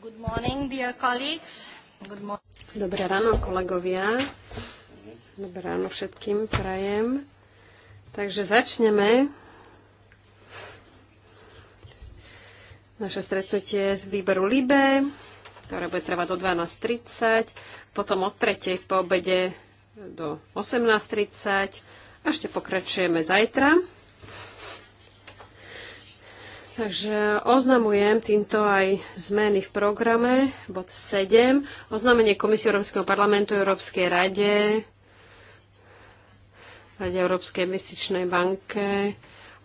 Good morning, dear colleagues. Good morning. Dobré ráno, kolegovia. Dobré ráno všetkým prajem. Takže začneme naše stretnutie z výberu LIBE, ktoré bude trvať do 12.30, potom od 3.00 po obede do 18.30 a ešte pokračujeme zajtra. Takže oznamujem týmto aj zmeny v programe, bod 7, oznámenie Komisie Európskeho parlamentu Európskej rade, Rade Európskej investičnej banke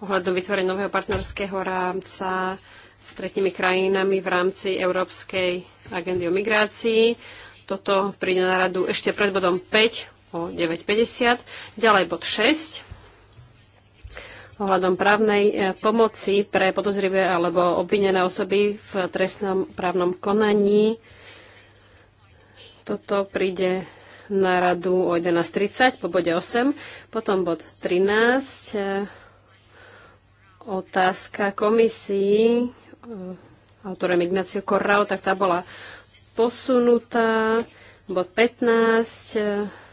ohľadom vytvorenia nového partnerského rámca s tretimi krajinami v rámci Európskej agendy o migrácii. Toto príde na radu ešte pred bodom 5 o 9.50. Ďalej bod 6 ohľadom právnej e, pomoci pre podozrivé alebo obvinené osoby v trestnom právnom konaní. Toto príde na radu o 11.30 po bode 8, potom bod 13, e, otázka komisii, e, autorem Ignacio Corrao, tak tá bola posunutá, bod 15,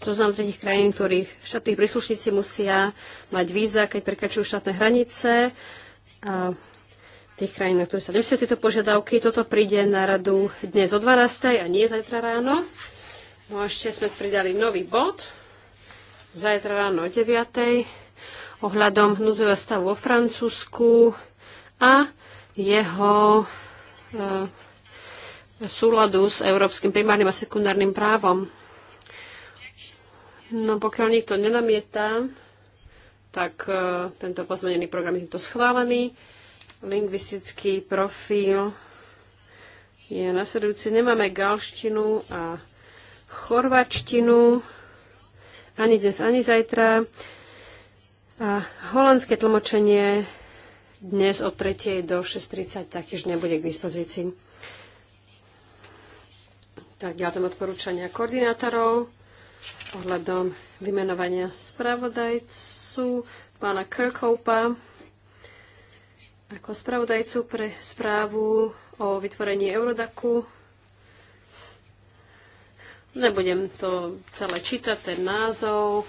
zoznam tretich krajín, ktorých štátnych príslušníci musia mať víza, keď prekračujú štátne hranice. A tých krajín, na ktoré sa nemusia tieto požiadavky. Toto príde na radu dnes o 12. a nie zajtra ráno. No a ešte sme pridali nový bod. Zajtra ráno o 9. ohľadom núzového stavu vo Francúzsku a jeho e, súladu s európskym primárnym a sekundárnym právom. No pokiaľ nikto nenamieta, tak e, tento pozmenený program je to schválený. Lingvistický profil je nasledujúci. Nemáme galštinu a chorvačtinu ani dnes, ani zajtra. A holandské tlmočenie dnes od 3. do 6.30 taktiež nebude k dispozícii. Tak ďalej odporúčania koordinátorov ohľadom vymenovania spravodajcu pána Kirkhopa ako spravodajcu pre správu o vytvorení Eurodaku. Nebudem to celé čítať, ten názov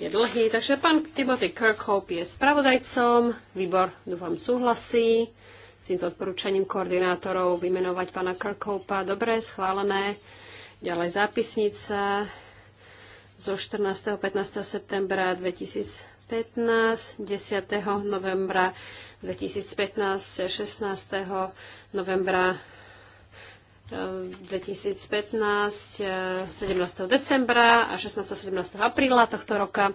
je dlhý. Takže pán Timothy Kirkhope je spravodajcom. Výbor, dúfam, súhlasí s týmto odporúčaním koordinátorov vymenovať pána Kirkhopa. Dobre, schválené. Ďalej zápisnica zo 14. 15. septembra 2015, 10. novembra 2015, 16. novembra 2015, eh, 17. Eh, decembra a 16. 17. apríla tohto roka.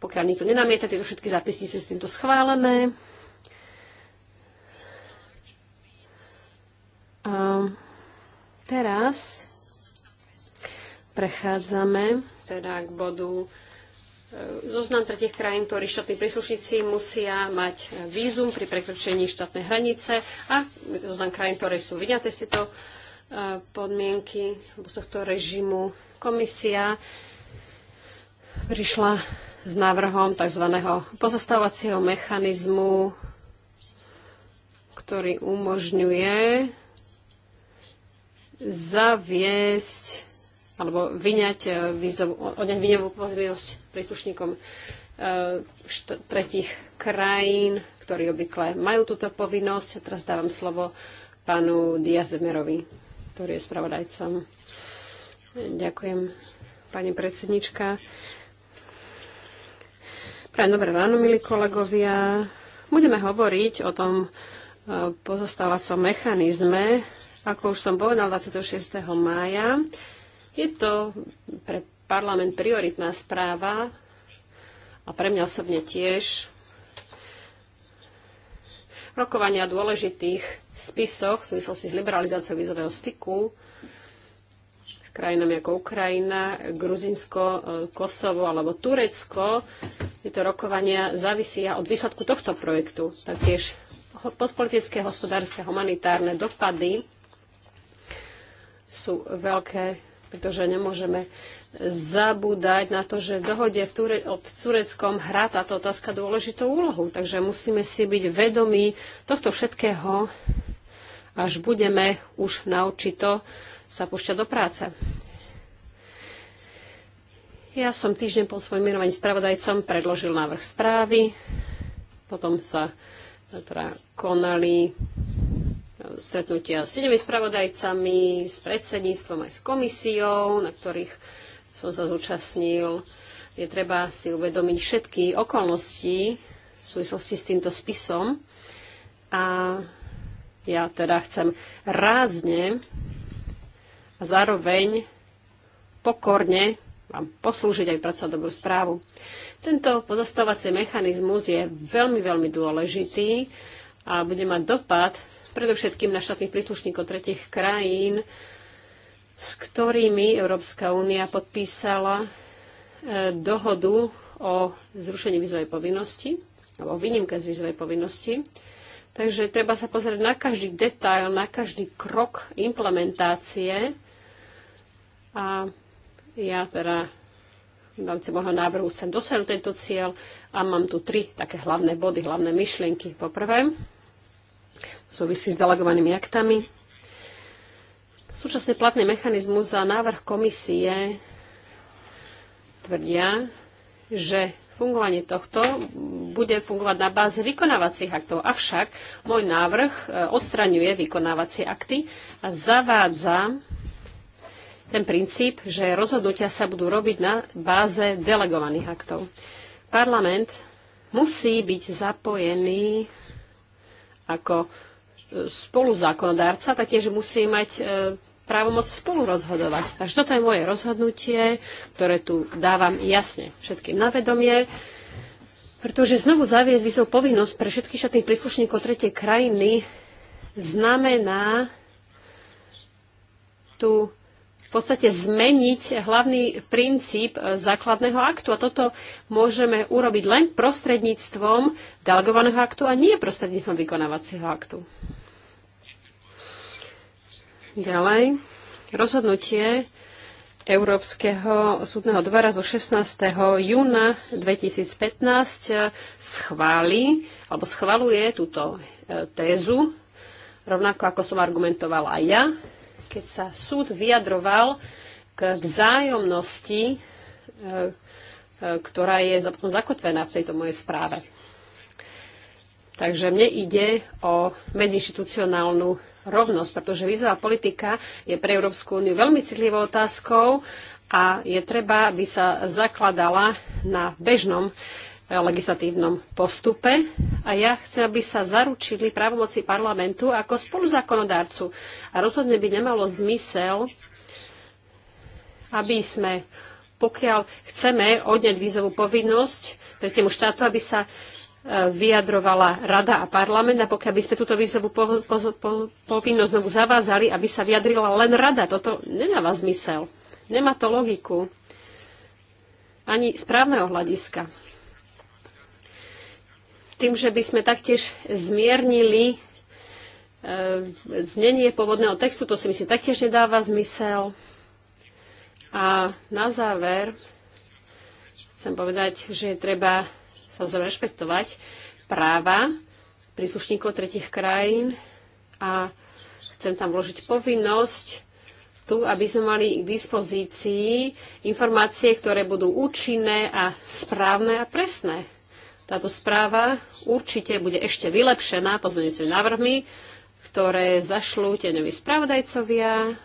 Pokiaľ nikto nenamieta, tieto všetky zápisnice sú týmto schválené. A teraz Prechádzame teda k bodu e, Zoznam tretich krajín, ktorí štátni príslušníci musia mať vízum pri prekročení štátnej hranice a zoznam krajín, ktoré sú vyňaté z tieto e, podmienky z tohto režimu. Komisia prišla s návrhom tzv. pozastavovacieho mechanizmu, ktorý umožňuje zaviesť alebo vyňať e, vízovú, odňať výňovú pozbivosť príslušníkom e, tretich krajín, ktorí obvykle majú túto povinnosť. Teraz dávam slovo pánu Diazemerovi, ktorý je spravodajcom. Ďakujem, pani predsednička. Prajem dobré ráno, milí kolegovia. Budeme hovoriť o tom e, pozostávacom mechanizme. Ako už som povedal, 26. mája je to pre parlament prioritná správa a pre mňa osobne tiež. Rokovania dôležitých spisoch v súvislosti s liberalizáciou vízového styku s krajinami ako Ukrajina, Gruzinsko, e, Kosovo alebo Turecko. Tieto rokovania závisia od výsledku tohto projektu. Taktiež podpolitické, hospodárske, humanitárne dopady sú veľké pretože nemôžeme zabúdať na to, že v dohode v Ture- od Tureckom hrá táto otázka dôležitou úlohu. Takže musíme si byť vedomí tohto všetkého, až budeme už na určito sa púšťať do práce. Ja som týždeň po svojom mirovaní spravodajcom predložil návrh správy. Potom sa teda konali stretnutia s inými spravodajcami, s predsedníctvom aj s komisiou, na ktorých som sa zúčastnil. Je treba si uvedomiť všetky okolnosti v súvislosti s týmto spisom. A ja teda chcem rázne a zároveň pokorne vám poslúžiť aj pracovať dobrú správu. Tento pozostávací mechanizmus je veľmi, veľmi dôležitý a bude mať dopad predovšetkým na štátnych príslušníkov tretich krajín, s ktorými Európska únia podpísala e, dohodu o zrušení vizovej povinnosti alebo o výnimke z vizovej povinnosti. Takže treba sa pozrieť na každý detail, na každý krok implementácie a ja teda v rámci môjho návrhu chcem dosiahnuť tento cieľ a mám tu tri také hlavné body, hlavné myšlienky. Po prvé, súvisí s delegovanými aktami. Súčasne platný mechanizmus a návrh komisie tvrdia, že fungovanie tohto bude fungovať na báze vykonávacích aktov. Avšak môj návrh e, odstraňuje vykonávacie akty a zavádza ten princíp, že rozhodnutia sa budú robiť na báze delegovaných aktov. Parlament musí byť zapojený ako spoluzákonodárca, tak je, že musí mať e, právomoc spolu rozhodovať. Takže toto je moje rozhodnutie, ktoré tu dávam jasne všetkým na vedomie, pretože znovu zaviesť vysokú povinnosť pre všetkých štátnych príslušníkov tretej krajiny znamená tu v podstate zmeniť hlavný princíp e, základného aktu. A toto môžeme urobiť len prostredníctvom delegovaného aktu a nie prostredníctvom vykonávacieho aktu. Ďalej, rozhodnutie Európskeho súdneho dvora zo 16. júna 2015 schváli alebo schvaluje túto e, tézu, rovnako ako som argumentovala aj ja, keď sa súd vyjadroval k vzájomnosti, e, e, ktorá je potom zakotvená v tejto mojej správe. Takže mne ide o medziinstitucionálnu rovnosť, pretože vízová politika je pre Európsku úniu veľmi citlivou otázkou a je treba, aby sa zakladala na bežnom eh, legislatívnom postupe a ja chcem, aby sa zaručili právomoci parlamentu ako spoluzákonodárcu. A rozhodne by nemalo zmysel, aby sme, pokiaľ chceme odňať vízovú povinnosť pre tému štátu, aby sa vyjadrovala rada a parlament a pokiaľ by sme túto výzovu povinnosť znovu zavádzali, aby sa vyjadrila len rada. Toto nedáva zmysel. Nemá to logiku. Ani správneho hľadiska. Tým, že by sme taktiež zmiernili e, znenie pôvodného textu, to si myslím taktiež nedáva zmysel. A na záver chcem povedať, že treba samozrejme rešpektovať práva príslušníkov tretich krajín a chcem tam vložiť povinnosť tu, aby sme mali k dispozícii informácie, ktoré budú účinné a správne a presné. Táto správa určite bude ešte vylepšená pozmeňujúcimi návrhmi, ktoré zašlú tieňoví spravodajcovia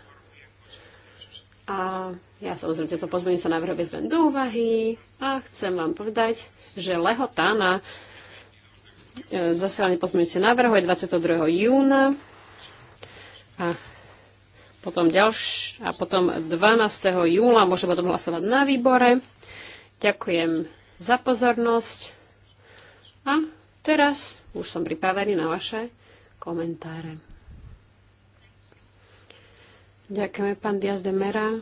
a ja samozrejme tieto pozmeňujúce návrhu vezmem do úvahy a chcem vám povedať, že lehota na e, zasielanie pozmeňujúce návrhu je 22. júna a potom, ďalš, a potom 12. júla môžeme potom hlasovať na výbore. Ďakujem za pozornosť a teraz už som pripravený na vaše komentáre. Ďakujeme, pán Diaz de Mera.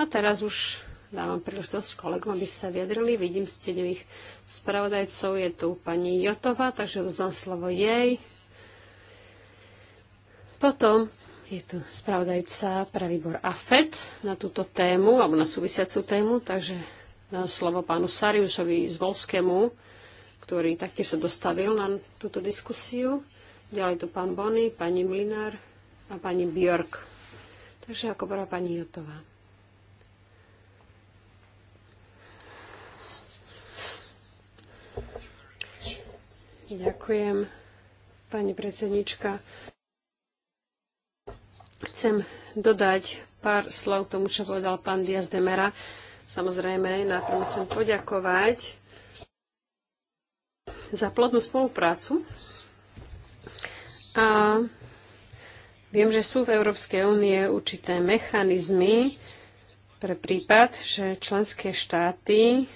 A teraz už dávam príležitosť kolegom, aby sa vyjadrili. Vidím stenových spravodajcov. Je tu pani Jotová, takže uznám slovo jej. Potom je tu spravodajca pre výbor AFED na túto tému, alebo na súvisiacú tému, takže dám slovo pánu Sariusovi z Volskému, ktorý taktiež sa dostavil na túto diskusiu. Ďalej tu pán Bony, pani Mlinár a pani Björk. Takže ako prvá pani Jotová. Ďakujem, pani predsednička. Chcem dodať pár slov k tomu, čo povedal pán Diaz Mera. Samozrejme, najprv chcem poďakovať za plodnú spoluprácu. A viem, že sú v Európskej únie určité mechanizmy pre prípad, že členské štáty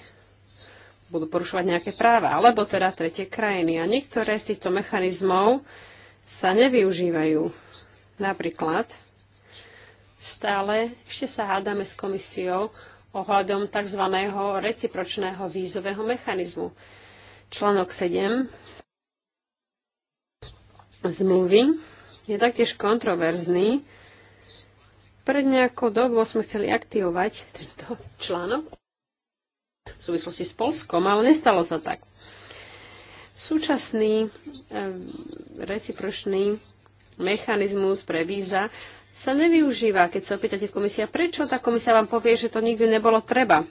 budú porušovať nejaké práva, alebo teda tretie krajiny. A niektoré z týchto mechanizmov sa nevyužívajú. Napríklad stále ešte sa hádame s komisiou ohľadom tzv. recipročného vízového mechanizmu. Článok 7 zmluvy je taktiež kontroverzný. Pred nejakou dobu sme chceli aktivovať tento článok v súvislosti s Polskom, ale nestalo sa tak. Súčasný eh, recipročný mechanizmus pre víza sa nevyužíva. Keď sa opýtate komisia, prečo, tá komisia vám povie, že to nikdy nebolo treba.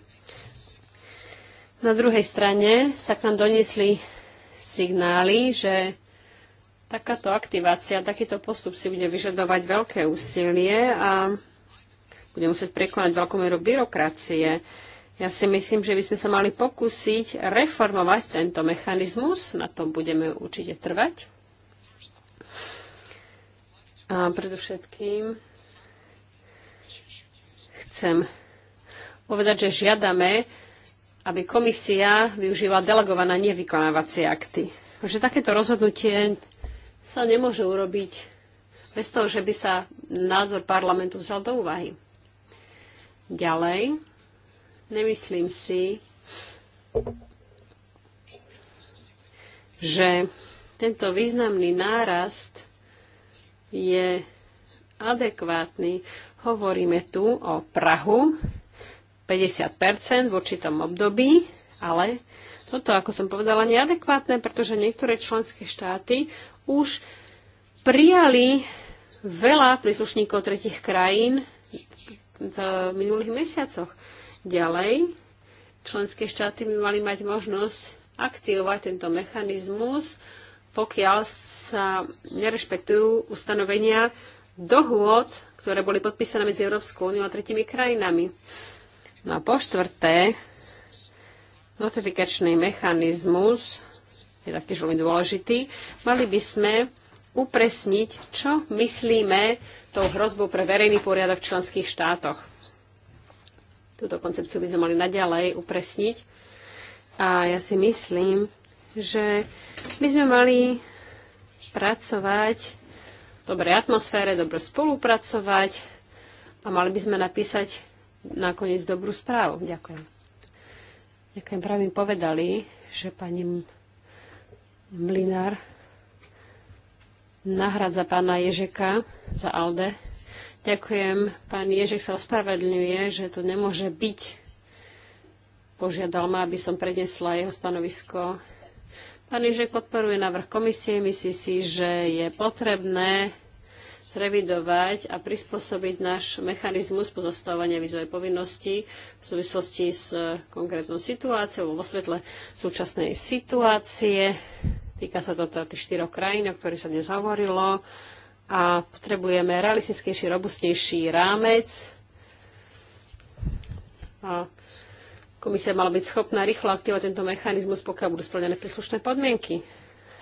Na druhej strane sa k nám doniesli signály, že takáto aktivácia, takýto postup si bude vyžadovať veľké úsilie a bude musieť prekonať veľkú mieru byrokracie. Ja si myslím, že by sme sa mali pokúsiť reformovať tento mechanizmus, na tom budeme určite trvať. A predovšetkým chcem povedať, že žiadame, aby komisia využívala delegované nevykonávacie akty. Že takéto rozhodnutie sa nemôže urobiť bez toho, že by sa názor parlamentu vzal do úvahy. Ďalej, Nemyslím si, že tento významný nárast je adekvátny. Hovoríme tu o Prahu 50% v určitom období, ale toto, ako som povedala, neadekvátne, pretože niektoré členské štáty už prijali veľa príslušníkov tretich krajín v minulých mesiacoch. Ďalej, členské štáty by mali mať možnosť aktivovať tento mechanizmus, pokiaľ sa nerešpektujú ustanovenia dohôd, ktoré boli podpísané medzi Európskou úniou a tretimi krajinami. No a po štvrté, notifikačný mechanizmus je taktiež veľmi dôležitý. Mali by sme upresniť, čo myslíme tou hrozbou pre verejný poriadok v členských štátoch. Túto koncepciu by sme mali naďalej upresniť. A ja si myslím, že by sme mali pracovať v dobrej atmosfére, dobre spolupracovať a mali by sme napísať nakoniec dobrú správu. Ďakujem. Ďakujem, práve mi povedali, že pani Mlinár nahradza pána Ježeka za Alde Ďakujem. Pán Ježek sa ospravedlňuje, že to nemôže byť. Požiadal ma, aby som prednesla jeho stanovisko. Pán Ježek podporuje návrh komisie. Myslí si, že je potrebné revidovať a prispôsobiť náš mechanizmus pozostávania vizovej povinnosti v súvislosti s konkrétnou situáciou vo svetle súčasnej situácie. Týka sa to teda tých štyroch krajín, o ktorých sa dnes hovorilo a potrebujeme realistickejší, robustnejší rámec. A komisia mala byť schopná rýchlo aktivovať tento mechanizmus, pokiaľ budú splnené príslušné podmienky.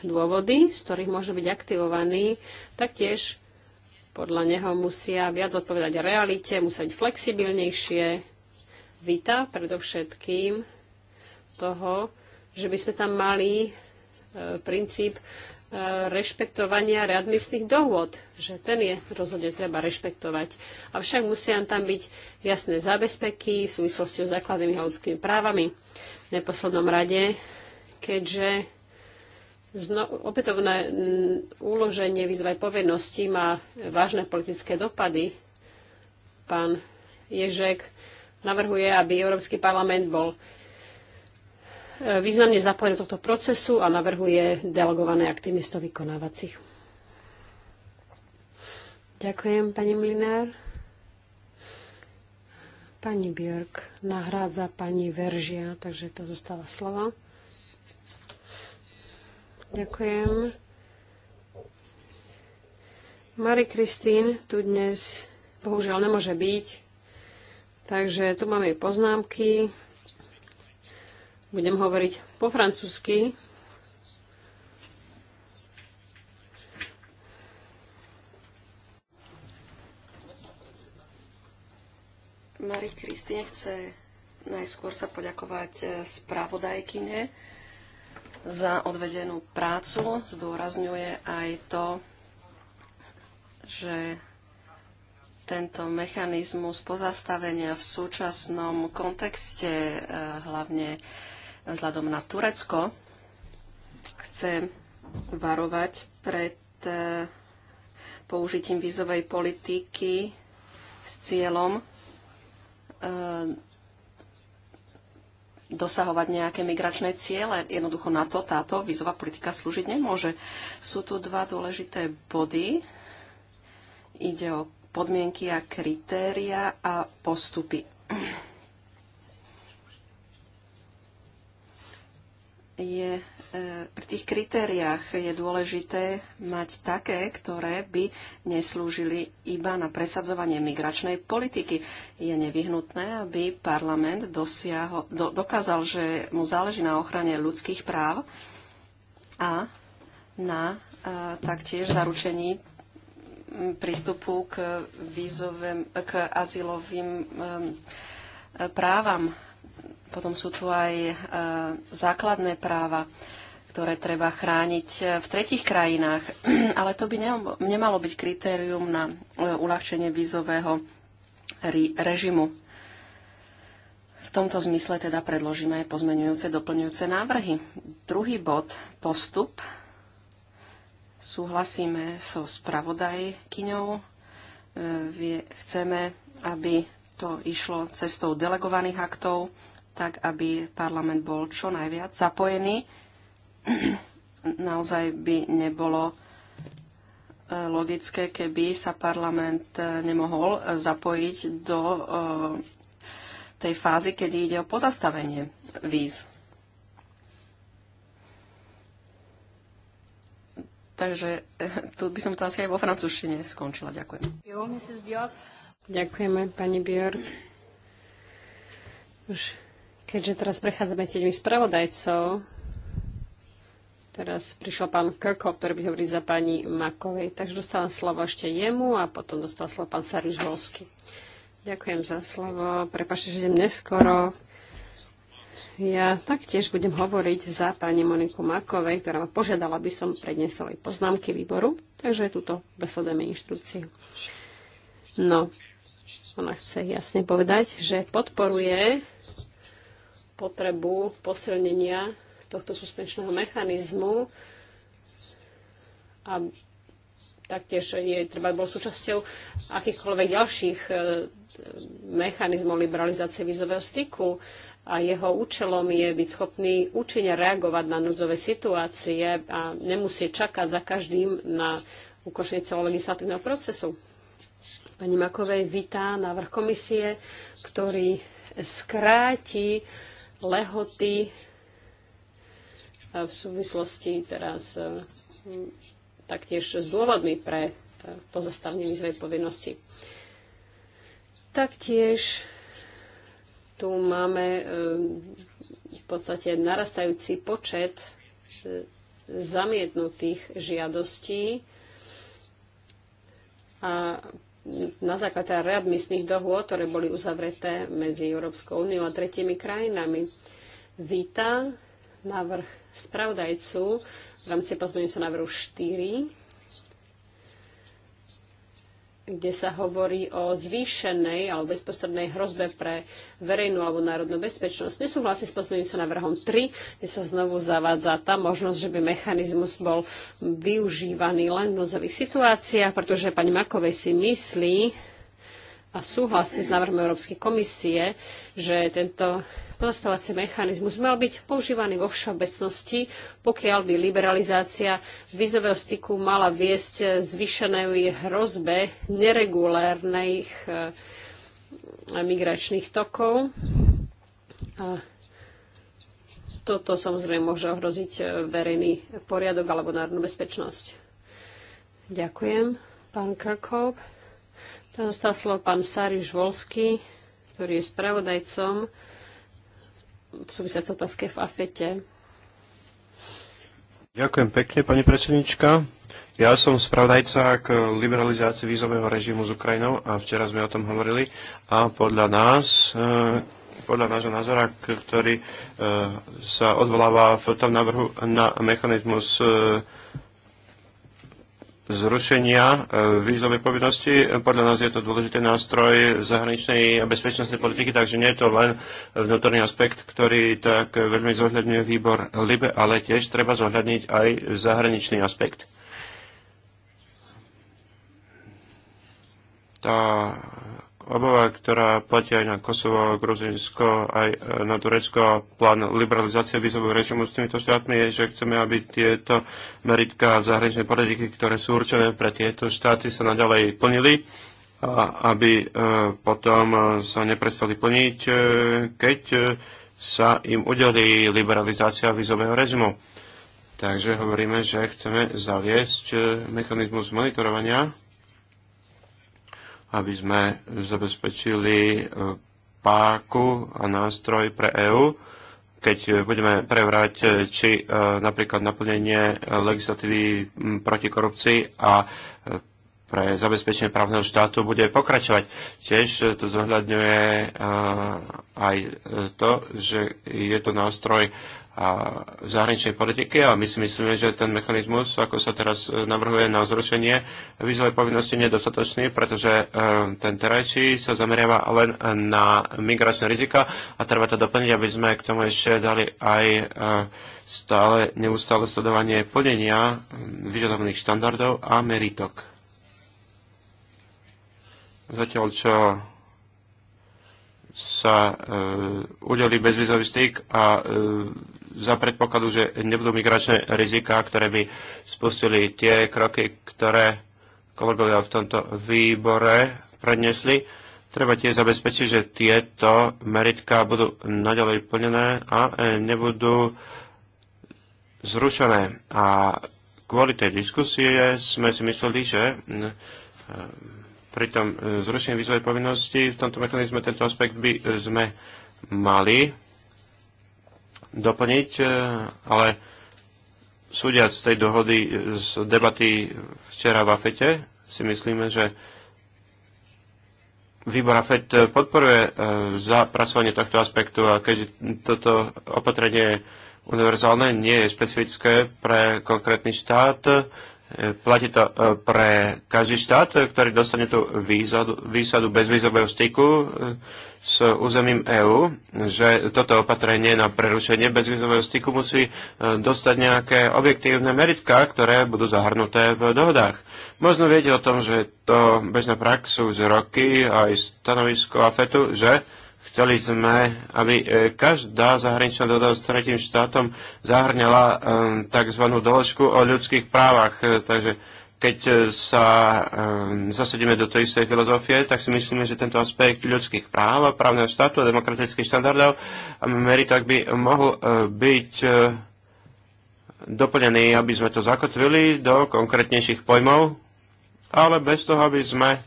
Dôvody, z ktorých môže byť aktivovaný, taktiež podľa neho musia viac odpovedať realite, musia byť flexibilnejšie. Víta predovšetkým toho, že by sme tam mali e, princíp rešpektovania readmisných dohôd, že ten je rozhodne treba rešpektovať. Avšak musia tam byť jasné zábezpeky v súvislosti s základnými ľudskými právami. V neposlednom rade, keďže opätovné uloženie výzvaj povinností má vážne politické dopady, pán Ježek navrhuje, aby Európsky parlament bol významne zapojí do tohto procesu a navrhuje delegované aktivistov vykonávací. vykonávacích. Ďakujem, pani Mlinár. Pani Björk nahrádza pani Veržia, takže to zostáva slova. Ďakujem. Marie Kristín tu dnes bohužiaľ nemôže byť, takže tu máme poznámky. Budem hovoriť po francúzsky. Marie Christine chce najskôr sa poďakovať eh, spravodajkyne za odvedenú prácu. Zdôrazňuje aj to, že tento mechanizmus pozastavenia v súčasnom kontexte, eh, hlavne vzhľadom na Turecko. Chcem varovať pred e, použitím vízovej politiky s cieľom e, dosahovať nejaké migračné ciele. Jednoducho na to táto vízová politika slúžiť nemôže. Sú tu dva dôležité body. Ide o podmienky a kritéria a postupy. je e, pri tých kritériách je dôležité mať také, ktoré by neslúžili iba na presadzovanie migračnej politiky. Je nevyhnutné, aby parlament dosiaho, do, dokázal, že mu záleží na ochrane ľudských práv a na a, e, taktiež zaručení prístupu k, vízovem, k azylovým um, právam potom sú tu aj e, základné práva, ktoré treba chrániť e, v tretich krajinách, ale to by nemalo byť kritérium na e, uľahčenie vízového režimu. V tomto zmysle teda predložíme aj pozmenujúce, doplňujúce návrhy. Druhý bod, postup. Súhlasíme so spravodajkyňou. Chceme, aby to išlo cestou delegovaných aktov tak aby parlament bol čo najviac zapojený. Naozaj by nebolo e, logické, keby sa parlament e, nemohol zapojiť do e, tej fázy, kedy ide o pozastavenie víz. Takže tu by som to asi aj vo francúzštine skončila. Ďakujem. Ďakujeme, pani Björk. Už Keďže teraz prechádzame tieňmi spravodajcov, teraz prišiel pán Krkov, ktorý by hovoril za pani Makovej. Takže dostávam slovo ešte jemu a potom dostal slovo pán Sariš Volsky. Ďakujem za slovo. Prepašte, že idem neskoro. Ja taktiež budem hovoriť za pani Moniku Makovej, ktorá ma požiadala, aby som prednesol jej poznámky výboru. Takže túto besledujeme inštrukciu. No, ona chce jasne povedať, že podporuje potrebu posilnenia tohto suspenčného mechanizmu a taktiež je treba bol súčasťou akýchkoľvek ďalších e, mechanizmov liberalizácie vízového styku a jeho účelom je byť schopný účinne reagovať na núdzové situácie a nemusie čakať za každým na ukončenie celého legislatívneho procesu. Pani Makovej vítá návrh komisie, ktorý skráti lehoty e, v súvislosti teraz e, taktiež s dôvodmi pre e, pozastavenie výzvej povinnosti. Taktiež tu máme v podstate narastajúci počet zamietnutých žiadostí a na základe readmisných dohôd, ktoré boli uzavreté medzi Európskou úniou a tretími krajinami. Víta návrh spravodajcu v rámci pozmeňujúceho návrhu 4 kde sa hovorí o zvýšenej alebo bezprostrednej hrozbe pre verejnú alebo národnú bezpečnosť. Nesúhlasí s pozmeňujúcim návrhom 3, kde sa znovu zavádza tá možnosť, že by mechanizmus bol využívaný len v núdzových situáciách, pretože pani Makovej si myslí, a súhlasí s návrhom Európskej komisie, že tento pozastovací mechanizmus mal byť používaný vo všeobecnosti, pokiaľ by liberalizácia vízového styku mala viesť zvyšenej hrozbe neregulárnych eh, migračných tokov. A toto samozrejme môže ohroziť eh, verejný poriadok alebo národnú bezpečnosť. Ďakujem, pán Kirkhope. Teraz zostal slovo pán Sáriš Volsky, ktorý je spravodajcom v súvisiaci otázke v AFETE. Ďakujem pekne, pani predsednička. Ja som spravodajca k liberalizácii vízového režimu s Ukrajinou a včera sme o tom hovorili a podľa nás e, podľa nášho názora, ktorý e, sa odvoláva v tom návrhu na mechanizmus e, zrušenia e, vízovej povinnosti. Podľa nás je to dôležitý nástroj zahraničnej a bezpečnostnej politiky, takže nie je to len vnútorný aspekt, ktorý tak veľmi zohľadňuje výbor LIBE, ale tiež treba zohľadniť aj zahraničný aspekt. Tá obava, ktorá platí aj na Kosovo, Gruzinsko, aj e, na Turecko a plán liberalizácie vizového režimu s týmito štátmi je, že chceme, aby tieto meritka zahraničnej politiky, ktoré sú určené pre tieto štáty, sa naďalej plnili a aby e, potom e, sa neprestali plniť, keď sa im udelí liberalizácia vizového režimu. Takže hovoríme, že chceme zaviesť mechanizmus monitorovania aby sme zabezpečili e, páku a nástroj pre EÚ, keď budeme prevrať, e, či e, napríklad naplnenie legislatívy proti korupcii a pre zabezpečenie právneho štátu bude pokračovať. Tiež to zohľadňuje aj to, že je to nástroj a zahraničnej politiky a my si myslíme, že ten mechanizmus, ako sa teraz e, navrhuje na zrušenie vízovej povinnosti, je nedostatočný, pretože e, ten terajší sa zameriava len na migračné rizika a treba to doplniť, aby sme k tomu ešte dali aj e, stále neustále sledovanie plnenia vyžadovaných štandardov a meritok. Zatiaľ čo sa e, udelí bezvizový styk a e, za predpokladu, že nebudú migračné riziká, ktoré by spustili tie kroky, ktoré kolegovia v tomto výbore prednesli. Treba tiež zabezpečiť, že tieto meritka budú naďalej plnené a e, nebudú zrušené. A kvôli tej diskusie sme si mysleli, že e, pri tom e, zrušení výzvoj povinnosti v tomto mechanizme tento aspekt by sme mali doplniť, e, ale súdiac z tej dohody, z debaty včera v Afete, si myslíme, že Výbor afet podporuje e, zapracovanie tohto aspektu a keďže toto opatrenie je univerzálne, nie je špecifické pre konkrétny štát, Platí to e, pre každý štát, e, ktorý dostane tú výsadu, výsadu bezvýzového styku e, s územím EÚ, že toto opatrenie na prerušenie bezvýzového styku musí dostať nejaké objektívne meritka, ktoré budú zahrnuté v dohodách. Možno viete o tom, že to bežná prax už roky aj stanovisko AFETu, že Chceli sme, aby e, každá zahraničná dohoda s tretím štátom zahrňala e, tzv. doložku o ľudských právach. E, takže keď sa zasadíme do tej istej filozofie, tak si myslíme, že tento aspekt ľudských práv a právneho štátu a demokratických štandardov tak by mohol byť doplnený, aby sme to zakotvili do konkrétnejších pojmov, ale bez toho, aby sme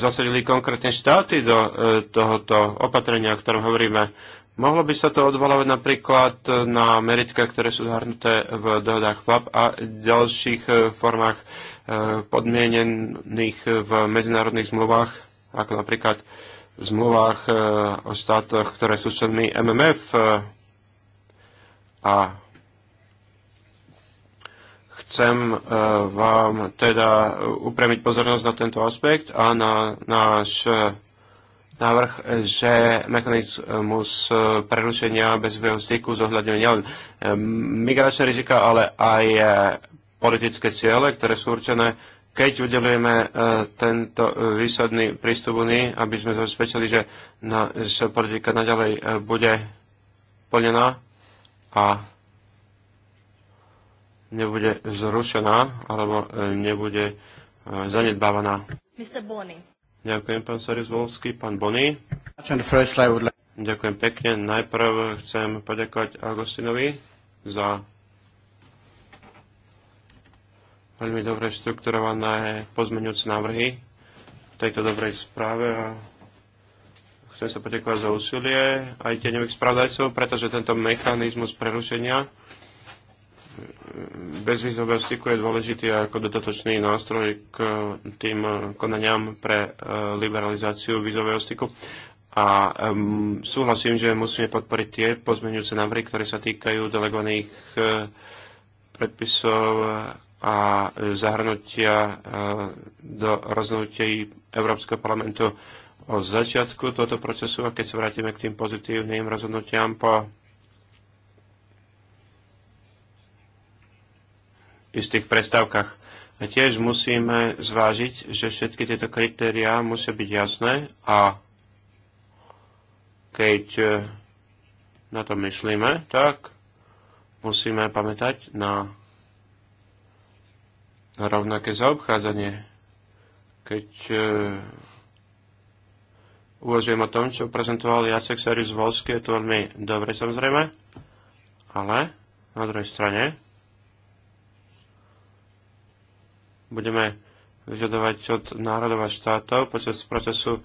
zasadili konkrétne štáty do e, tohoto opatrenia, o ktorom hovoríme. Mohlo by sa to odvolávať napríklad na meritka, ktoré sú zahrnuté v dohodách FAP a ďalších e, formách e, podmienených v medzinárodných zmluvách, ako napríklad v zmluvách o štátoch, ktoré sú členmi MMF a Chcem e, vám teda upremiť pozornosť na tento aspekt a na náš e, návrh, že mechanizmus e, prerušenia bezvého styku zohľadňuje nielen migračné rizika, ale aj politické ciele, ktoré sú určené, keď udelujeme tento výsadný prístup Unii, aby sme zabezpečili, že že politika naďalej bude plnená a nebude zrušená alebo e, nebude e, zanedbávaná. Mr. Bonny. Ďakujem, pán Sarius Volsky, pán Bonny. Ďakujem pekne. Najprv chcem poďakovať Agostinovi za veľmi dobre štrukturované pozmeňujúce návrhy v tejto dobrej správe a chcem sa poďakovať za úsilie aj tieňových spravodajcov, pretože tento mechanizmus prerušenia bezvýzového styku je dôležitý ako dodatočný nástroj k tým konaniam pre e, liberalizáciu vízového styku. A um, súhlasím, že musíme podporiť tie pozmeňujúce návrhy, ktoré sa týkajú delegovaných uh, predpisov a zahrnutia uh, do rozhodnutí Európskeho parlamentu o začiatku tohto procesu a keď sa vrátime k tým pozitívnym rozhodnutiam po istých prestávkach. A tiež musíme zvážiť, že všetky tieto kritériá musia byť jasné a keď e, na to myslíme, tak musíme pamätať na rovnaké zaobchádzanie. Keď e, uvažujem o tom, čo prezentoval Jacek Serius Volsky, je to veľmi dobre samozrejme, ale na druhej strane budeme vyžadovať od národov a štátov počas procesu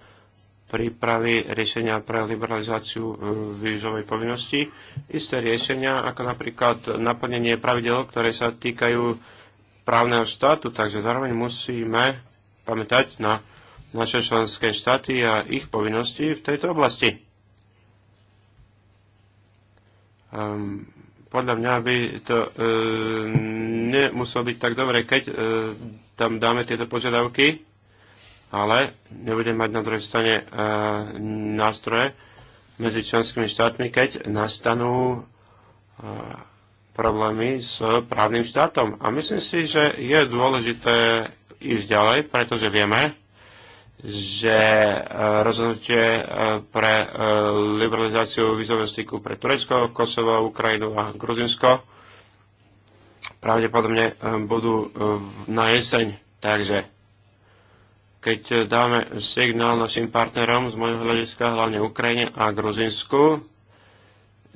prípravy riešenia pre liberalizáciu e, výzovej povinnosti. Isté riešenia, ako napríklad naplnenie pravidel, ktoré sa týkajú právneho štátu, takže zároveň musíme pamätať na naše členské štáty a ich povinnosti v tejto oblasti. Um, podľa mňa by to e, nemuselo byť tak dobre, keď e, tam dáme tieto požiadavky, ale nebudeme mať na druhej strane e, nástroje medzi členskými štátmi, keď nastanú e, problémy s právnym štátom. A myslím si, že je dôležité ísť ďalej, pretože vieme, že e, rozhodnutie e, pre e, liberalizáciu vízového styku pre Turecko, Kosovo, Ukrajinu a Gruzinsko pravdepodobne budú na jeseň. Takže keď dáme signál našim partnerom z môjho hľadiska, hlavne Ukrajine a Gruzinsku,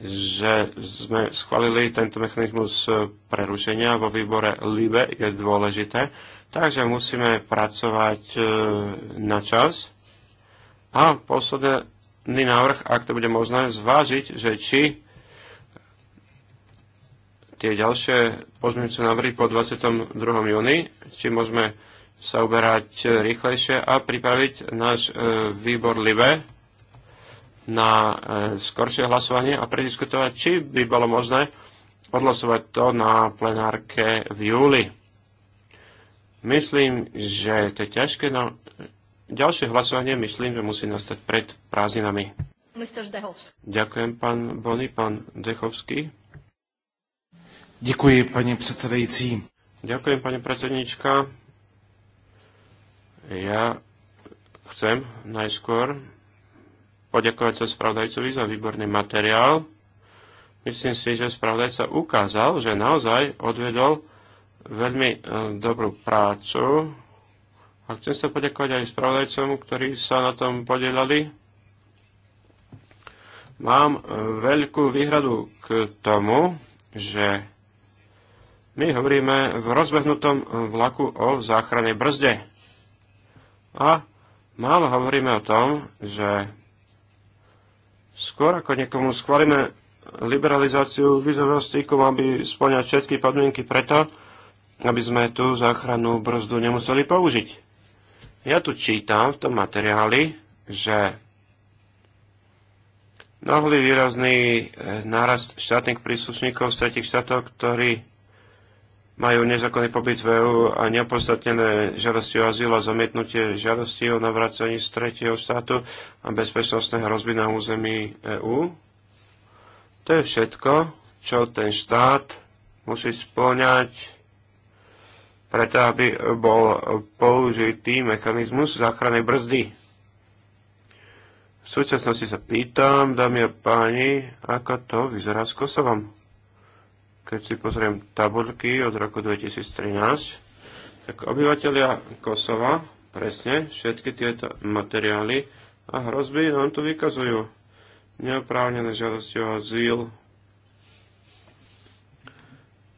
že sme schválili tento mechanizmus prerušenia vo výbore LIBE je dôležité, takže musíme pracovať e, na čas. A posledný návrh, ak to bude možné, zvážiť, že či tie ďalšie pozmeňujúce návrhy po 22. júni, či môžeme sa uberať rýchlejšie a pripraviť náš e, výbor LIBE na e, skoršie hlasovanie a prediskutovať, či by bolo možné odhlasovať to na plenárke v júli. Myslím, že to je ťažké, no ďalšie hlasovanie myslím, že musí nastať pred prázdninami. Ďakujem, pán Bony, pán Dechovský. Ďakujem, pani predsedajúci. Ďakujem, pani predsednička. Ja chcem najskôr poďakovať sa spravodajcovi za výborný materiál. Myslím si, že spravodajca ukázal, že naozaj odvedol veľmi e, dobrú prácu. A chcem sa poďakovať aj spravodajcom, ktorí sa na tom podielali. Mám e, veľkú výhradu k tomu, že my hovoríme v rozbehnutom vlaku o záchrane brzde. A málo hovoríme o tom, že Skôr ako niekomu schválime liberalizáciu vizového styku, mal by splňať všetky podmienky preto, aby sme tú záchrannú brzdu nemuseli použiť. Ja tu čítam v tom materiáli, že nahli výrazný eh, nárast štátnych príslušníkov z tretich štátov, ktorí majú nezákonný pobyt v EÚ a neopodstatnené žiadosti o azyl a zamietnutie žiadosti o navracení z tretieho štátu a bezpečnostné hrozby na území EÚ. To je všetko, čo ten štát musí splňať preto, aby bol použitý mechanizmus záchrannej brzdy. V súčasnosti sa pýtam, dámy a páni, ako to vyzerá s Kosovom. Keď si pozriem tabulky od roku 2013, tak obyvateľia Kosova, presne, všetky tieto materiály a hrozby nám tu vykazujú neoprávnené žiadosti o azyl.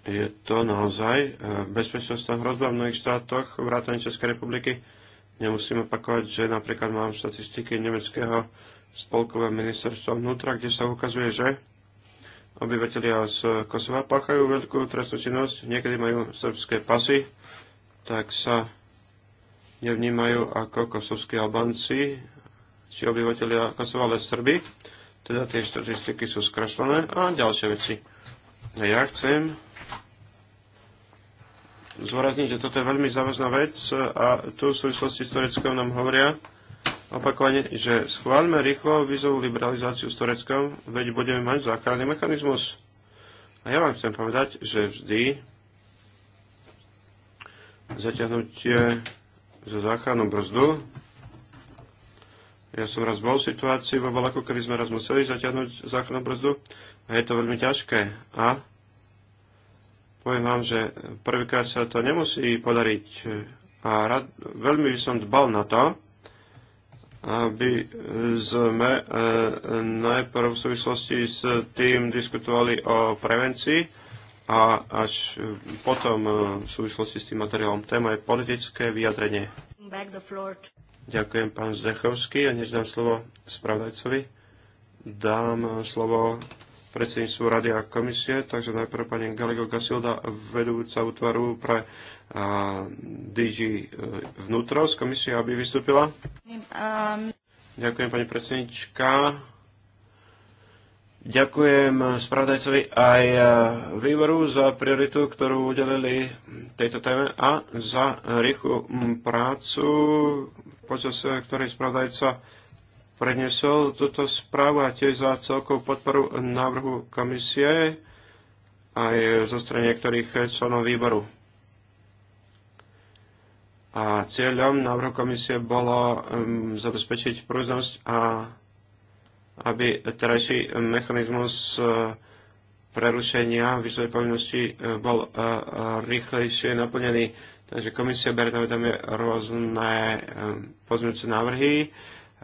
Je to naozaj e, bezpečnostná hrozba v mnohých štátoch, vrátane Českej republiky. Nemusím opakovať, že napríklad mám štatistiky nemeckého spolkového ministerstva vnútra, kde sa ukazuje, že obyvateľia z Kosova páchajú veľkú trestnú činnosť, niekedy majú srbské pasy, tak sa nevnímajú ako kosovskí Albanci či obyvateľia Kosova, ale Srby. Teda tie štatistiky sú skreslené a ďalšie veci. A ja chcem zvorazniť, že toto je veľmi závažná vec a tu v súvislosti s Tureckom nám hovoria, opakovane, že schválme rýchlo vizovú liberalizáciu s Tureckom, veď budeme mať záchranný mechanizmus. A ja vám chcem povedať, že vždy zaťahnutie za záchrannú brzdu. Ja som raz bol v situácii vo vlaku, kedy sme raz museli zaťahnuť záchrannú brzdu a je to veľmi ťažké. A poviem vám, že prvýkrát sa to nemusí podariť a rad, veľmi som dbal na to, aby e, sme e, najprv v súvislosti s tým diskutovali o prevencii a až potom e, v súvislosti s tým materiálom. Téma je politické vyjadrenie. Ďakujem pán Zdechovský a než dám slovo spravdajcovi, dám slovo predsedníctvu Rady a komisie, takže najprv pani Galigo Gasilda, vedúca útvaru pre DG e, vnútro z komisie, aby vystúpila. Um... Ďakujem, pani predsednička. Ďakujem spravodajcovi aj e, výboru za prioritu, ktorú udelili tejto téme a za rýchlu prácu, počas e, ktorej spravodajca prednesol túto správu a tiež za celkovú podporu návrhu komisie aj zo strany niektorých členov výboru. A cieľom návrhu komisie bolo um, zabezpečiť prúznosť a aby terajší mechanizmus uh, prerušenia výzovej povinnosti uh, bol uh, rýchlejšie naplnený. Takže komisia berie na vedomie rôzne um, pozmeňujúce návrhy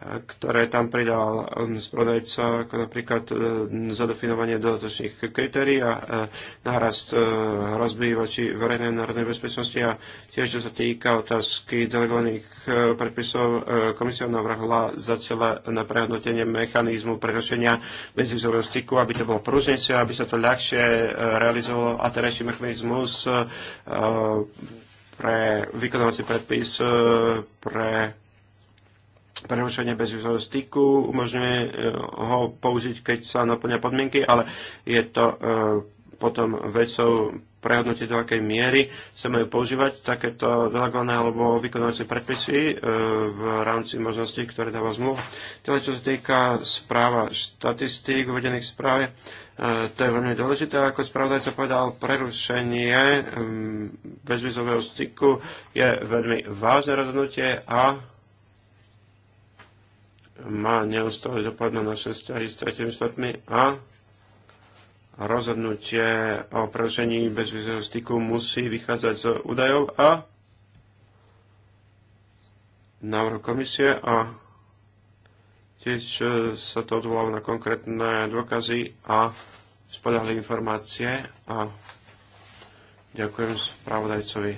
ktoré tam pridal um, sprodajca, ako napríklad um, zadefinovanie dodatočných kritérií a e, nárast e, hrozby voči verejnej národnej bezpečnosti a tiež, čo sa týka otázky delegovaných e, predpisov, komisia navrhla za celé na prehodnotenie mechanizmu prerušenia bezvizového styku, aby to bolo prúžnejšie, aby sa to ľahšie realizovalo a terajší mechanizmus pre vykonávací predpis pre prerušenie bezvizového styku, umožňuje eh, ho použiť, keď sa naplňa podmienky, ale je to eh, potom vecou prehodnotiť, do akej miery sa majú používať takéto delegované alebo vykonávacie predpisy eh, v rámci možností, ktoré dáva zmluva. Teda, čo sa týka správa štatistík uvedených v správe, to je veľmi dôležité. Ako spravodajca povedal, prerušenie mm, bezvizového styku je veľmi vážne rozhodnutie a má neustále dopad na naše vzťahy s tretimi štátmi a rozhodnutie o prerušení bezvizového styku musí vychádzať z údajov a návrhu komisie a tiež e, sa to odvoláva na konkrétne dôkazy a spolahli informácie a ďakujem spravodajcovi.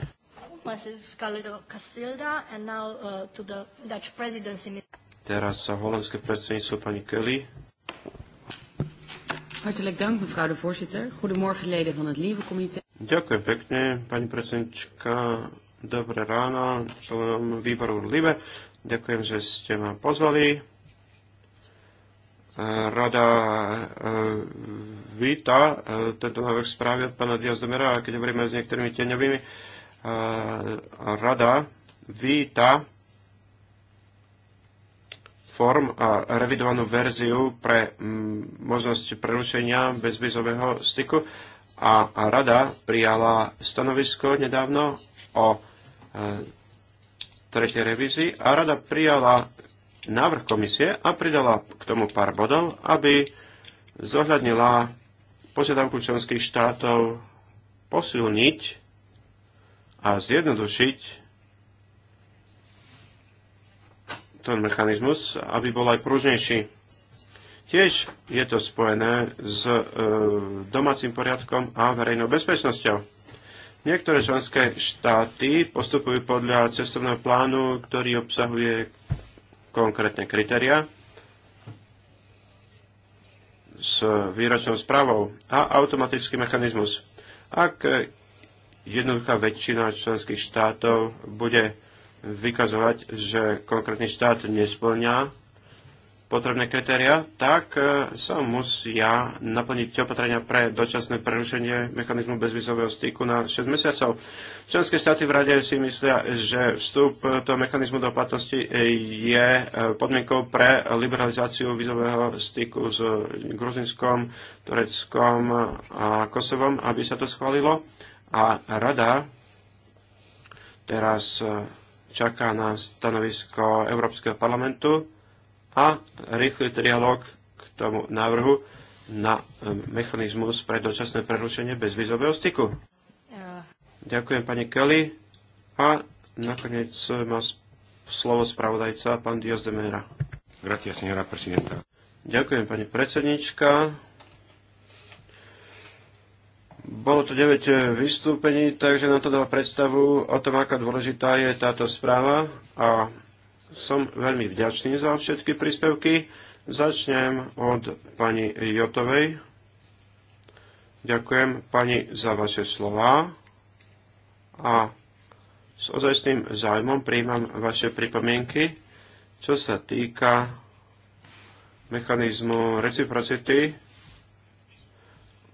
Casilda and now uh, to the Dutch presidency. Teraz sa holandské predsedníctvo pani Kelly. Hartelijk dank, mevrouw de voorzitter. Goedemorgen, leden van het Lieve-comité. Ďakujem pekne, pani predsednička. Dobré ráno členom výboru LIBE. Ďakujem, že ste ma pozvali. E, rada e, víta e, tento návrh správy od pána Diazdomera, a keď hovoríme s niektorými tieňovými, rada víta form a revidovanú verziu pre mm, možnosť prerušenia bezvizového styku a rada prijala stanovisko nedávno o e, tretej revízii a rada prijala návrh komisie a pridala k tomu pár bodov, aby zohľadnila požiadavku členských štátov posilniť a zjednodušiť ten mechanizmus, aby bol aj pružnejší. Tiež je to spojené s e, domácim poriadkom a verejnou bezpečnosťou. Niektoré členské štáty postupujú podľa cestovného plánu, ktorý obsahuje konkrétne kritéria s výročnou správou a automatický mechanizmus. Ak jednoduchá väčšina členských štátov bude vykazovať, že konkrétny štát nesplňa potrebné kritéria, tak e, sa musia naplniť tie opatrenia pre dočasné prerušenie mechanizmu bezvizového styku na 6 mesiacov. Členské štáty v rade si myslia, že vstup toho mechanizmu do platnosti je e, podmienkou pre liberalizáciu vizového styku s Gruzinskom, Tureckom a Kosovom, aby sa to schválilo. A rada teraz e, čaká na stanovisko Európskeho parlamentu a rýchly trialog k tomu návrhu na mechanizmus pre dočasné prerušenie výzového styku. Ďakujem pani Kelly a nakoniec má slovo spravodajca pán Diaz de Mera. Gracias, señora presidenta. Ďakujem pani predsednička. Bolo to 9 eh, vystúpení, takže nám to dá predstavu o tom, aká dôležitá je táto správa a som veľmi vďačný za všetky príspevky. Začnem od pani Jotovej. Ďakujem pani za vaše slova a s ozajstným zájmom príjmam vaše pripomienky, čo sa týka mechanizmu reciprocity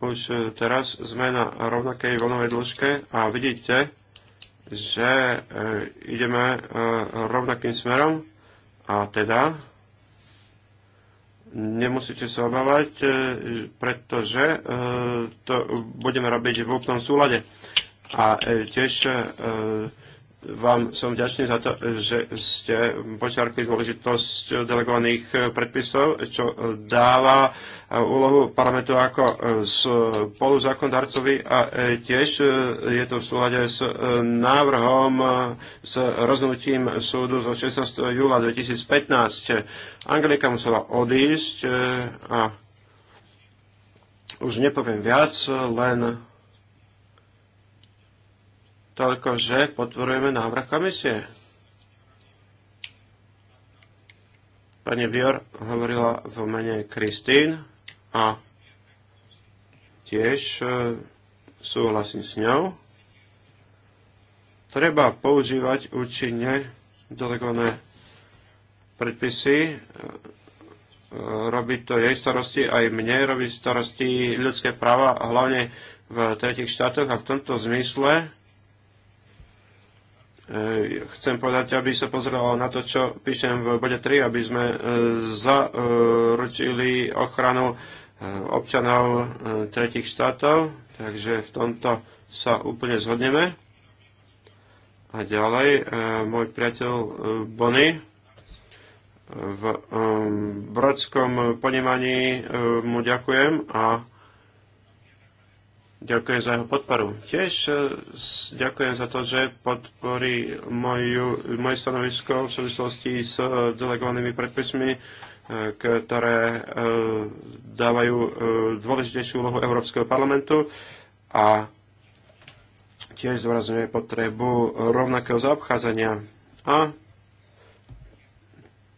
už e, teraz sme na rovnakej vlnovej dĺžke a vidíte, že e, ideme e, rovnakým smerom a teda nemusíte sa obávať, pretože to budeme robiť v úplnom súlade. A tiež vám som vďačný za to, že ste počiarkli dôležitosť delegovaných eh, predpisov, čo dáva eh, úlohu parlamentu ako eh, spoluzákondarcovi a tiež je to v súlade s návrhom s rozhodnutím súdu zo 16. júla 2015. Anglika musela odísť a už nepoviem viac, len toľko, že potvorujeme návrh komisie. Pani Bior hovorila v mene Kristín a tiež e, súhlasím s ňou. Treba používať účinne delegované predpisy. E, robí to jej starosti, aj mne robí starosti ľudské práva, hlavne v tretich štátoch a v tomto zmysle Eh, chcem povedať, aby sa pozrelo na to, čo píšem v bode 3, aby sme eh, zaručili ochranu eh, občanov tretich štátov, takže v tomto sa úplne zhodneme. A ďalej, môj priateľ Bonny v brodskom ponímaní mu ďakujem a Ďakujem za jeho podporu. Tiež e, ďakujem za to, že podporí moju, moje stanovisko v súvislosti s e, delegovanými predpismi, e, ktoré dávajú dôležitejšiu úlohu Európskeho parlamentu a tiež zvrazuje potrebu rovnakého zaobchádzania a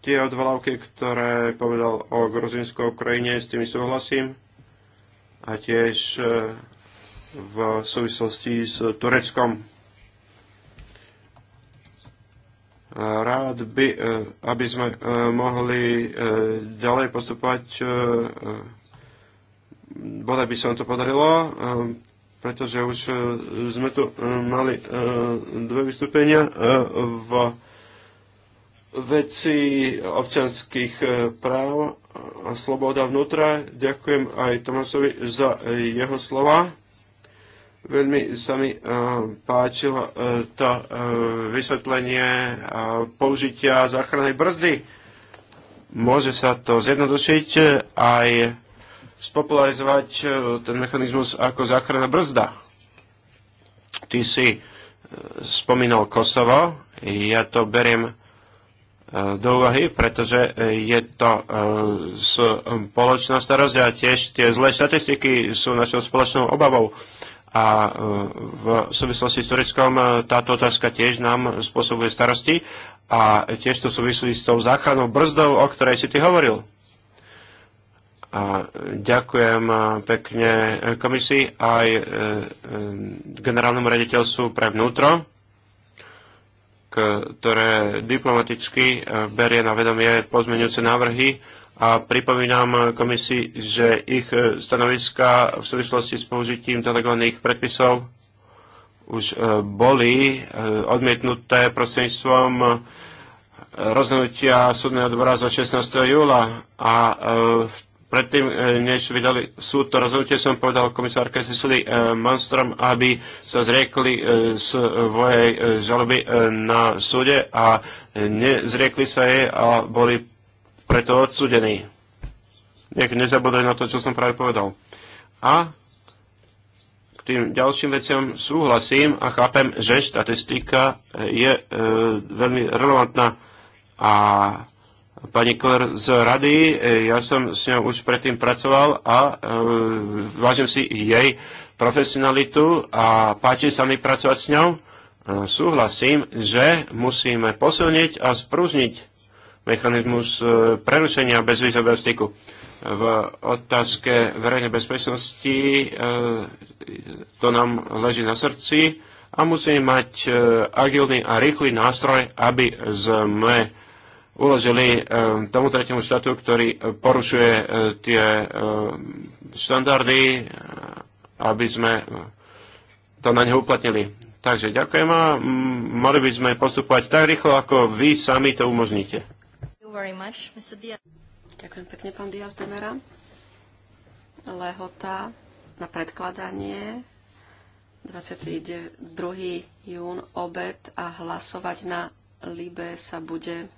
tie odvolávky, ktoré povedal o Gruzinsku Ukrajine, s tými súhlasím a tiež v souvislosti s Tureckom. Rád by, e, aby sme e, mohli e, ďalej postupovať, bodaj by sa nám to podarilo, pretože už sme tu mali dve vystúpenia v veci občanských práv a sloboda vnútra. Ďakujem aj Tomasovi za jeho slova. Veľmi sa mi e, páčilo e, to e, vysvetlenie použitia záchrannej brzdy. Môže sa to zjednodušiť aj spopularizovať ten mechanizmus ako záchranná brzda. Ty si spomínal Kosovo, ja to beriem do úvahy, pretože je to spoločná starosť a tiež tie zlé štatistiky sú našou spoločnou obavou. A e, v súvislosti s Tureckom e, táto otázka tiež nám spôsobuje starosti a tiež to súvislí s tou záchrannou brzdou, o ktorej si ty hovoril. A ďakujem e, pekne komisii aj generálnemu rediteľstvu pre vnútro, ktoré diplomaticky berie na vedomie pozmeňujúce návrhy, a pripomínam komisii, že ich e, stanoviska v súvislosti s použitím delegovaných predpisov už e, boli e, odmietnuté prostredníctvom rozhodnutia súdneho dvora zo 16. júla a predtým, než vydali súd to rozhodnutie, som povedal komisárke Cecily Monstrom, aby sa zriekli svojej žaloby na súde a nezriekli sa jej a boli preto odsudený. Nech nezabudaj na to, čo som práve povedal. A k tým ďalším veciam súhlasím a chápem, že štatistika je e, veľmi relevantná a pani Kler z rady, e, ja som s ňou už predtým pracoval a e, vážim si jej profesionalitu a páči sa mi pracovať s ňou. E, súhlasím, že musíme posilniť a spružniť mechanizmus e, prerušenia bezvýzového styku. V otázke verejnej bezpečnosti e, to nám leží na srdci a musíme mať e, agilný a rýchly nástroj, aby sme uložili tomu tretiemu štátu, ktorý porušuje tie štandardy, aby sme to na neho uplatnili. Takže ďakujem a mali by sme postupovať tak rýchlo, ako vy sami to umožníte. Much, Ďakujem pekne, pán Diaz Mera. Lehota na predkladanie 22. jún obed a hlasovať na Libe sa bude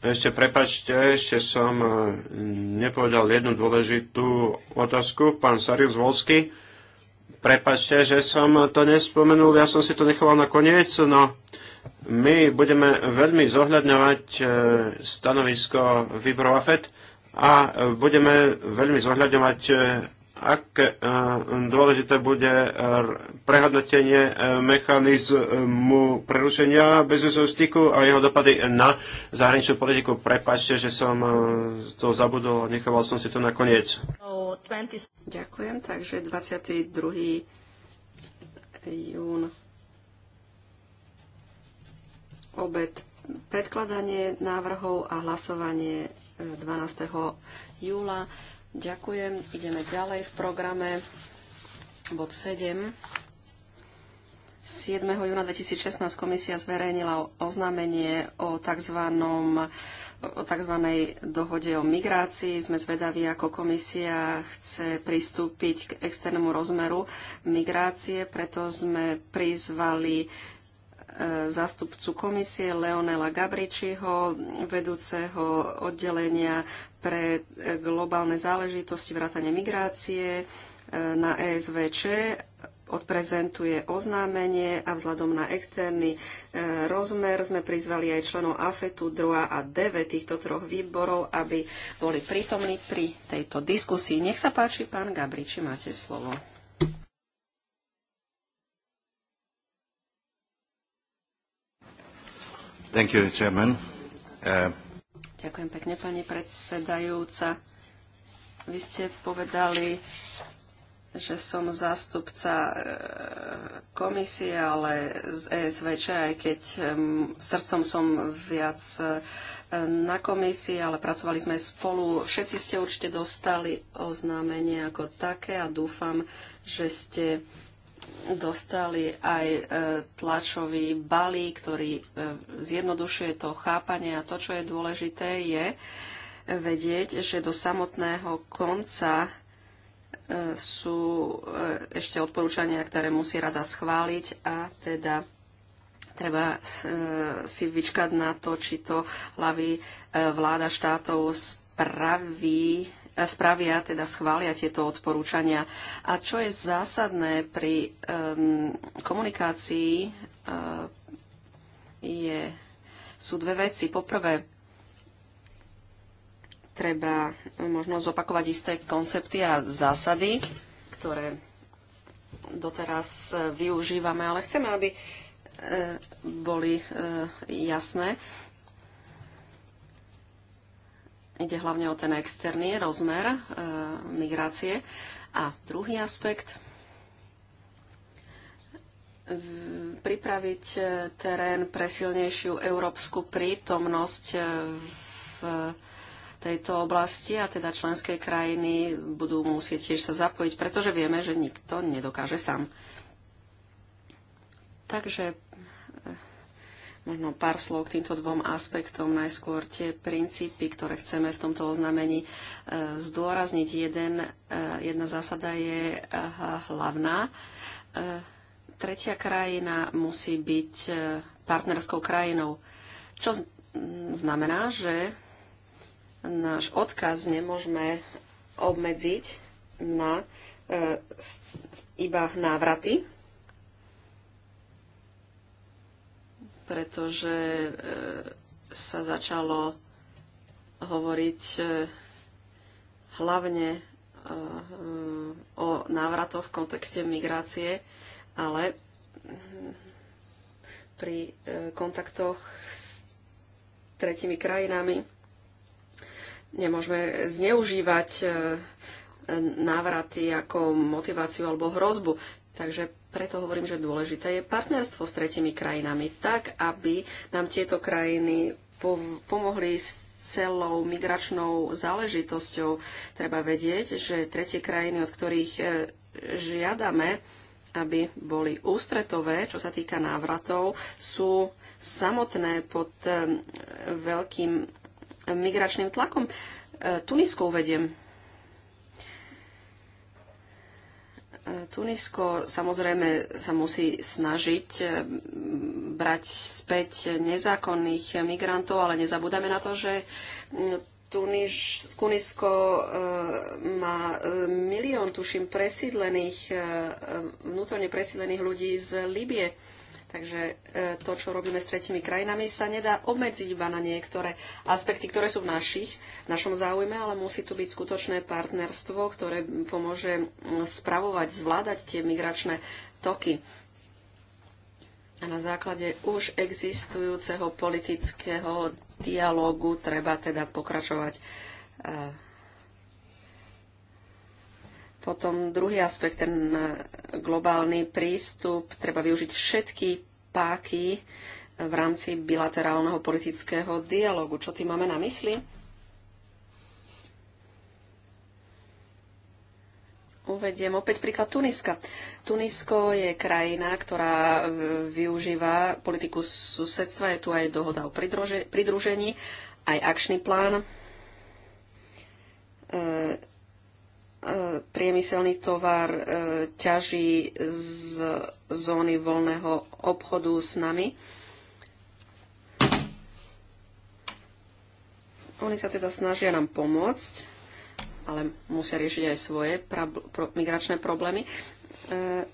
ešte prepačte, ešte som e, nepovedal jednu dôležitú otázku. Pán Sarius Volsky, prepačte, že som to nespomenul, ja som si to nechoval na koniec, no my budeme veľmi zohľadňovať e, stanovisko výboru AFED a budeme veľmi zohľadňovať e, ak e, dôležité bude prehodnotenie mechanizmu prerušenia bezvizového styku a jeho dopady na zahraničnú politiku. Prepačte, že som to zabudol, a nechával som si to na koniec. Ďakujem, takže 22. jún obed predkladanie návrhov a hlasovanie 12. E, júla. Ďakujem. Ideme ďalej v programe bod 7. 7. júna 2016 komisia zverejnila oznámenie o tzv. O tzv. dohode o migrácii. Sme zvedaví, ako komisia chce pristúpiť k externému rozmeru migrácie, preto sme prizvali zástupcu komisie Leonela Gabričiho, vedúceho oddelenia pre e, globálne záležitosti vrátane migrácie e, na ESVČ odprezentuje oznámenie a vzhľadom na externý e, rozmer sme prizvali aj členov AFETu, 2 a 9 e týchto troch výborov, aby boli prítomní pri tejto diskusii. Nech sa páči, pán Gabriči, máte slovo. Thank you, Chairman. Uh, Ďakujem pekne, pani predsedajúca. Vy ste povedali, že som zástupca uh, komisie, ale z ESVČ, aj keď um, srdcom som viac uh, na komisii, ale pracovali sme spolu. Všetci ste určite dostali oznámenie ako také a dúfam, že ste dostali aj e, tlačový balík, ktorý e, zjednodušuje to chápanie a to, čo je dôležité, je vedieť, že do samotného konca e, sú ešte odporúčania, ktoré musí rada schváliť a teda treba si vyčkať na to, či to hlavy vláda štátov spraví spravia, teda schvália tieto odporúčania. A čo je zásadné pri um, komunikácii, uh, je, sú dve veci. Poprvé, treba možno zopakovať isté koncepty a zásady, ktoré doteraz eh, využívame, ale chceme, aby eh, boli jasné. Ide hlavne o ten externý rozmer e, migrácie. A druhý aspekt, pripraviť e, terén pre silnejšiu európsku prítomnosť e, v tejto oblasti a teda členské krajiny budú musieť tiež sa zapojiť, pretože vieme, že nikto nedokáže sám. Takže Možno pár slov k týmto dvom aspektom. Najskôr tie princípy, ktoré chceme v tomto oznamení e, zdôrazniť. Jeden, e, jedna zásada je e, hlavná. Tretia krajina musí byť partnerskou krajinou, čo znamená, že náš odkaz nemôžeme obmedziť na iba návraty pretože e, sa začalo hovoriť e, hlavne e, o návratoch v kontexte migrácie, ale mm, pri kontaktoch s tretimi krajinami nemôžeme zneužívať návraty ako motiváciu alebo hrozbu. Takže preto hovorím, že dôležité je partnerstvo s tretimi krajinami, tak aby nám tieto krajiny pomohli s celou migračnou záležitosťou. Treba vedieť, že tretie krajiny, od ktorých e, žiadame, aby boli ústretové, čo sa týka návratov, sú samotné pod e, veľkým migračným tlakom. E, Tunisko uvediem Tunisko samozrejme sa musí snažiť eh, brať späť nezákonných migrantov, ale nezabúdame na to, že mm, Tunis, Tunisko eh, má eh, milión, tuším, presídlených, vnútorne presídlených ľudí z Libie. Takže e, to, čo robíme s tretimi krajinami, sa nedá obmedziť iba na niektoré aspekty, ktoré sú v, našich, v našom záujme, ale musí tu byť skutočné partnerstvo, ktoré pomôže spravovať, zvládať tie migračné toky. A na základe už existujúceho politického dialógu treba teda pokračovať e, potom druhý aspekt, ten e, globálny prístup. Treba využiť všetky páky e, v rámci bilaterálneho politického dialogu. Čo tým máme na mysli? Uvediem opäť príklad Tuniska. Tunisko je krajina, ktorá e, využíva politiku susedstva. Je tu aj dohoda o pridružení, aj akčný plán. E E, priemyselný tovar e, ťaží z zóny voľného obchodu s nami. Oni sa teda snažia nám pomôcť, ale musia riešiť aj svoje pra- pro- migračné problémy. E,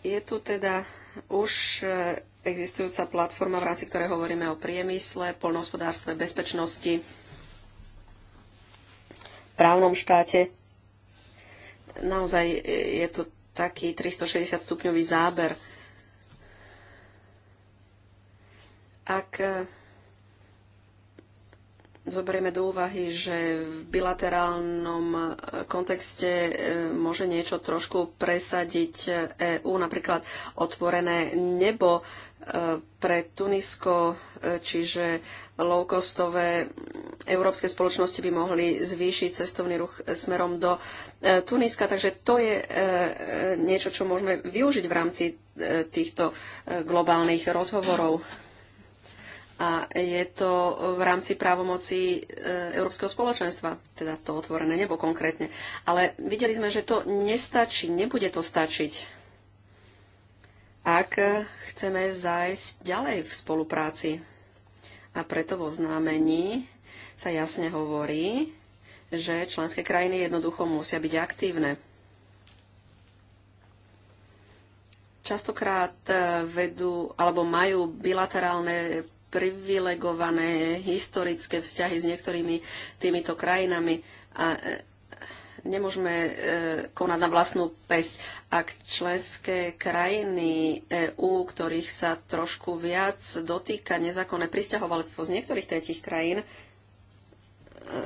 je tu teda už existujúca platforma, v rámci ktorej hovoríme o priemysle, polnohospodárstve, bezpečnosti, právnom štáte naozaj je to taký 360 stupňový záber. Ak e, zoberieme do úvahy, že v bilaterálnom e, kontexte e, môže niečo trošku presadiť EÚ, napríklad otvorené nebo pre Tunisko, čiže low-costové európske spoločnosti by mohli zvýšiť cestovný ruch smerom do e, Tuniska. Takže to je e, niečo, čo môžeme využiť v rámci e, týchto globálnych rozhovorov. A je to v rámci právomoci Európskeho spoločenstva, teda to otvorené nebo konkrétne. Ale videli sme, že to nestačí, nebude to stačiť ak chceme zájsť ďalej v spolupráci. A preto vo známení sa jasne hovorí, že členské krajiny jednoducho musia byť aktívne. Častokrát eh, vedú alebo majú bilaterálne privilegované historické vzťahy s niektorými týmito krajinami a eh, nemôžeme e, konať na vlastnú pesť, ak členské krajiny EÚ, ktorých sa trošku viac dotýka nezákonné pristahovalectvo z niektorých tretich krajín, e, e,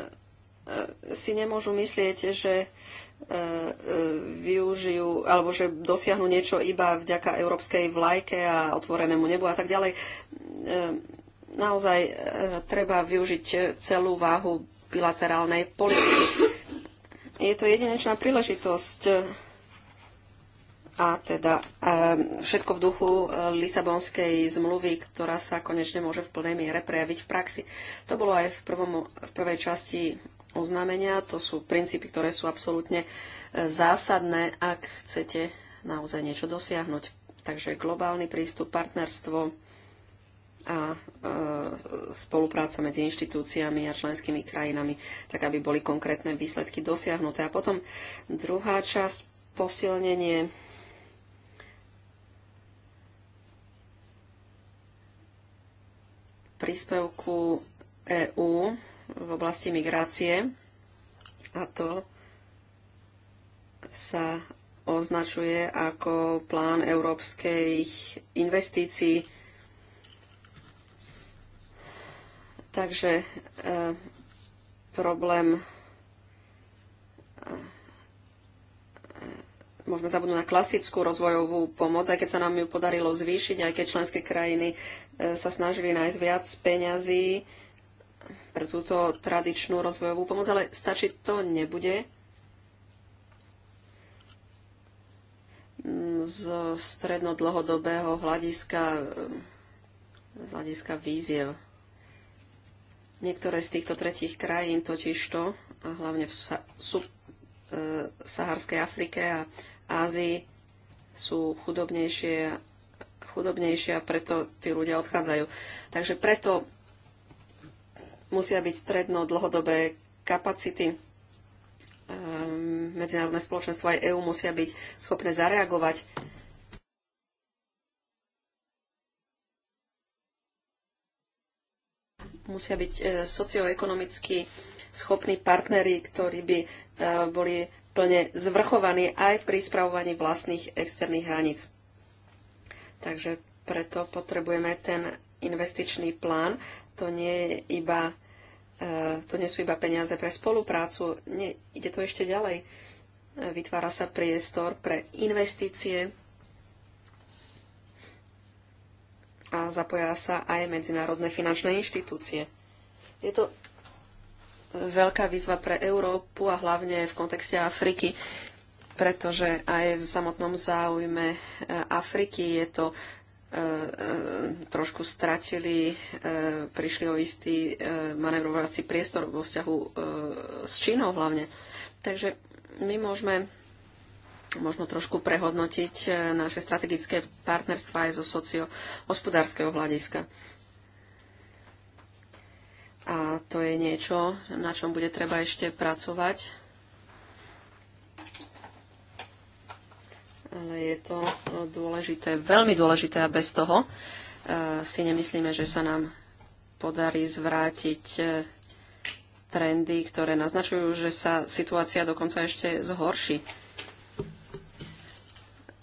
si nemôžu myslieť, že využijú alebo že dosiahnu niečo iba vďaka európskej vlajke a otvorenému nebu a tak ďalej. Naozaj treba využiť celú váhu bilaterálnej politiky. Je to jedinečná príležitosť a teda ehm, všetko v duchu eh, Lisabonskej zmluvy, ktorá sa konečne môže v plnej miere prejaviť v praxi. To bolo aj v, prvom, v prvej časti oznámenia. To sú princípy, ktoré sú absolútne eh, zásadné, ak chcete naozaj niečo dosiahnuť. Takže globálny prístup, partnerstvo, a e, spolupráca medzi inštitúciami a členskými krajinami, tak aby boli konkrétne výsledky dosiahnuté. A potom druhá časť, posilnenie príspevku EÚ v oblasti migrácie a to sa označuje ako plán európskej investícií Takže e, problém e, e, môžeme zabudnúť na klasickú rozvojovú pomoc, aj keď sa nám ju podarilo zvýšiť, aj keď členské krajiny e, sa snažili nájsť viac peňazí pre túto tradičnú rozvojovú pomoc, ale stačiť to nebude. Mm, z strednodlhodobého hľadiska, z hľadiska víziev. Niektoré z týchto tretích krajín totižto, a hlavne v sa- e, Saharskej Afrike a Ázii, sú chudobnejšie, chudobnejšie a preto tí ľudia odchádzajú. Takže preto musia byť stredno dlhodobé kapacity. E, medzinárodné spoločenstvo aj EÚ musia byť schopné zareagovať Musia byť e, socioekonomicky schopní partneri, ktorí by e, boli plne zvrchovaní aj pri spravovaní vlastných externých hraníc. Takže preto potrebujeme ten investičný plán. To nie, je iba, e, to nie sú iba peniaze pre spoluprácu, nie, ide to ešte ďalej. Vytvára sa priestor pre investície a zapoja sa aj medzinárodné finančné inštitúcie. Je to veľká výzva pre Európu a hlavne v kontexte Afriky, pretože aj v samotnom záujme e, Afriky je to e, e, trošku stratili, prišli o istý manevrovací priestor vo vzťahu s Čínou hlavne. Takže my môžeme možno trošku prehodnotiť e, naše strategické partnerstva aj zo sociohospodárskeho hľadiska. A to je niečo, na čom bude treba ešte pracovať. Ale je to dôležité, veľmi dôležité a bez toho e, si nemyslíme, že sa nám podarí zvrátiť e, trendy, ktoré naznačujú, že sa situácia dokonca ešte zhorší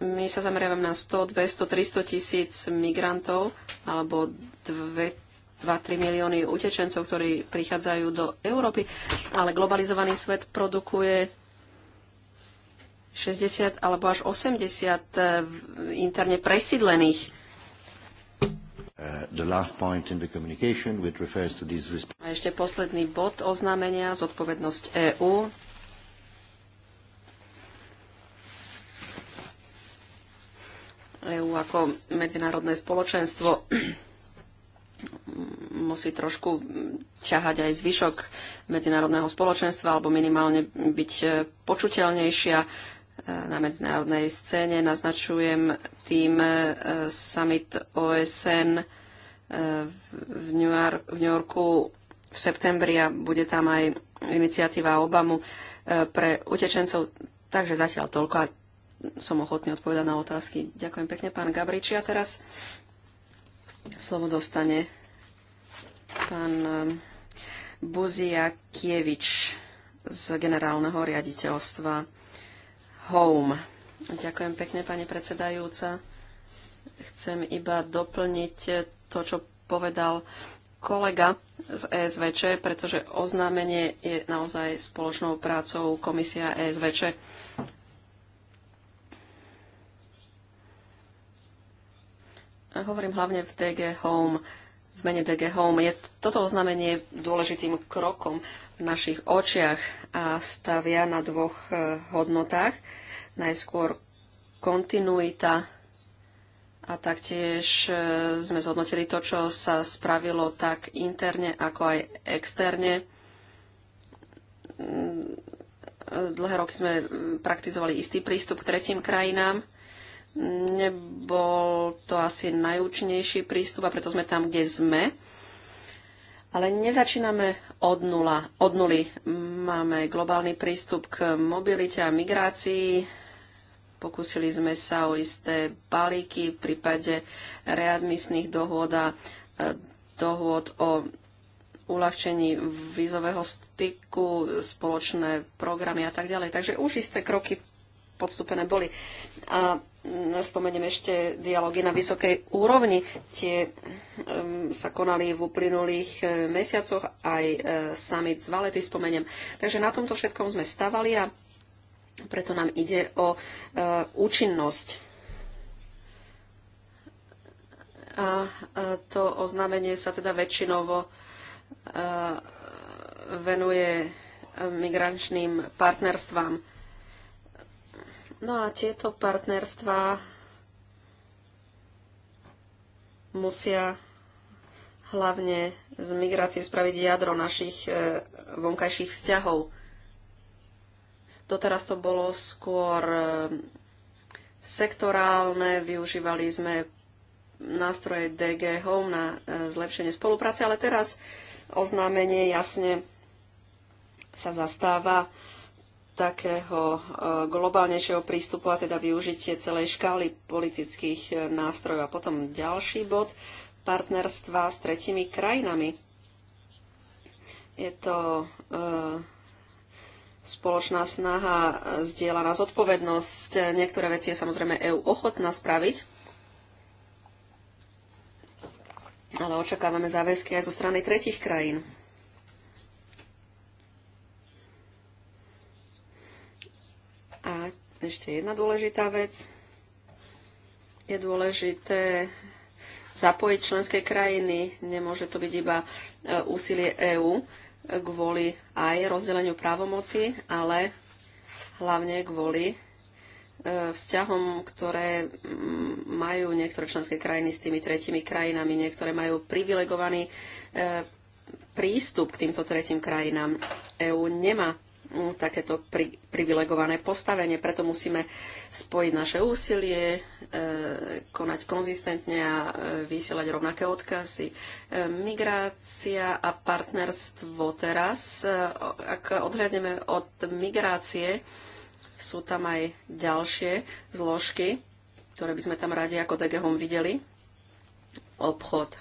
my sa zameriavame na 100, 200, 300 tisíc migrantov alebo 2-3 milióny utečencov, ktorí prichádzajú do Európy, ale globalizovaný svet produkuje 60 alebo až 80 eh, interne presídlených. Eh, A ešte posledný bod oznámenia, zodpovednosť EÚ EÚ ako medzinárodné spoločenstvo musí trošku ťahať aj zvyšok medzinárodného spoločenstva alebo minimálne byť e, počuteľnejšia e, na medzinárodnej scéne. Naznačujem tým e, summit OSN v New, York, v New Yorku v septembri a bude tam aj iniciatíva Obamu pre utečencov. Takže zatiaľ toľko a som ochotný odpovedať na otázky. Ďakujem pekne, pán Gabriči. A teraz slovo dostane pán um, Buzia Kievič z generálneho riaditeľstva HOME. Ďakujem pekne, pani predsedajúca. Chcem iba doplniť to, čo povedal kolega z ESVČ, pretože oznámenie je naozaj spoločnou prácou komisia ESVČ Hovorím hlavne v DG Home, v mene DG Home. Je toto oznámenie dôležitým krokom v našich očiach a stavia na dvoch e, hodnotách. Najskôr kontinuita a taktiež e, sme zhodnotili to, čo sa spravilo tak interne, ako aj externe. Mm, e, dlhé roky sme praktizovali istý prístup k tretím krajinám Nebol to asi najúčnejší prístup a preto sme tam, kde sme. Ale nezačíname od, nula, od nuly. Máme globálny prístup k mobilite a migrácii. Pokúsili sme sa o isté balíky v prípade readmisných dohôd a e, dohôd o uľahčení vízového styku, spoločné programy a tak ďalej. Takže už isté kroky podstúpené boli. A No, spomeniem ešte dialógy na vysokej úrovni. Tie um, sa konali v uplynulých eh, mesiacoch, aj uh, summit z Valety spomeniem. Takže na tomto všetkom sme stavali a preto nám ide o uh, účinnosť. A uh, to oznámenie sa teda väčšinovo venuje migračným partnerstvám. No a tieto partnerstvá musia hlavne z migrácie spraviť jadro našich e, vonkajších vzťahov. Doteraz to bolo skôr e, sektorálne, využívali sme nástroje DG Home na e, zlepšenie spolupráce, ale teraz oznámenie jasne sa zastáva takého eh, globálnejšieho prístupu a teda využitie celej škály politických eh, nástrojov. A potom ďalší bod, partnerstva s tretimi krajinami. Je to eh, spoločná snaha, zdieľaná zodpovednosť. Niektoré veci je samozrejme EU ochotná spraviť, ale očakávame záväzky aj zo strany tretich krajín. ešte jedna dôležitá vec. Je dôležité zapojiť členské krajiny. Nemôže to byť iba e, úsilie EÚ kvôli aj rozdeleniu právomoci, ale hlavne kvôli e, vzťahom, ktoré mm, majú niektoré členské krajiny s tými tretimi krajinami. Niektoré majú privilegovaný e, prístup k týmto tretím krajinám. EÚ nemá Mm, takéto pri, privilegované postavenie. Preto musíme spojiť naše úsilie, e, konať konzistentne a e, vysielať rovnaké odkazy. E, migrácia a partnerstvo teraz, e, ak odhľadneme od migrácie, sú tam aj ďalšie zložky, ktoré by sme tam radi ako DGHOM videli. Obchod,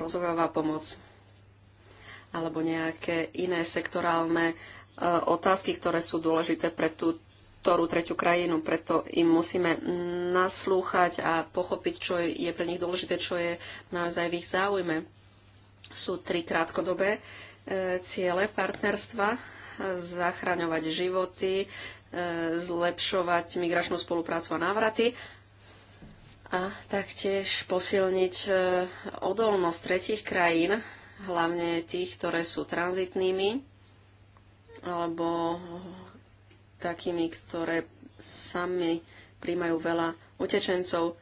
rozvojová pomoc, alebo nejaké iné sektorálne e, otázky, ktoré sú dôležité pre tú ktorú tretiu krajinu, preto im musíme naslúchať a pochopiť, čo je pre nich dôležité, čo je naozaj v ich záujme. Sú tri krátkodobé e, ciele partnerstva, zachraňovať životy, e, zlepšovať migračnú spoluprácu a návraty a taktiež posilniť odolnosť tretich krajín hlavne tých, ktoré sú tranzitnými alebo takými, ktoré sami príjmajú veľa utečencov,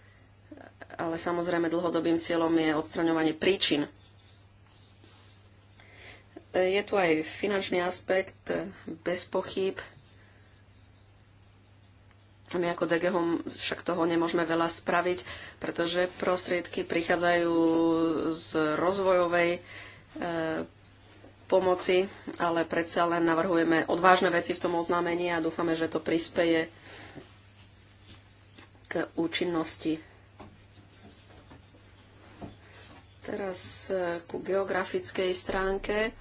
ale samozrejme dlhodobým cieľom je odstraňovanie príčin. Je tu aj finančný aspekt, bez pochyb. My ako DGH však toho nemôžeme veľa spraviť, pretože prostriedky prichádzajú z rozvojovej E, pomoci, ale predsa len navrhujeme odvážne veci v tom oznámení a dúfame, že to prispeje k účinnosti. Teraz e, ku geografickej stránke.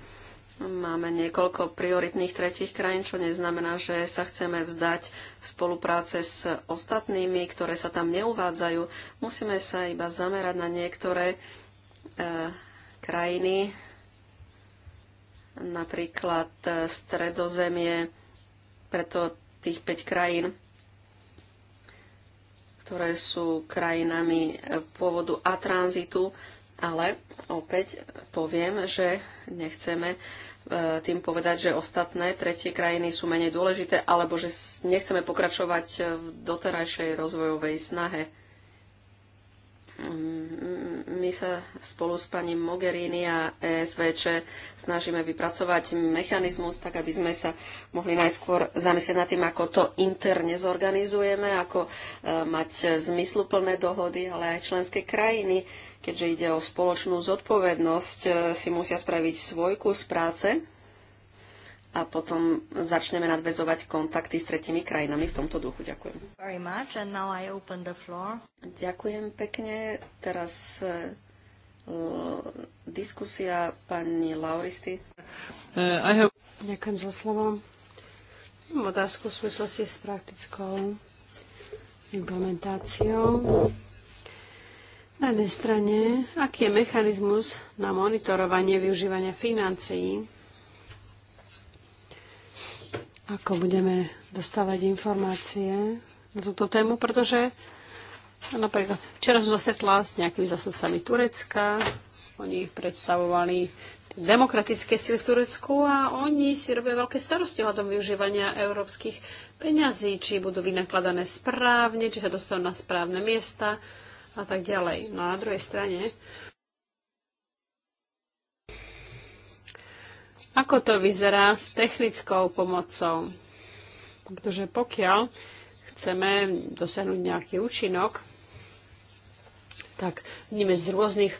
Máme niekoľko prioritných tretich krajín, čo neznamená, že sa chceme vzdať spolupráce s ostatnými, ktoré sa tam neuvádzajú. Musíme sa iba zamerať na niektoré e, krajiny, napríklad e, stredozemie, preto tých 5 krajín, ktoré sú krajinami e, pôvodu a tranzitu, ale opäť poviem, že nechceme e, tým povedať, že ostatné tretie krajiny sú menej dôležité, alebo že nechceme pokračovať v doterajšej rozvojovej snahe Mm, my sa spolu s pani Mogherini a ESVČ snažíme vypracovať mechanizmus, tak aby sme sa mohli najskôr zamyslieť nad tým, ako to interne zorganizujeme, ako e, mať zmysluplné dohody, ale aj členské krajiny, keďže ide o spoločnú zodpovednosť, e, si musia spraviť svoj kus práce a potom začneme nadvezovať kontakty s tretimi krajinami v tomto duchu. Ďakujem. Ďakujem pekne. Teraz e, diskusia pani Lauristy. Uh, have... Ďakujem za slovo. Mám otázku v súvislosti s praktickou implementáciou. Na jednej strane, aký je mechanizmus na monitorovanie využívania financií ako budeme dostávať informácie na túto tému, pretože napríklad včera som zastretla s nejakými zastupcami Turecka, oni predstavovali demokratické sily v Turecku a oni si robia veľké starosti hľadom využívania európskych peňazí, či budú vynakladané správne, či sa dostanú na správne miesta a tak ďalej. No a na druhej strane Ako to vyzerá s technickou pomocou? Pretože pokiaľ chceme dosiahnuť nejaký účinok, tak vidíme z rôznych e,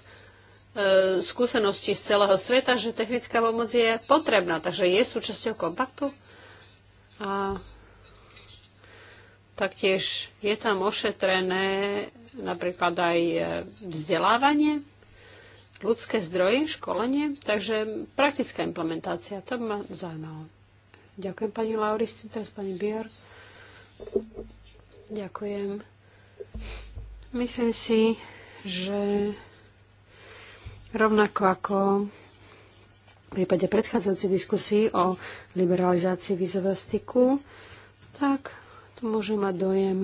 skúseností z celého sveta, že technická pomoc je potrebná, takže je súčasťou kompaktu. A taktiež je tam ošetrené napríklad aj e, vzdelávanie ľudské zdroje, školenie, takže praktická implementácia, to by ma zaujímalo. Ďakujem pani Lauristi, teraz pani Bior. Ďakujem. Myslím si, že rovnako ako v prípade predchádzajúcej diskusí o liberalizácii vízového styku, tak tu môže mať dojem,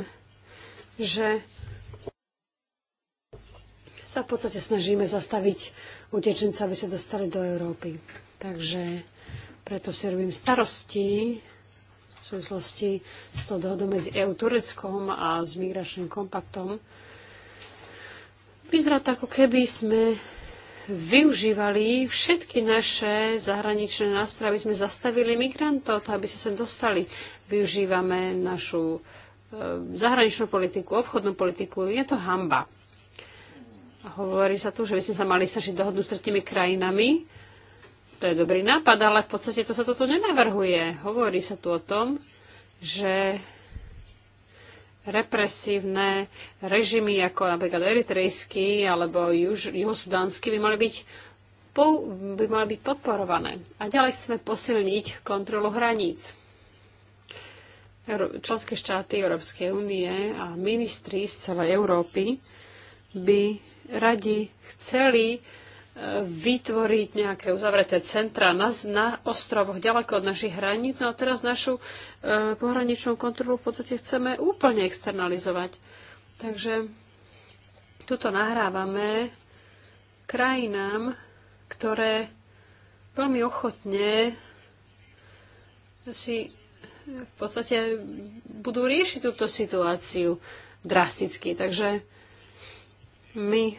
že sa v podstate snažíme zastaviť utečenca, aby sa dostali do Európy. Takže preto si robím starosti v súvislosti s tou dohodou medzi EU Tureckom a s migračným kompaktom. Vyzerá to, ako keby sme využívali všetky naše zahraničné nástroje, aby sme zastavili migrantov, to aby sa sem dostali. Využívame našu eh, zahraničnú politiku, obchodnú politiku. Je to hamba. A hovorí sa tu, že by sme sa mali snažiť dohodnúť s tretimi krajinami. To je dobrý nápad, ale v podstate to sa toto nenavrhuje. Hovorí sa tu o tom, že represívne režimy ako napríklad eritrejský alebo juž, juhosudánsky by mali byť by mali byť podporované. A ďalej chceme posilniť kontrolu hraníc. Členské štáty Európskej únie a ministri z celej Európy by radi chceli e, vytvoriť nejaké uzavreté centra na, na ostrovoch ďaleko od našich hraníc. No a teraz našu e, pohraničnú kontrolu v podstate chceme úplne externalizovať. Takže tuto nahrávame krajinám, ktoré veľmi ochotne si v podstate budú riešiť túto situáciu drasticky. Takže my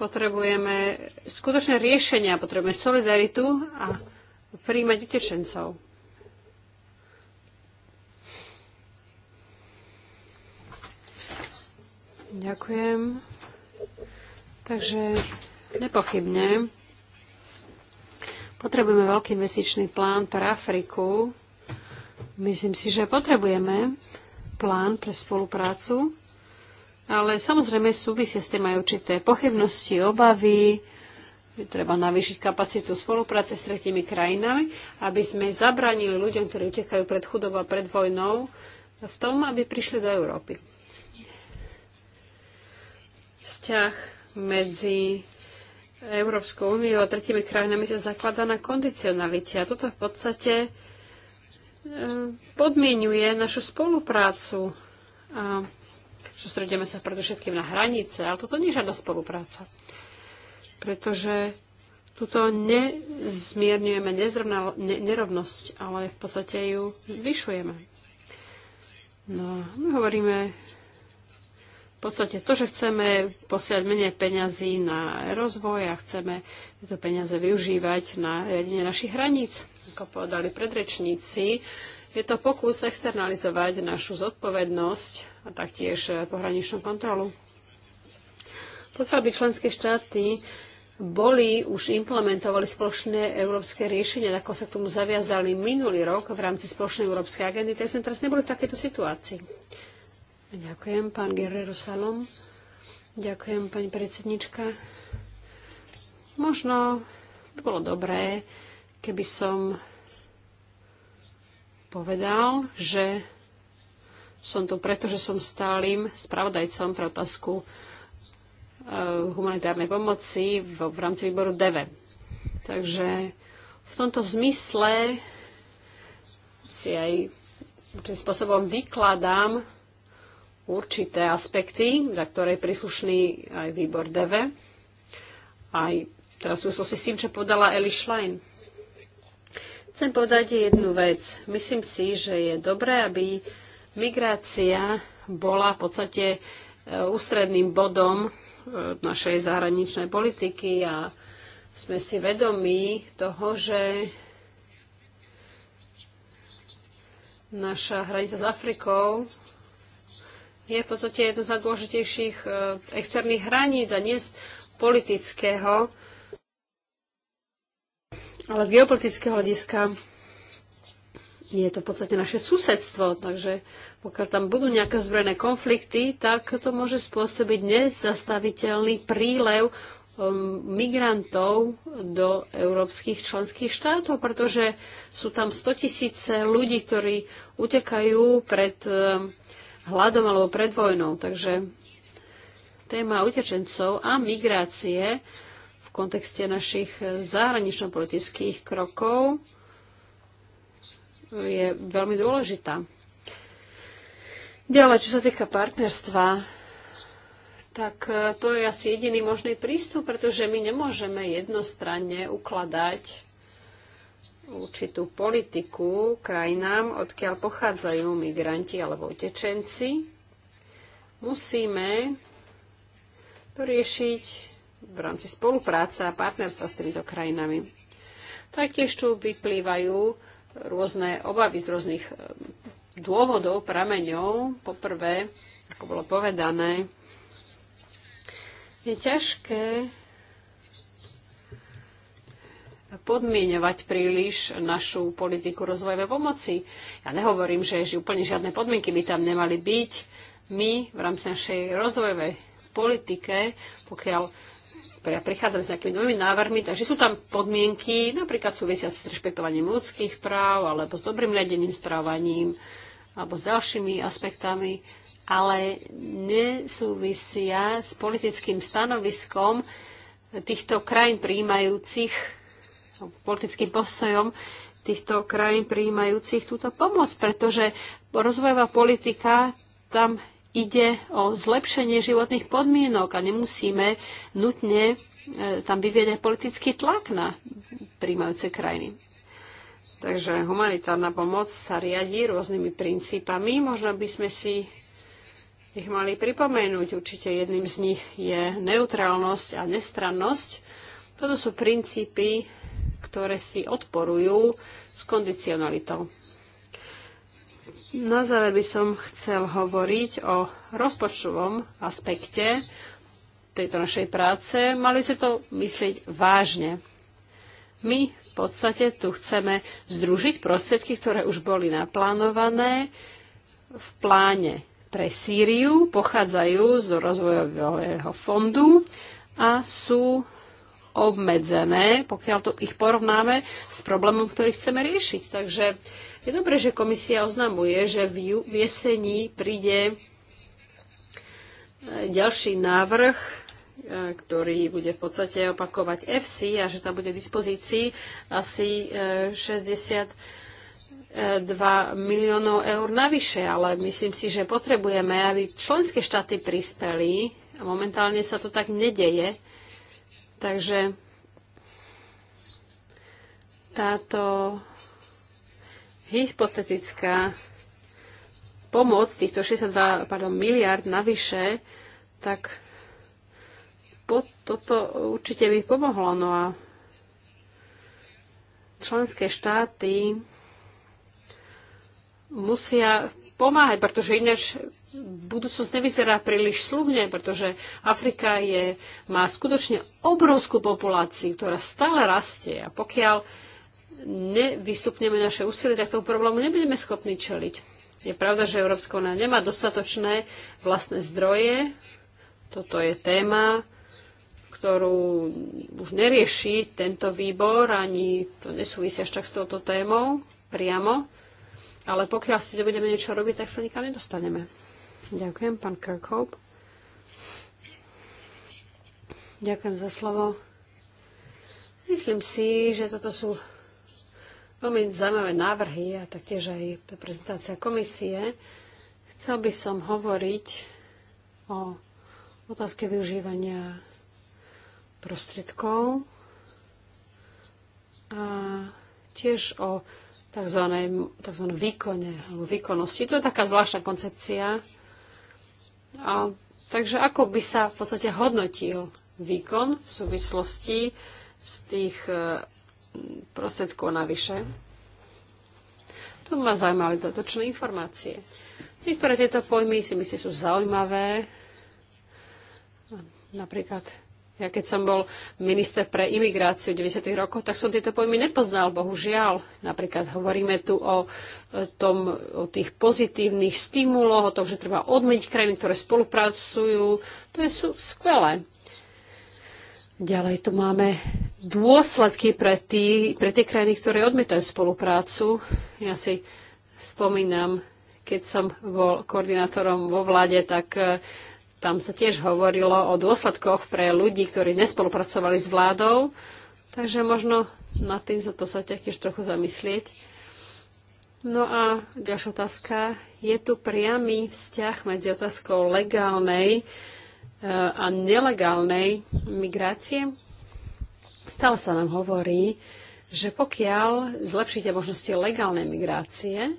potrebujeme skutočné riešenia, potrebujeme solidaritu a príjmať utečencov. Ďakujem. Takže nepochybne potrebujeme veľký investičný plán pre Afriku. Myslím si, že potrebujeme plán pre spoluprácu ale samozrejme súvisia s tým aj určité pochybnosti, obavy, treba navýšiť kapacitu spolupráce s tretími krajinami, aby sme zabranili ľuďom, ktorí utekajú pred chudobou a pred vojnou, v tom, aby prišli do Európy. Vzťah medzi Európskou úniou a tretími krajinami sa zakladá na kondicionalite. A toto v podstate eh, podmienuje našu spoluprácu. A Sústredíme sa predovšetkým na hranice, ale toto nie je žiadna spolupráca. Pretože tuto nezmierňujeme nezrovna, ne, nerovnosť, ale v podstate ju vyšujeme. No, my hovoríme v podstate to, že chceme posiať menej peňazí na rozvoj a chceme tieto peniaze využívať na riadenie našich hraníc, ako povedali predrečníci. Je to pokus externalizovať našu zodpovednosť a taktiež e, pohraničnú kontrolu. Pokiaľ by členské štáty boli, už implementovali spoločné európske riešenia, ako sa k tomu zaviazali minulý rok v rámci spoločnej európskej agendy, tak sme teraz neboli v takejto situácii. Ďakujem, pán Guerrero Salom. Ďakujem, pani predsednička. Možno by bolo dobré, keby som povedal, že som tu preto, že som stálym spravodajcom pre otázku eh, humanitárnej pomoci v, v rámci výboru DEVE. Takže v tomto zmysle si aj určitým spôsobom vykladám určité aspekty, za ktoré je príslušný aj výbor DEVE. Aj teraz sú si s tým, čo podala Eli Schlein. Chcem povedať jednu vec. Myslím si, že je dobré, aby Migrácia bola v podstate e, ústredným bodom e, našej zahraničnej politiky a sme si vedomí toho, že naša hranica s Afrikou je v podstate jedno z najdôležitejších e, externých hraníc a nie z politického, ale z geopolitického hľadiska je to v podstate naše susedstvo, takže pokiaľ tam budú nejaké zbrojné konflikty, tak to môže spôsobiť nezastaviteľný prílev um, migrantov do európskych členských štátov, pretože sú tam 100 tisíce ľudí, ktorí utekajú pred um, hladom alebo pred vojnou. Takže téma utečencov a migrácie v kontexte našich zahranično-politických krokov je veľmi dôležitá. Ďalej, čo sa týka partnerstva, tak e, to je asi jediný možný prístup, pretože my nemôžeme jednostranne ukladať určitú politiku krajinám, odkiaľ pochádzajú migranti alebo utečenci. Musíme to riešiť v rámci spolupráce a partnerstva s týmito krajinami. Taktiež tu vyplývajú rôzne obavy z rôznych eh, dôvodov, prameňov. Poprvé, ako bolo povedané, je ťažké podmienovať príliš našu politiku rozvojovej pomoci. Ja nehovorím, že úplne žiadne podmienky by tam nemali byť. My v rámci našej rozvojovej politike, pokiaľ prichádzam s nejakými novými návrhmi, takže sú tam podmienky, napríklad súvisia s rešpektovaním ľudských práv, alebo s dobrým riadením správaním, alebo s ďalšími aspektami, ale nesúvisia s politickým stanoviskom týchto krajín prijímajúcich, politickým postojom týchto krajín prijímajúcich túto pomoc, pretože rozvojová politika tam ide o zlepšenie životných podmienok a nemusíme nutne e, tam vyvieť aj politický tlak na príjmajúce krajiny. Takže humanitárna pomoc sa riadi rôznymi princípami. Možno by sme si ich mali pripomenúť. Určite jedným z nich je neutrálnosť a nestrannosť. Toto sú princípy, ktoré si odporujú s kondicionalitou. Na záver by som chcel hovoriť o rozpočtovom aspekte tejto našej práce. Mali sa to myslieť vážne. My v podstate tu chceme združiť prostriedky, ktoré už boli naplánované v pláne pre Sýriu, pochádzajú z rozvojového fondu a sú obmedzené, pokiaľ to ich porovnáme s problémom, ktorý chceme riešiť. Takže je dobré, že komisia oznamuje, že v, v jesení príde e, ďalší návrh, e, ktorý bude v podstate opakovať FC a že tam bude v dispozícii asi 60 e, 2 miliónov eur navyše, ale myslím si, že potrebujeme, aby členské štáty prispeli a momentálne sa to tak nedeje. Takže táto hypotetická pomoc týchto 62 pardon, miliard navyše, tak po, toto určite by pomohlo. No a členské štáty musia pomáhať, pretože ináč budúcnosť nevyzerá príliš sluhne, pretože Afrika je, má skutočne obrovskú populáciu, ktorá stále rastie. A pokiaľ nevystupneme naše úsilie, tak tomu problému nebudeme schopní čeliť. Je pravda, že Európska únia nemá dostatočné vlastné zdroje. Toto je téma, ktorú už nerieši tento výbor, ani to nesúvisia až tak s touto témou priamo. Ale pokiaľ si nebudeme niečo robiť, tak sa nikam nedostaneme. Ďakujem, pán Kirkhope. Ďakujem za slovo. Myslím si, že toto sú veľmi zaujímavé návrhy a taktiež aj prezentácia komisie. Chcel by som hovoriť o otázke využívania prostriedkov a tiež o tzv. tzv. výkone alebo výkonnosti. To je taká zvláštna koncepcia. A, takže ako by sa v podstate hodnotil výkon v súvislosti z tých prostriedkov navyše. Tu vás zaujímali dotočné informácie. Niektoré tieto pojmy si myslím sú zaujímavé. Napríklad, ja keď som bol minister pre imigráciu v 90. rokoch, tak som tieto pojmy nepoznal, bohužiaľ. Napríklad hovoríme tu o, e, tom, o tých pozitívnych stimuloch, o tom, že treba odmeniť krajiny, ktoré spolupracujú. To je sú skvelé. Ďalej tu máme dôsledky pre, tí, pre tie krajiny, ktoré odmietajú spoluprácu. Ja si spomínam, keď som bol koordinátorom vo vláde, tak eh, tam sa tiež hovorilo o dôsledkoch pre ľudí, ktorí nespolupracovali s vládou. Takže možno nad tým sa to sa tiež trochu zamyslieť. No a ďalšia otázka. Je tu priamy vzťah medzi otázkou legálnej E, a nelegálnej migrácie. Stále sa nám hovorí, že pokiaľ zlepšíte možnosti legálnej migrácie,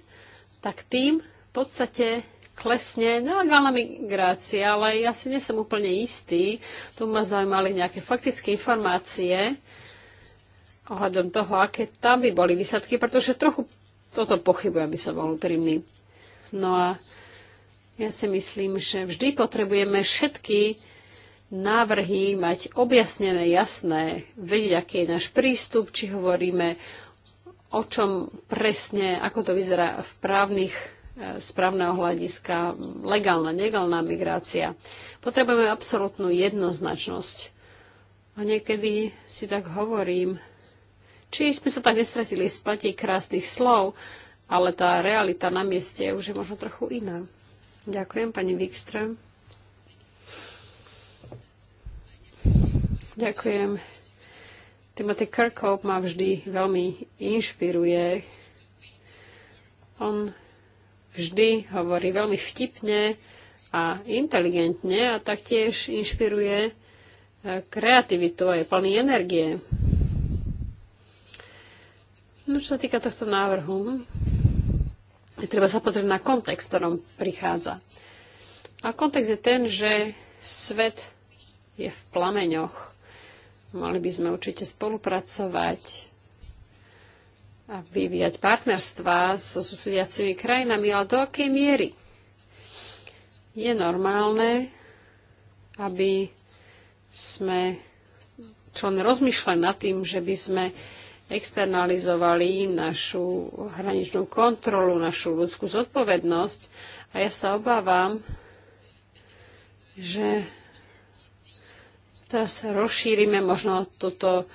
tak tým v podstate klesne nelegálna migrácia, ale ja si som úplne istý. Tu ma zaujímali nejaké faktické informácie ohľadom toho, aké tam by boli výsledky, pretože trochu toto pochybujem, aby som bol úprimný. No a ja si myslím, že vždy potrebujeme všetky návrhy mať objasnené, jasné, vedieť, aký je náš prístup, či hovoríme o čom presne, ako to vyzerá v právnych správneho e, hľadiska legálna, negálna migrácia. Potrebujeme absolútnu jednoznačnosť. A niekedy si tak hovorím, či sme sa tak nestratili z platí krásnych slov, ale tá realita na mieste už je možno trochu iná. Ďakujem, pani Wikström. Ďakujem. Timothy Kirkhope ma vždy veľmi inšpiruje. On vždy hovorí veľmi vtipne a inteligentne a taktiež inšpiruje eh, kreativitu a je plný energie. No čo sa týka tohto návrhu, je Treba sa pozrieť na kontext, ktorom prichádza. A kontext je ten, že svet je v plameňoch. Mali by sme určite spolupracovať a vyvíjať partnerstva so susediacimi krajinami, ale do akej miery? Je normálne, aby sme čo len rozmýšľali nad tým, že by sme externalizovali našu hraničnú kontrolu, našu ľudskú zodpovednosť. A ja sa obávam, že teraz rozšírime možno toto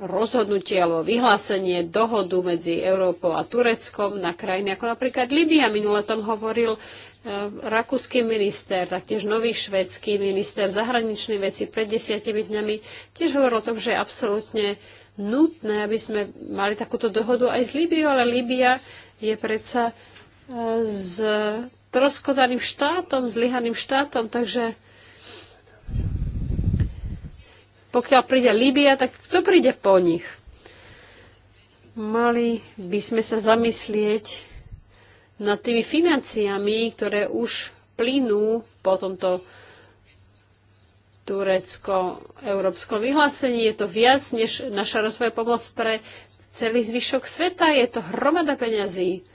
rozhodnutie alebo vyhlásenie dohodu medzi Európou a Tureckom na krajiny ako napríklad Libia. Minule tom hovoril e, rakúsky minister, taktiež nový švedský minister zahraničných vecí pred desiatimi dňami. Tiež hovoril o tom, že je absolútne nutné, aby sme mali takúto dohodu aj s Líbiou, ale Líbia je predsa e, s troskodaným štátom, zlyhaným štátom, takže pokiaľ príde Líbia, tak kto príde po nich? Mali by sme sa zamyslieť nad tými financiami, ktoré už plynú po tomto turecko európsko vyhlásenie. Je to viac než naša rozvoja pomoc pre celý zvyšok sveta. Je to hromada peňazí.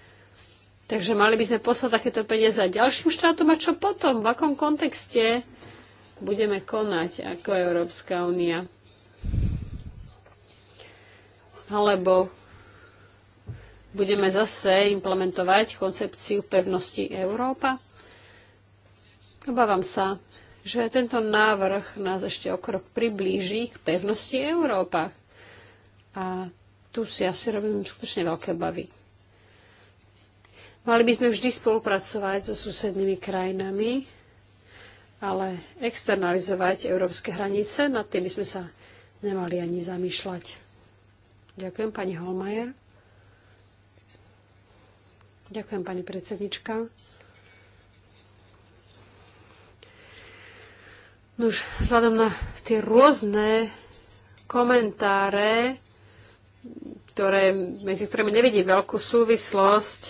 Takže mali by sme poslať takéto peniaze ďalším štátom a čo potom? V akom kontexte budeme konať ako Európska únia? Alebo budeme zase implementovať koncepciu pevnosti Európa? Obávam sa, že tento návrh nás ešte o krok priblíži k pevnosti Európa. A tu si asi robím skutočne veľké bavy. Mali by sme vždy spolupracovať so susednými krajinami, ale externalizovať európske hranice, nad tým by sme sa nemali ani zamýšľať. Ďakujem, pani Holmajer. Ďakujem, pani predsednička. No už vzhľadom na tie rôzne komentáre, ktoré, medzi ktorými nevidím veľkú súvislosť,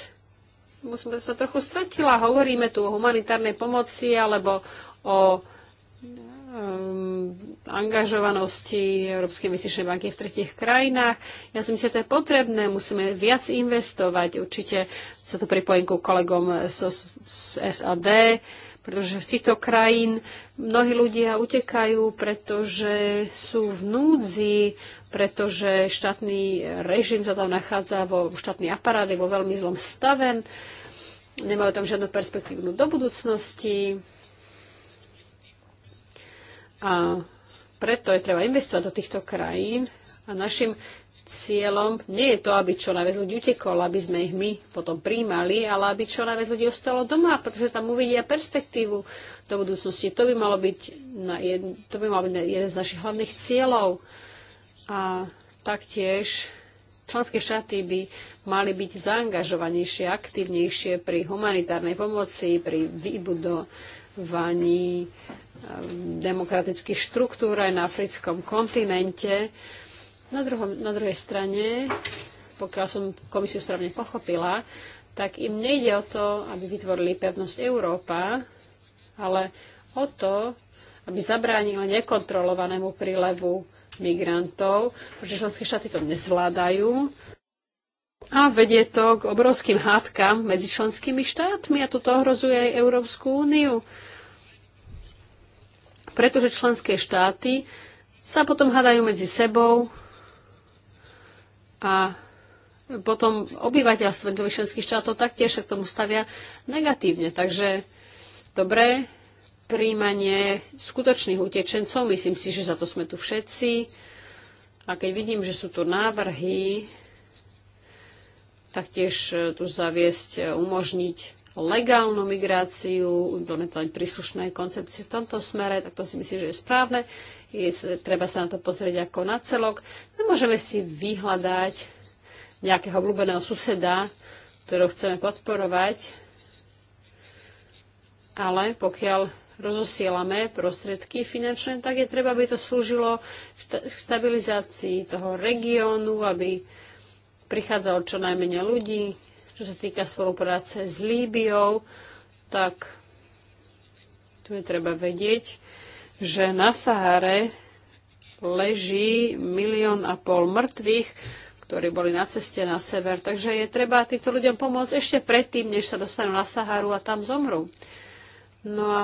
musím to sa trochu stratila. Hovoríme tu o humanitárnej pomoci alebo o um, angažovanosti Európskej investičnej banky v tretich krajinách. Ja si myslím, že to je potrebné, musíme viac investovať. Určite sa tu pripojím ku kolegom z, z SAD, pretože z týchto krajín mnohí ľudia utekajú, pretože sú v núdzi, pretože štátny režim sa tam nachádza vo štátny aparát je vo veľmi zlom stave, nemajú tam žiadnu perspektívnu do budúcnosti a preto je treba investovať do týchto krajín a našim cieľom nie je to, aby čo najviac ľudí utekol, aby sme ich my potom príjmali, ale aby čo najviac ľudí ostalo doma, pretože tam uvidia perspektívu do budúcnosti. To by malo byť, na jed, to by malo byť jeden z našich hlavných cieľov. A taktiež členské štáty by mali byť zaangažovanejšie, aktívnejšie pri humanitárnej pomoci, pri vybudovaní ehm, demokratických štruktúr aj na africkom kontinente. Na, druhom, na druhej strane, pokiaľ som komisiu správne pochopila, tak im nejde o to, aby vytvorili pevnosť Európa, ale o to, aby zabránila nekontrolovanému prílevu migrantov, pretože členské štáty to nezvládajú a vedie to k obrovským hádkam medzi členskými štátmi a toto ohrozuje aj Európsku úniu. Pretože členské štáty sa potom hádajú medzi sebou a potom obyvateľstvo jednotlivých členských štátov taktiež sa k tomu stavia negatívne. Takže dobré príjmanie skutočných utečencov, myslím si, že za to sme tu všetci. A keď vidím, že sú tu návrhy, taktiež e, tu zaviesť, e, umožniť legálnu migráciu, implementovať príslušné koncepcie v tomto smere, tak to si myslím, že je správne je, treba sa na to pozrieť ako na celok. Môžeme si vyhľadať nejakého obľúbeného suseda, ktorého chceme podporovať, ale pokiaľ rozosielame prostriedky finančné, tak je treba, aby to slúžilo k stabilizácii toho regiónu, aby prichádzalo čo najmenej ľudí. Čo sa týka spolupráce s Líbiou, tak tu je treba vedieť, že na Sahare leží milión a pol mŕtvych, ktorí boli na ceste na sever. Takže je treba týmto ľuďom pomôcť ešte predtým, než sa dostanú na Saharu a tam zomrú. No a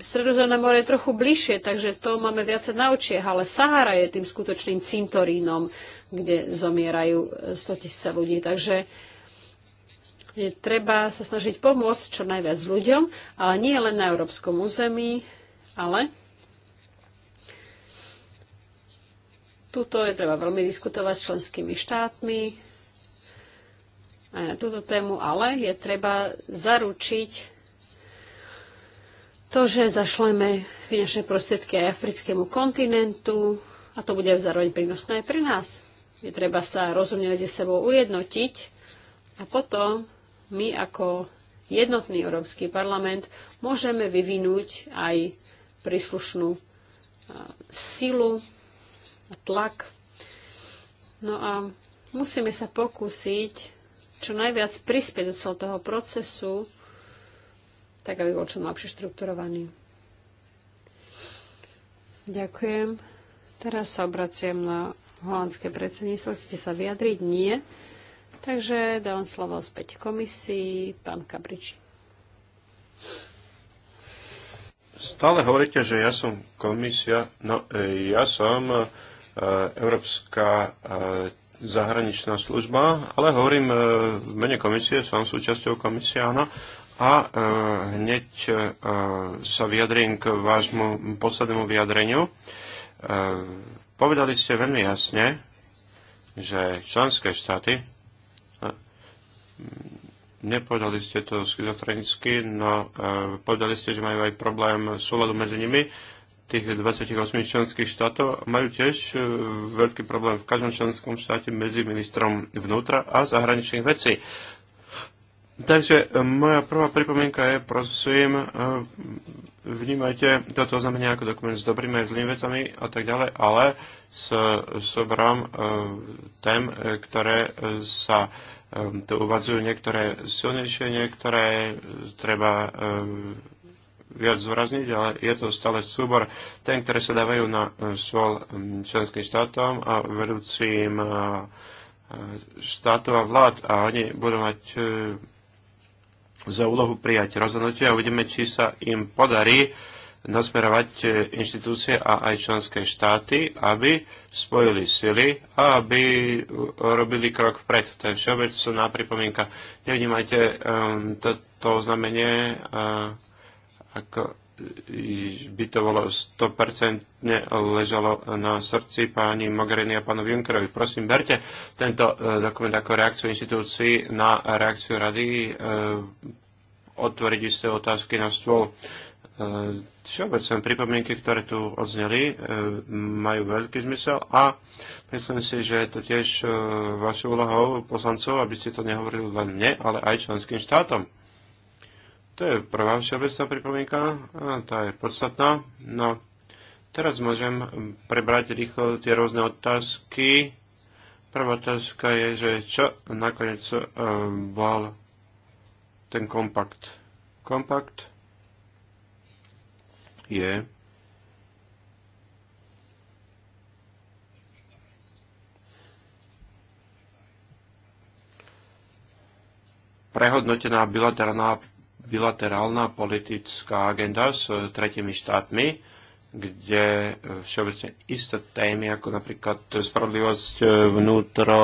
Stredozemné more je trochu bližšie, takže to máme viacej na očiach, ale Sahara je tým skutočným cintorínom, kde zomierajú 100 tisíce ľudí. Takže je treba sa snažiť pomôcť čo najviac ľuďom, ale nie len na európskom území, ale tuto je treba veľmi diskutovať s členskými štátmi aj na túto tému, ale je treba zaručiť to, že zašleme finančné prostriedky aj africkému kontinentu a to bude zároveň prínosné aj pre nás. Je treba sa rozumne medzi sebou ujednotiť a potom my ako jednotný Európsky parlament môžeme vyvinúť aj príslušnú silu a tlak. No a musíme sa pokúsiť čo najviac prispieť do celého toho procesu, tak aby bol čo najlepšie štrukturovaný. Ďakujem. Teraz sa obraciam na holandské predsedníctvo. Chcete sa vyjadriť? Nie. Takže dávam slovo späť komisii, pán Kabriči. Stále hovoríte, že ja som komisia, no e, ja som e, Európska e, zahraničná služba, ale hovorím v mene komisie, som súčasťou komisia, áno, a hneď sa vyjadrím k vášmu poslednému vyjadreniu. Povedali ste veľmi jasne, že členské štáty Nepovedali ste to schizofrenicky, no e, povedali ste, že majú aj problém súladu medzi nimi. Tých 28 členských štátov majú tiež e, veľký problém v každom členskom štáte medzi ministrom vnútra a zahraničných vecí. Takže e, moja prvá pripomienka je, prosím, vnímajte toto znamenie ako dokument s dobrými a zlými vecami a tak ďalej, ale s sobrom tém, ktoré sa Ehm, to uvazujú niektoré silnejšie, niektoré e, treba ehm, viac zúrazniť, ale je to stále súbor ten, ktoré sa dávajú na e, svol členským štátom a vedúcim e, štátov a vlád a oni budú mať za úlohu prijať rozhodnutie a uvidíme, či sa im podarí nasmerovať e, inštitúcie a aj členské štáty, aby spojili sily a aby e, robili krok vpred. To je všeobecná pripomienka. Nevnímajte um, e, toto znamenie uh, ako by to bolo 100% ležalo na srdci pani Mogherini a pánu Junckerovi. Prosím, berte tento dokument ako reakciu inštitúcií na reakciu rady, otvoriť isté otázky na stôl. Eh, všeobecné pripomienky, ktoré tu odzneli, eh, majú veľký zmysel a myslím si, že je to tiež eh, vašou úlohou poslancov, aby ste to nehovorili len mne, ale aj členským štátom. To je prvá všeobecná pripomienka, a tá je podstatná. No, teraz môžem prebrať rýchlo tie rôzne otázky. Prvá otázka je, že čo nakoniec um, bol ten kompakt. Kompakt je prehodnotená bilaterálna, bilaterálna politická agenda s tretimi štátmi kde e, všeobecne isté témy, ako napríklad spravodlivosť e, vnútro,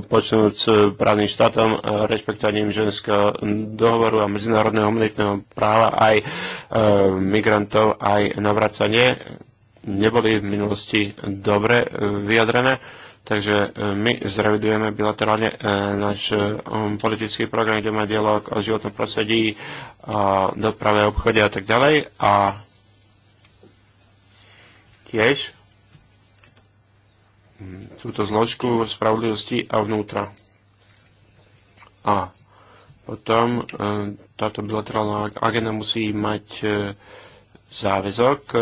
e, s právnym štátom, rešpektovaním ženského dohovoru a medzinárodného humanitného práva, aj e, migrantov, aj navracanie, neboli v minulosti dobre vyjadrené. Takže my zrevidujeme bilaterálne náš politický program, kde má dialog o životnom prostredí, o doprave, obchode a tak ďalej. A tiež hm, túto zložku spravodlivosti a vnútra. A potom eh, táto bilaterálna agenda musí mať eh, záväzok eh,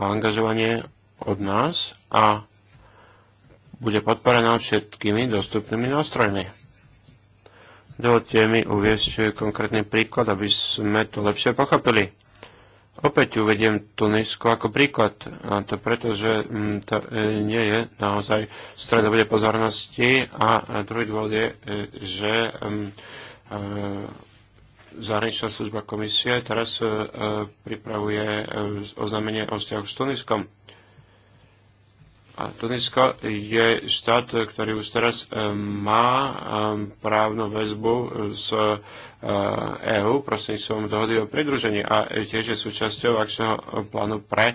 a angažovanie od nás a bude podporená všetkými dostupnými nástrojmi. Dovolte mi uviesť konkrétny príklad, aby sme to lepšie pochopili. Opäť uvediem Tunisko ako príklad, a to preto, že mm, to e, nie je naozaj stredobode pozornosti a druhý dôvod je, e, že mm, e, zahraničná služba komisie teraz pripravuje oznámenie o vzťahu s Tuniskom. A Tunisko je štát, ktorý už teraz e, má e, právnu väzbu s EÚ e prostredníctvom dohody o pridružení a tiež je súčasťou akčného plánu pre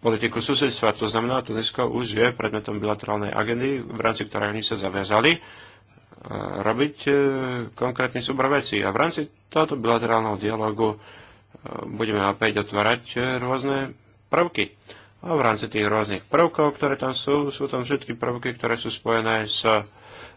politiku susedstva. To znamená, Tunisko už je predmetom bilaterálnej agendy, v rámci ktorej oni sa zaviazali robiť konkrétne súbor veci. A v rámci tohoto bilaterálneho dialogu budeme opäť otvárať rôzne prvky. A v rámci tých rôznych prvkov, ktoré tam sú, sú tam všetky prvky, ktoré sú spojené s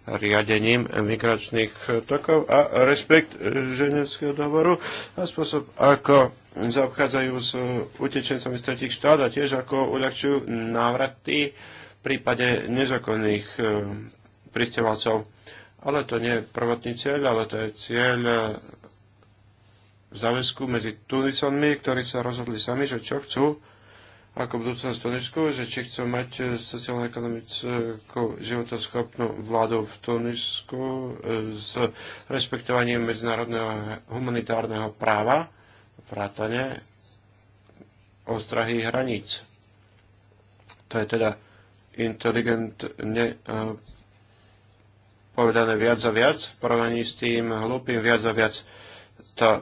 riadením migračných tokov a rešpekt ženevského dohovoru a spôsob, ako zaobchádzajú s utečencami z tretich štát a tiež ako uľahčujú návraty v prípade nezákonných e, pristevalcov. Ale to nie je prvotný cieľ, ale to je cieľ v e, záväzku medzi Tunisonmi, ktorí sa rozhodli sami, že čo chcú ako budúcnosť Tunisku, že či chcú mať eh, sociálno-ekonomickú životoschopnú vládu v Tunisku eh, s rešpektovaním medzinárodného humanitárneho práva, vrátane ostrahy hraníc. To je teda inteligentne eh, povedané viac a viac v porovnaní s tým hlúpým viac a viac tá e,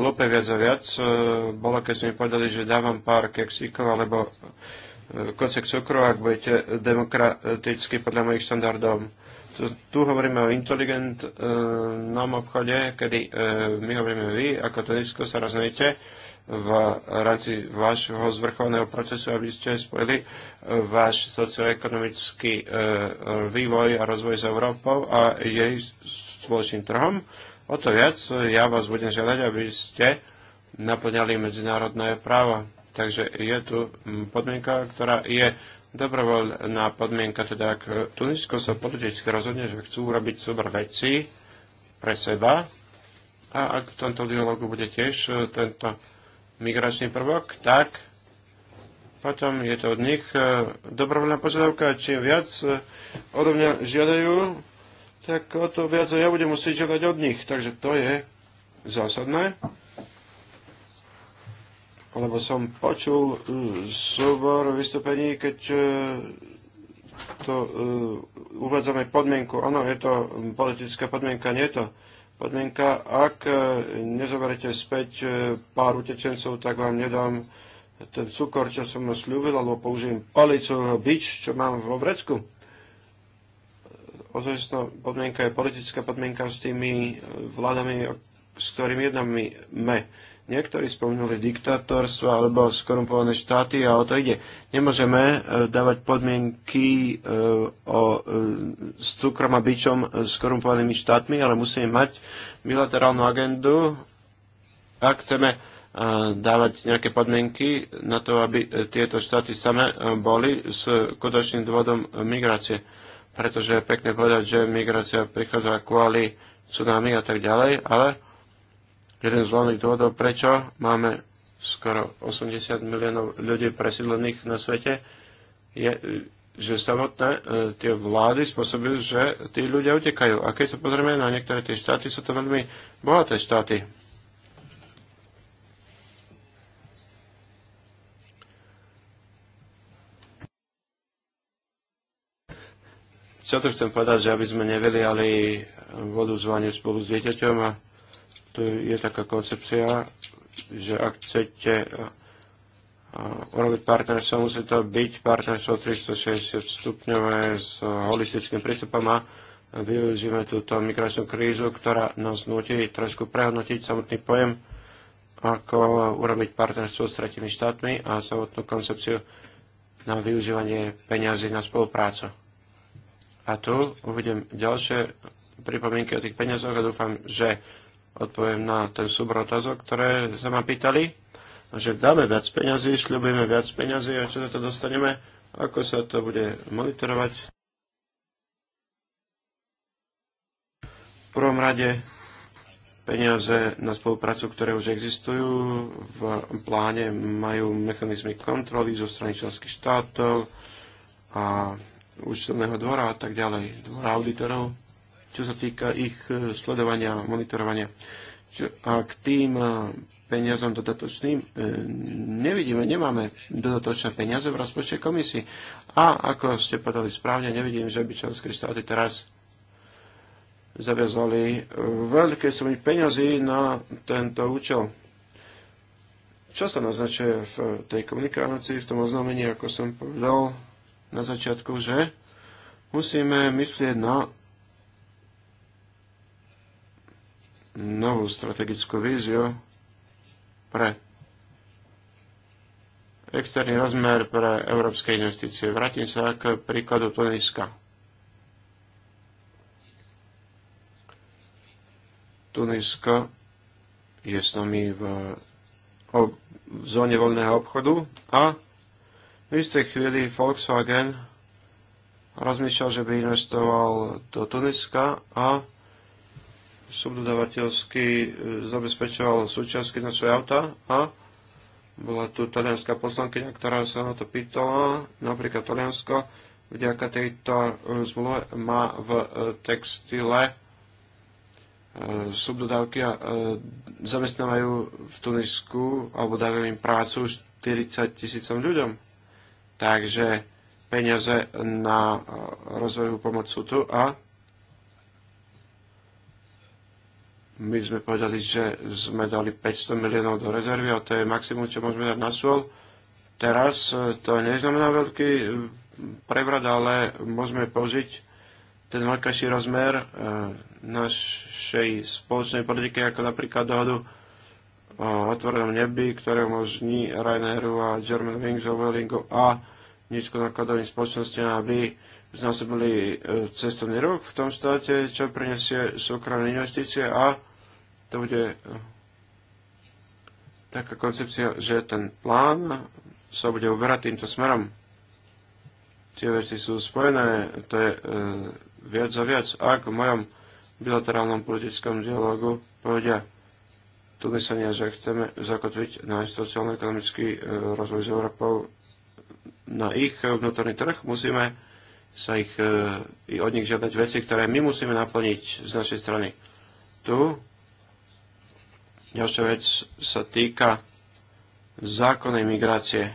hlúpe viac a viac e, bolo, keď ste mi povedali, že dávam pár keksíkov alebo e, kocek cukru, ak budete demokraticky podľa mojich štandardov. Tu, tu hovoríme o inteligentnom e, obchode, kedy e, my hovoríme vy, ako Tunisko sa rozmejete v rámci vášho zvrchovaného procesu, aby ste spojili e, váš socioekonomický e, vývoj a rozvoj s Európou a jej spoločným trhom O to viac ja vás budem žiadať, aby ste naplňali medzinárodné právo. Takže je tu mm, podmienka, ktorá je dobrovoľná podmienka, teda ak Tunisko sa politicky rozhodne, že chcú urobiť super veci pre seba a ak v tomto dialogu bude tiež e, tento migračný prvok, tak potom je to od nich e, dobrovoľná požiadavka. Čím viac e, odo mňa žiadajú, tak o to viac ja budem musieť žiadať od nich. Takže to je zásadné. Lebo som počul e, súbor vystúpení, keď e, to e, uvádzame podmienku. Áno, je to politická podmienka, nie je to podmienka. Ak nezoberete späť pár utečencov, tak vám nedám ten cukor, čo som slúbil, alebo použijem palicu, bič, čo mám vo vrecku. Ozajstná podmienka je politická podmienka s tými e, vládami, s ktorými jednáme. Niektorí spomenuli diktátorstva alebo skorumpované štáty a o to ide. Nemôžeme e, dávať podmienky e, o, s cukrom a bičom korumpovanými štátmi, ale musíme mať bilaterálnu agendu, ak chceme dávať nejaké podmienky na to, aby tieto štáty same boli s skutočným dôvodom migrácie pretože je pekne povedať, že migrácia prichádza kvôli tsunami a tak ďalej, ale jeden z hlavných dôvodov, prečo máme skoro 80 miliónov ľudí presídlených na svete, je, že samotné e, tie vlády spôsobujú, že tí ľudia utekajú. A keď sa pozrieme na niektoré tie štáty, sú to veľmi bohaté štáty. Čo to chcem povedať, že aby sme nevyliali vodu z spolu s dieťaťom a to je taká koncepcia, že ak chcete eh, urobiť partnerstvo, musí to byť partnerstvo 360 stupňové s holistickým prístupom a využíme túto migračnú krízu, ktorá nás nutí trošku prehodnotiť samotný pojem, ako urobiť partnerstvo s tretimi štátmi a samotnú koncepciu na využívanie peňazí na spoluprácu. A tu uvidím ďalšie pripomienky o tých peniazoch a dúfam, že odpoviem na ten súbor otázok, ktoré sa ma pýtali. Že dáme viac peniazy, sľubujeme viac peniazy a čo za to dostaneme, ako sa to bude monitorovať. V prvom rade peniaze na spoluprácu, ktoré už existujú v pláne, majú mechanizmy kontroly zo strany členských štátov a účtovného dvora a tak ďalej, dvora auditorov, čo sa týka ich e, sledovania, monitorovania. A k tým e, peniazom dodatočným e, nevidíme, nemáme dodatočné peniaze v rozpočte komisii. A ako ste povedali správne, nevidím, že by členské štáty teraz zaviazali veľké sumy peniazy na tento účel. Čo sa naznačuje v tej komunikácii, v tom oznámení, ako som povedal, na začiatku, že musíme myslieť na novú strategickú víziu pre externý rozmer pre európske investície. Vrátim sa k príkladu Tuniska. Tunisko je s nami v, v zóne voľného obchodu a v istej chvíli Volkswagen rozmýšľal, že by investoval do Tuniska a subdodavateľsky e, zabezpečoval súčiastky na svoje auta a bola tu talianská poslankyňa, ktorá sa na to pýtala. Napríklad Taliansko vďaka tejto e, zmluve má v e, textile subdodávky a zamestnávajú v Tunisku alebo dávajú im prácu 40 tisícom ľuďom Takže peniaze na eh, rozvojovú pomoc sú tu a my sme povedali, že sme dali 500 miliónov do rezervy a to je maximum, čo môžeme dať na svoj. Teraz eh, to neznamená veľký eh, prevrat, ale môžeme použiť ten veľkajší rozmer našej spoločnej politiky, ako napríklad dohodu o otvorenom nebi, ktoré umožní Ryanairu a Germanwings a Wellingu a nízkonákladovým spoločnostiam, aby znásobili e, cestovný rok v tom štáte, čo prinesie súkromné investície a to bude e, taká koncepcia, že ten plán sa bude uberať týmto smerom. Tie veci sú spojené, to je e, viac a viac. Ak v mojom bilaterálnom politickom dialogu povedia, tlesania, že chceme zakotviť náš sociálno-ekonomický e, rozvoj s Európou na ich vnútorný trh, musíme sa ich, e, i od nich žiadať veci, ktoré my musíme naplniť z našej strany. Tu ďalšia vec sa týka zákonnej migrácie.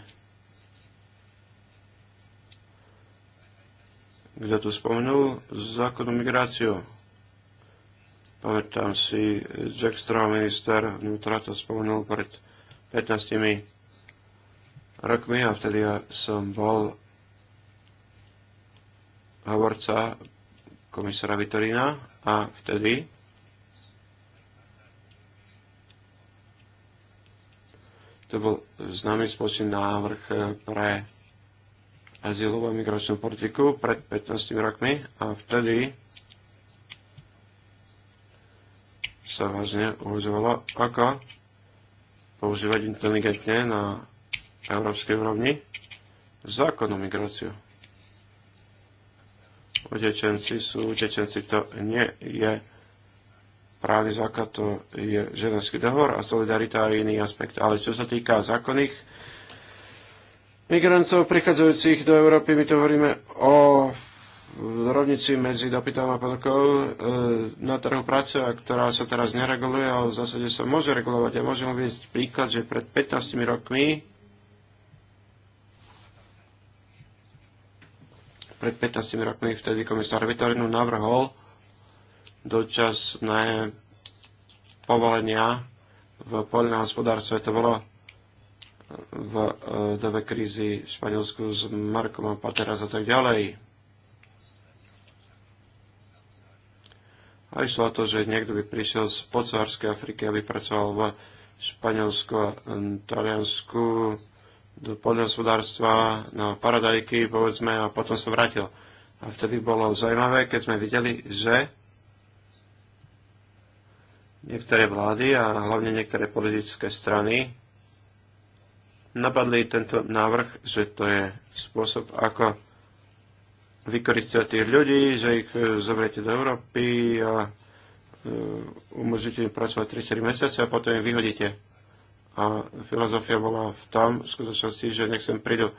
Kto tu spomenul zákonnú migráciu? Pamätám si, Jack Straw, minister vnútra, to spomenul pred 15 rokmi a vtedy ja som bol hovorca komisára Vitorína a vtedy to bol známy spoločný návrh pre azylovú migračnú politiku pred 15 rokmi a vtedy sa vážne uvažovalo, ako používať inteligentne na európskej úrovni zákon o migráciu. Utečenci sú utečenci, to nie je právny základ, to je ženský dohovor a solidarita je iný aspekt. Ale čo sa týka zákonných migrancov prichádzajúcich do Európy, my to hovoríme o v rovnici medzi dopytom a ponukou e, na trhu práce, a ktorá sa teraz nereguluje, ale v zásade sa môže regulovať. Ja môžem uvieť príklad, že pred 15 rokmi pred 15 rokmi vtedy komisár Vitorinu navrhol dočasné povolenia v poľnohospodárstve. To bolo v e, dobe krízy v Španielsku s Markom a Pateras a tak ďalej. A išlo o to, že niekto by prišiel z podsaharskej Afriky, aby pracoval v Španielsku a Taliansku do poľnohospodárstva na paradajky, povedzme, a potom sa vrátil. A vtedy bolo zaujímavé, keď sme videli, že niektoré vlády a hlavne niektoré politické strany napadli tento návrh, že to je spôsob, ako vykoristia tých ľudí, že ich e, zoberiete do Európy a e, umožníte im pracovať 3-4 mesiace a potom ich vyhodíte. A filozofia bola v tam v skutočnosti, že nech sem prídu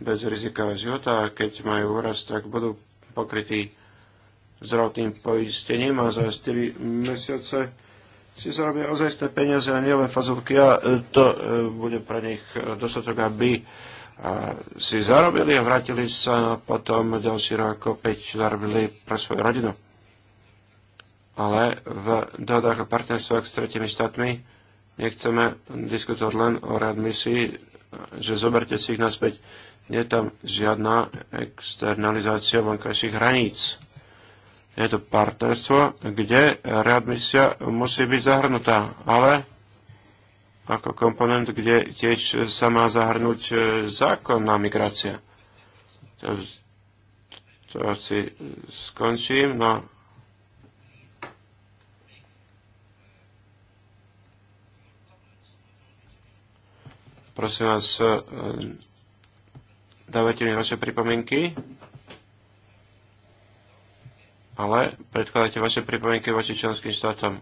bez rizika života a keď majú úraz, tak budú pokrytí zdravotným poistením a za 4 mesiace si zarobia ozajstné peniaze a nielen fazovky a e, to bude pre nich dostatok, aby si zarobili a vrátili sa potom ďalší rok opäť zarobili pre svoju rodinu. Ale v dohodách a partnerstvách s tretimi štátmi nechceme diskutovať len o readmisii, že zoberte si ich naspäť. Nie je tam žiadna externalizácia vonkajších hraníc. Je to partnerstvo, kde readmisia musí byť zahrnutá, ale ako komponent, kde tiež sa má zahrnúť e, zákonná migrácia. To, to asi skončím. No. Prosím vás, e, dávajte mi vaše pripomienky, ale predkladajte vaše pripomienky voči členským štátom.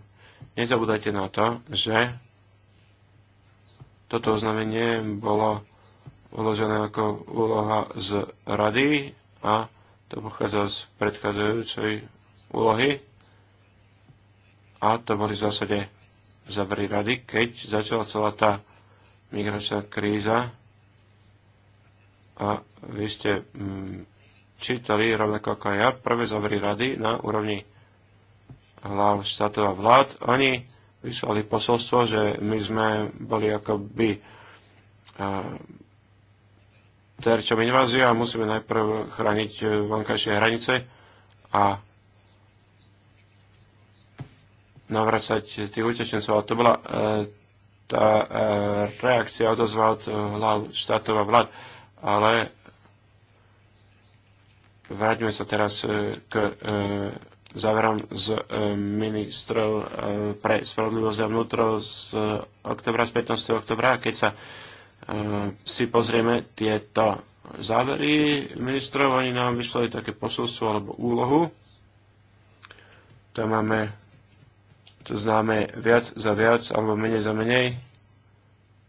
Nezabúdajte na to, že toto oznámenie bolo uložené ako úloha z rady a to pochádza z predchádzajúcej úlohy a to boli v zásade závery rady, keď začala celá tá migračná kríza a vy ste mm, čítali, rovnako ako ja, prvé závery rady na úrovni hlav štátov a vlád. Oni vyslali posolstvo, že my sme boli akoby terčom invázie a musíme najprv chrániť e, vonkajšie hranice a navracať tých utečencov. A to bola e, tá e, reakcia odozva od e, hlav štátov a vlád. Ale vráťme sa teraz k záverom z e, ministrov e, pre spravodlivosť a vnútro z e, oktobra, z 15. oktobra, keď sa si pozrieme tieto závery ministrov, oni nám vyslali také posolstvo alebo úlohu. Tam máme, to známe viac za viac alebo menej za menej.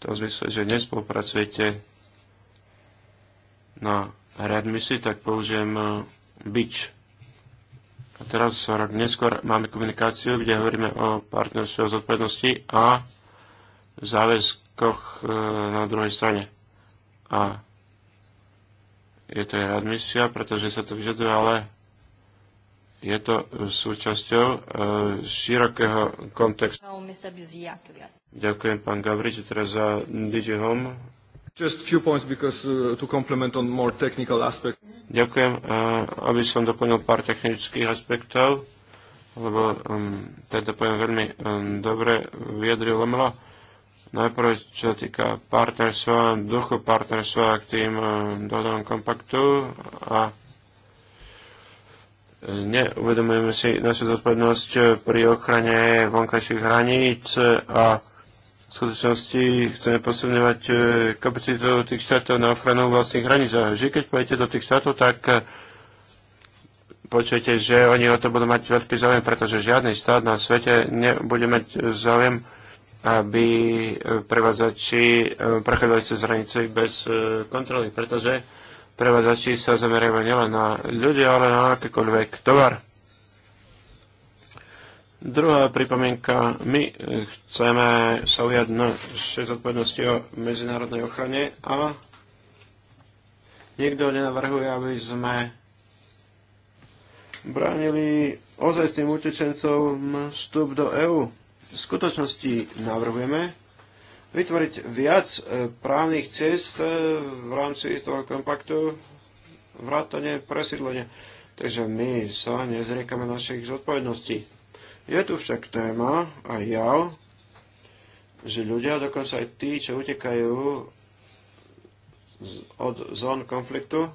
To v zmysle, že nespolupracujete na misi, tak použijem bič. A teraz rok neskôr máme komunikáciu, kde hovoríme o partnerstve o zodpovednosti a záväzkoch e, na druhej strane. A je to admisia, pretože sa to vyžaduje, ale je to súčasťou e, širokého kontextu. No, Ďakujem pán Gavrič, teraz za DJ Home Uh, Ďakujem, uh, aby som doplnil pár technických aspektov, lebo um, tento pojem veľmi um, dobre vyjadril Lemela. Najprv, čo sa týka partnerstva, duchu partnerstva k tým um, kompaktu a e, neuvedomujeme si našu zodpovednosť pri ochrane vonkajších hraníc a skutočnosti chceme posilňovať e, kapacitu tých štátov na ochranu vlastných hraníc. A že keď pôjdete do tých štátov, tak e, počujete, že oni o to budú mať veľký záujem, pretože žiadny štát na svete nebude mať záujem, aby e, prevádzači prechádzali cez hranice bez kontroly, pretože prevádzači sa zamerajú nielen na ľudia, ale na akýkoľvek tovar. Druhá pripomienka. My e, chceme sa ujať na zodpovednosti o medzinárodnej ochrane a nikto nenavrhuje, aby sme bránili ozajstným utečencom vstup do EÚ. V skutočnosti navrhujeme vytvoriť viac e, právnych ciest e, v rámci toho kompaktu vrátane presídlenia. Takže my sa nezriekame našich zodpovedností. Je tu však téma a jav, že ľudia, dokonca aj tí, čo utekajú od zón konfliktu,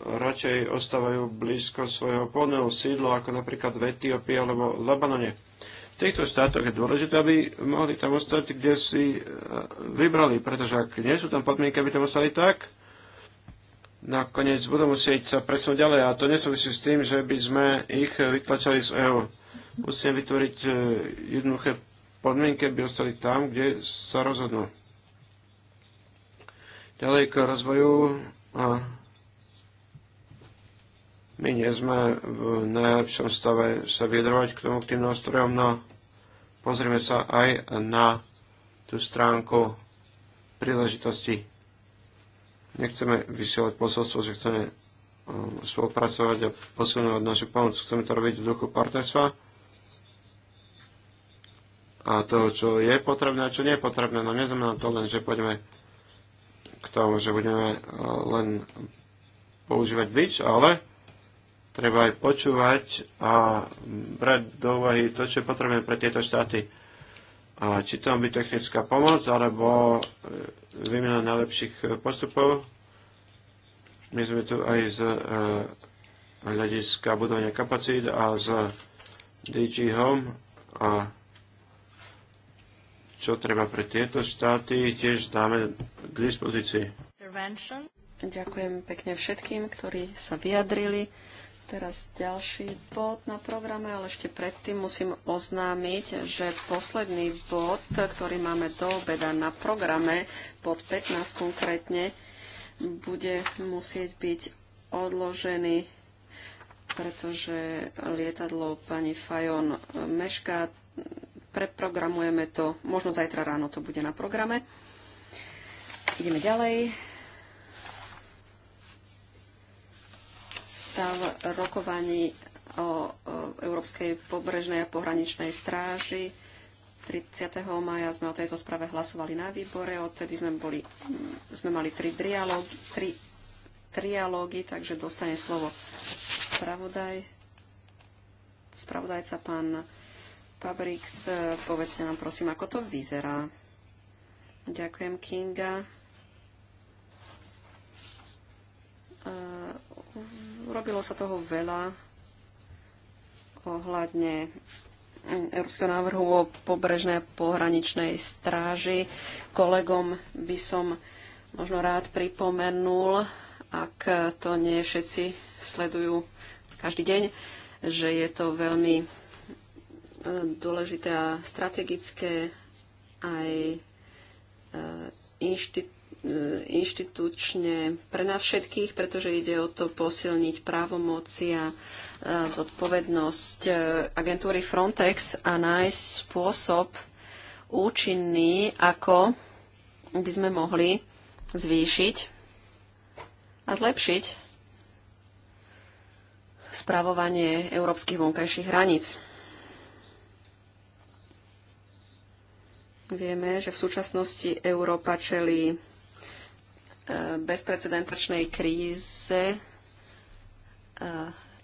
radšej ostávajú blízko svojho pôvodného sídla, ako napríklad v Etiópii alebo v Lebanone. V týchto štátoch je dôležité, aby mohli tam ostať, kde si e, vybrali, pretože ak nie sú tam podmienky, aby tam ostali tak, nakoniec budú musieť sa presunúť ďalej. A to nesúvisí s tým, že by sme ich vytlačali z EÚ. Musíme vytvoriť e, jednoduché podmienky, aby ostali tam, kde sa rozhodnú. Ďalej k rozvoju. A my nie sme v najlepšom stave sa vyjadrovať k tomu, k tým nástrojom, no pozrieme sa aj na tú stránku príležitosti Nechceme vysielať posolstvo, že chceme um, spolupracovať a posunovať našu pomoc. Chceme to robiť v duchu partnerstva a to, čo je potrebné a čo nie je potrebné. No neznamená to len, že poďme k tomu, že budeme uh, len používať bič, ale treba aj počúvať a brať do úvahy to, čo je potrebné pre tieto štáty. A či tam by technická pomoc, alebo e, výmena najlepších e, postupov, my sme tu aj z e, hľadiska budovania kapacít a z DG Home a čo treba pre tieto štáty, tiež dáme k dispozícii. Ďakujem pekne všetkým, ktorí sa vyjadrili. Teraz ďalší bod na programe, ale ešte predtým musím oznámiť, že posledný bod, ktorý máme do obeda na programe, bod 15 konkrétne, bude musieť byť odložený, pretože lietadlo pani Fajon mešká. Preprogramujeme to, možno zajtra ráno to bude na programe. Ideme ďalej. stav rokovaní o, Európskej pobrežnej a pohraničnej stráži. 30. maja sme o tejto správe hlasovali na výbore, odtedy sme, boli, mm, sme mali tri, trialógy, tri trialógy, takže dostane slovo spravodaj, spravodajca pán Pabrix. Povedzte nám prosím, ako to vyzerá. Ďakujem Kinga. Ehm, Robilo sa toho veľa ohľadne Európskeho návrhu o pobrežnej a pohraničnej stráži. Kolegom by som možno rád pripomenul, ak to nie všetci sledujú každý deň, že je to veľmi e, dôležité a strategické aj e, inštitúcie, inštitučne pre nás všetkých, pretože ide o to posilniť právomoci a zodpovednosť e, agentúry Frontex a nájsť spôsob účinný, ako by sme mohli zvýšiť a zlepšiť spravovanie európskych vonkajších hraníc. Vieme, že v súčasnosti Európa čelí bezprecedentačnej kríze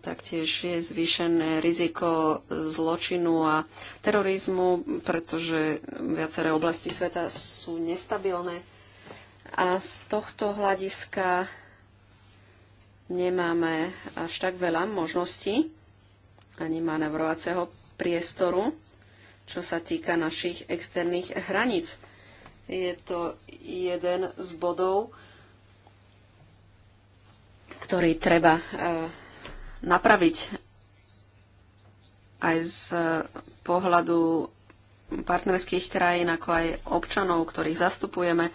taktiež je zvýšené riziko zločinu a terorizmu, pretože viaceré oblasti sveta sú nestabilné. A z tohto hľadiska nemáme až tak veľa možností ani manevrovacieho priestoru, čo sa týka našich externých hraníc. Je to jeden z bodov, ktorý treba e, napraviť aj z e, pohľadu partnerských krajín, ako aj občanov, ktorých zastupujeme, e,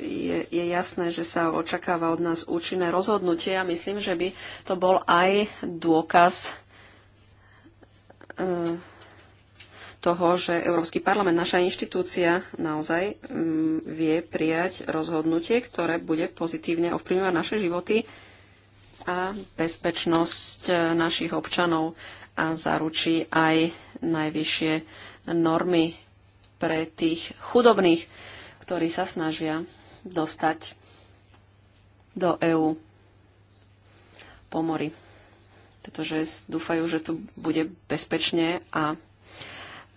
je, je jasné, že sa očakáva od nás účinné rozhodnutie a myslím, že by to bol aj dôkaz toho, že Európsky parlament, naša inštitúcia, naozaj mm, vie prijať rozhodnutie, ktoré bude pozitívne ovplyvňovať naše životy a bezpečnosť e, našich občanov a zaručí aj najvyššie normy pre tých chudobných, ktorí sa snažia dostať do EÚ pomory, Pretože dúfajú, že tu bude bezpečne a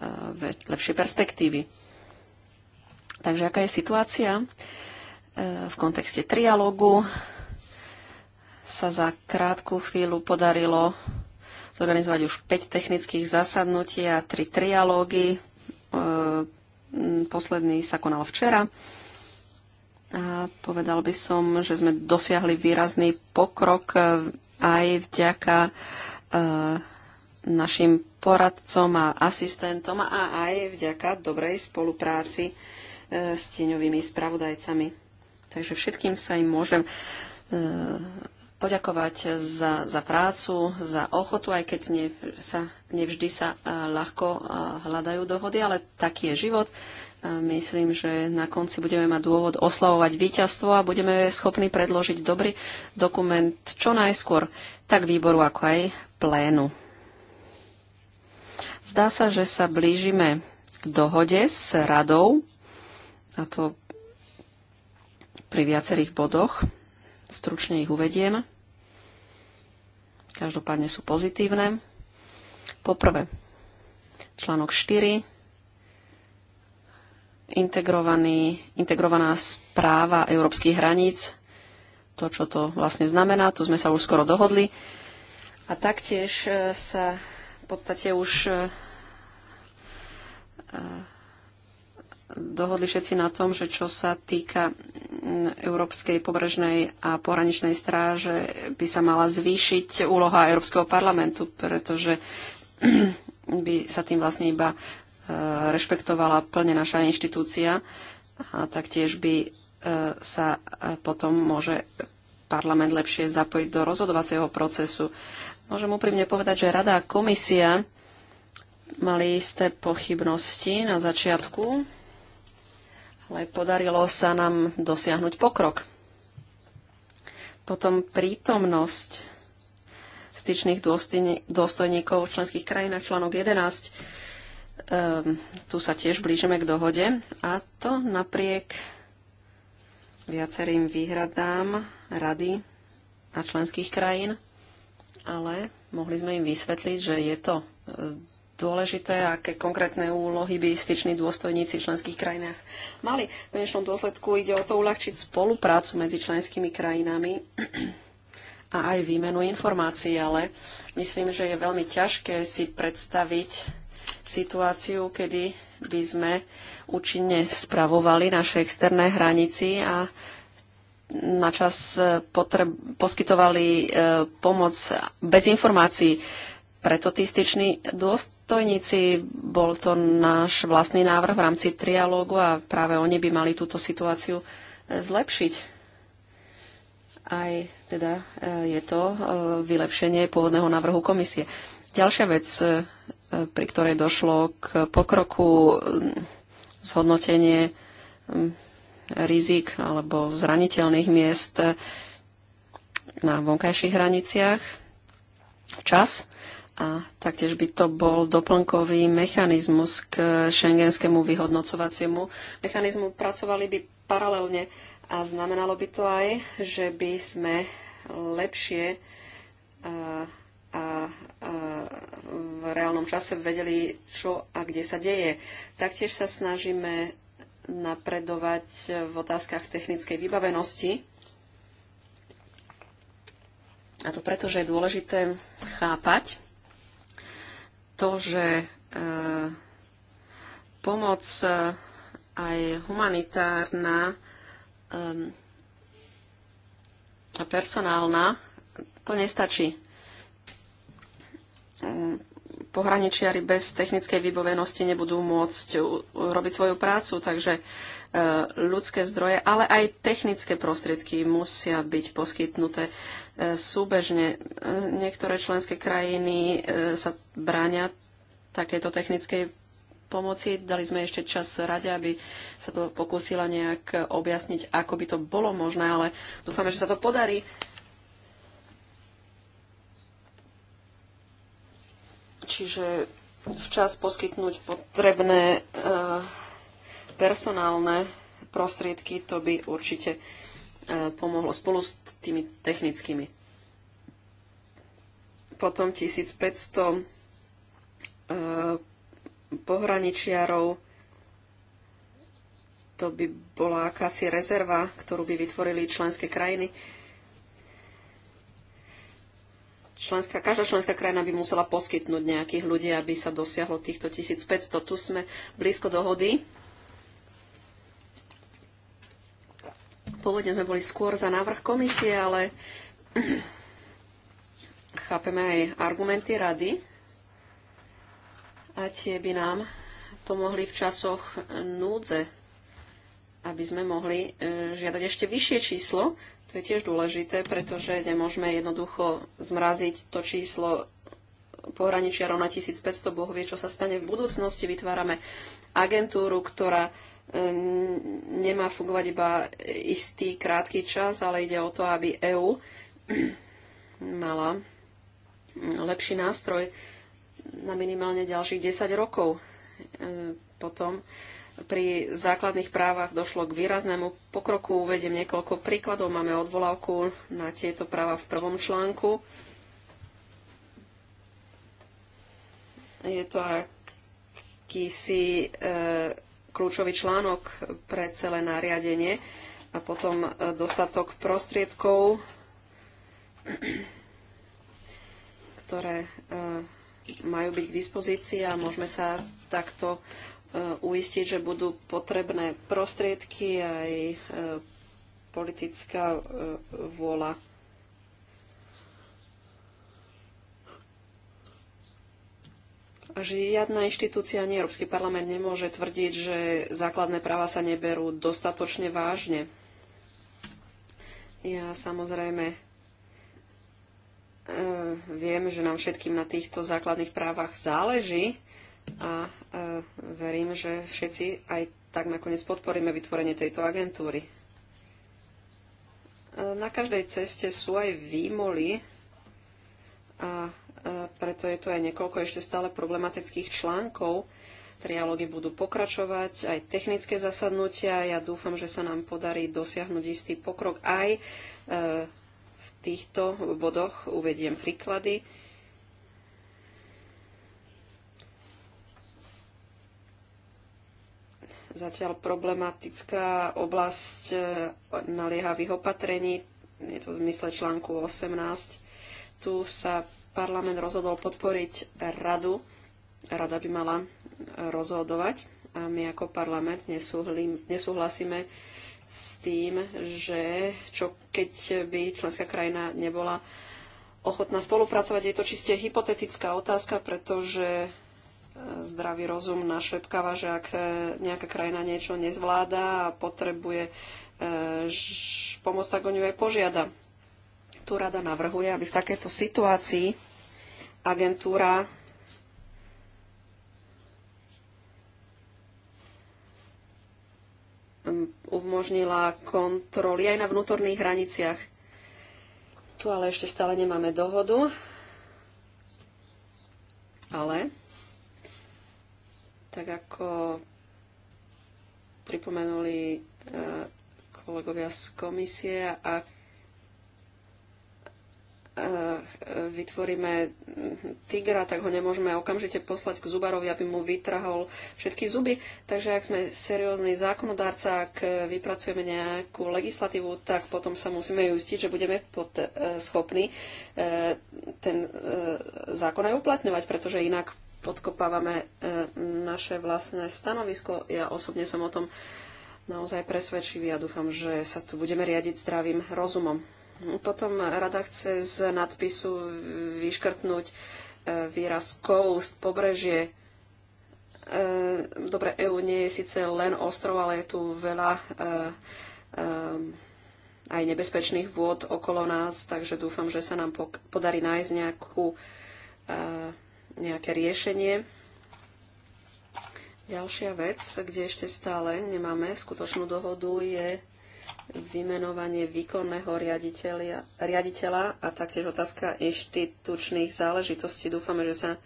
E, lepšie perspektívy. Takže aká je situácia? E, v kontexte trialógu sa za krátku chvíľu podarilo zorganizovať už 5 technických zasadnutí a 3 trialógy. E, posledný sa konal včera. A povedal by som, že sme dosiahli výrazný pokrok aj vďaka našim poradcom a asistentom a aj vďaka dobrej spolupráci e, s tieňovými spravodajcami. Takže všetkým sa im môžem e, poďakovať za, za prácu, za ochotu, aj keď ne, sa, nevždy sa e, ľahko hľadajú dohody, ale taký je život. Myslím, že na konci budeme mať dôvod oslavovať víťazstvo a budeme schopní predložiť dobrý dokument čo najskôr, tak výboru ako aj plénu. Zdá sa, že sa blížime k dohode s radou, a to pri viacerých bodoch. Stručne ich uvediem. Každopádne sú pozitívne. Poprvé, článok 4, integrovaná správa európskych hraníc, to, čo to vlastne znamená, tu sme sa už skoro dohodli. A taktiež e, sa v podstate už e, e, dohodli všetci na tom, že čo sa týka Európskej pobrežnej a pohraničnej stráže, by sa mala zvýšiť úloha Európskeho parlamentu, pretože by sa tým vlastne iba e, rešpektovala plne naša inštitúcia a taktiež by sa potom môže parlament lepšie zapojiť do rozhodovacieho procesu. Môžem úprimne povedať, že Rada a komisia mali isté pochybnosti na začiatku, ale podarilo sa nám dosiahnuť pokrok. Potom prítomnosť styčných dôstojníkov v členských krajinách, článok 11. Ehm, tu sa tiež blížime k dohode a to napriek viacerým výhradám rady a členských krajín ale mohli sme im vysvetliť, že je to e, dôležité, aké konkrétne úlohy by styční dôstojníci v členských krajinách mali. V konečnom dôsledku ide o to uľahčiť spoluprácu medzi členskými krajinami a aj výmenu informácií, ale myslím, že je veľmi ťažké si predstaviť situáciu, kedy by sme účinne spravovali naše externé hranici a načas e, potreb, poskytovali e, pomoc bez informácií. Preto tí styční dôstojníci, bol to náš vlastný návrh v rámci trialógu a práve oni by mali túto situáciu e, zlepšiť. Aj teda je to vylepšenie pôvodného návrhu komisie. Ďalšia vec, pri ktorej došlo k pokroku, zhodnotenie rizik alebo zraniteľných miest na vonkajších hraniciach čas. A taktiež by to bol doplnkový mechanizmus k šengenskému vyhodnocovaciemu mechanizmu. Pracovali by paralelne a znamenalo by to aj, že by sme lepšie e, a, a, e, a v reálnom čase vedeli, čo a kde sa deje. Taktiež sa snažíme napredovať v otázkach technickej vybavenosti. A to preto, že je dôležité chápať to, že e, pomoc e, aj humanitárna e, a personálna, to nestačí pohraničiari bez technickej vybovenosti nebudú môcť robiť svoju prácu, takže e, ľudské zdroje, ale aj technické prostriedky musia byť poskytnuté e, súbežne. E, niektoré členské krajiny sa bráňa takéto technickej pomoci. Dali sme ešte čas rade, aby sa to pokúsila nejak objasniť, ako by to bolo možné, ale dúfame, že sa to podarí. Čiže včas poskytnúť potrebné eh, personálne prostriedky, to by určite eh, pomohlo spolu s tými technickými. Potom 1500 eh, pohraničiarov, to by bola akási rezerva, ktorú by vytvorili členské krajiny členská, každá členská krajina by musela poskytnúť nejakých ľudí, aby sa dosiahlo týchto 1500. Tu sme blízko dohody. Pôvodne sme boli skôr za návrh komisie, ale chápeme aj argumenty rady a tie by nám pomohli v časoch núdze, aby sme mohli e, žiadať ešte vyššie číslo to je tiež dôležité, pretože nemôžeme jednoducho zmraziť to číslo pohraničiarov na 1500, Boh vie, čo sa stane v budúcnosti. Vytvárame agentúru, ktorá nemá fungovať iba istý krátky čas, ale ide o to, aby EÚ mala lepší nástroj na minimálne ďalších 10 rokov. Potom pri základných právach došlo k výraznému pokroku. Uvediem niekoľko príkladov. Máme odvolávku na tieto práva v prvom článku. Je to akýsi e, kľúčový článok pre celé nariadenie a potom e, dostatok prostriedkov, ktoré e, majú byť k dispozícii a môžeme sa takto Eh, uistiť, že budú potrebné prostriedky aj eh, politická eh, vôľa. Žiadna inštitúcia, ani Európsky parlament nemôže tvrdiť, že základné práva sa neberú dostatočne vážne. Ja samozrejme viem, že nám všetkým na týchto základných právach záleží, a e, verím, že všetci aj tak nakoniec podporíme vytvorenie tejto agentúry. E, na každej ceste sú aj výmoly a e, preto je to aj niekoľko ešte stále problematických článkov. Trialógy budú pokračovať, aj technické zasadnutia. Ja dúfam, že sa nám podarí dosiahnuť istý pokrok aj v týchto bodoch. Uvediem príklady. zatiaľ problematická oblasť e, naliehavých opatrení. Je to v zmysle článku 18. Tu sa parlament rozhodol podporiť radu. Rada by mala rozhodovať a my ako parlament nesúhlasíme s tým, že čo keď by členská krajina nebola ochotná spolupracovať. Je to čiste hypotetická otázka, pretože zdravý rozum našepkáva, že ak e, nejaká krajina niečo nezvláda a potrebuje e, pomoc, tak o ňu aj požiada. Tu rada navrhuje, aby v takejto situácii agentúra umožnila kontroly aj na vnútorných hraniciach. Tu ale ešte stále nemáme dohodu. Ale tak ako pripomenuli eh, kolegovia z komisie a eh, vytvoríme tigra, tak ho nemôžeme okamžite poslať k zubarovi, aby mu vytrhol všetky zuby. Takže ak sme seriózni zákonodárca, ak vypracujeme nejakú legislatívu, tak potom sa musíme justiť, že budeme pod, eh, schopní ten zákon aj uplatňovať, pretože inak podkopávame e, naše vlastné stanovisko. Ja osobne som o tom naozaj presvedčivý a dúfam, že sa tu budeme riadiť zdravým rozumom. Potom rada chce z nadpisu vyškrtnúť e, výraz coast, pobrežie. E, dobre, EU nie je síce len ostrov, ale je tu veľa aj nebezpečných vôd okolo nás, takže dúfam, že sa nám podarí nájsť nejakú nejaké riešenie. Ďalšia vec, kde ešte stále nemáme skutočnú dohodu, je vymenovanie výkonného riaditeľa a taktiež otázka inštitučných záležitostí. Dúfame, že sa e,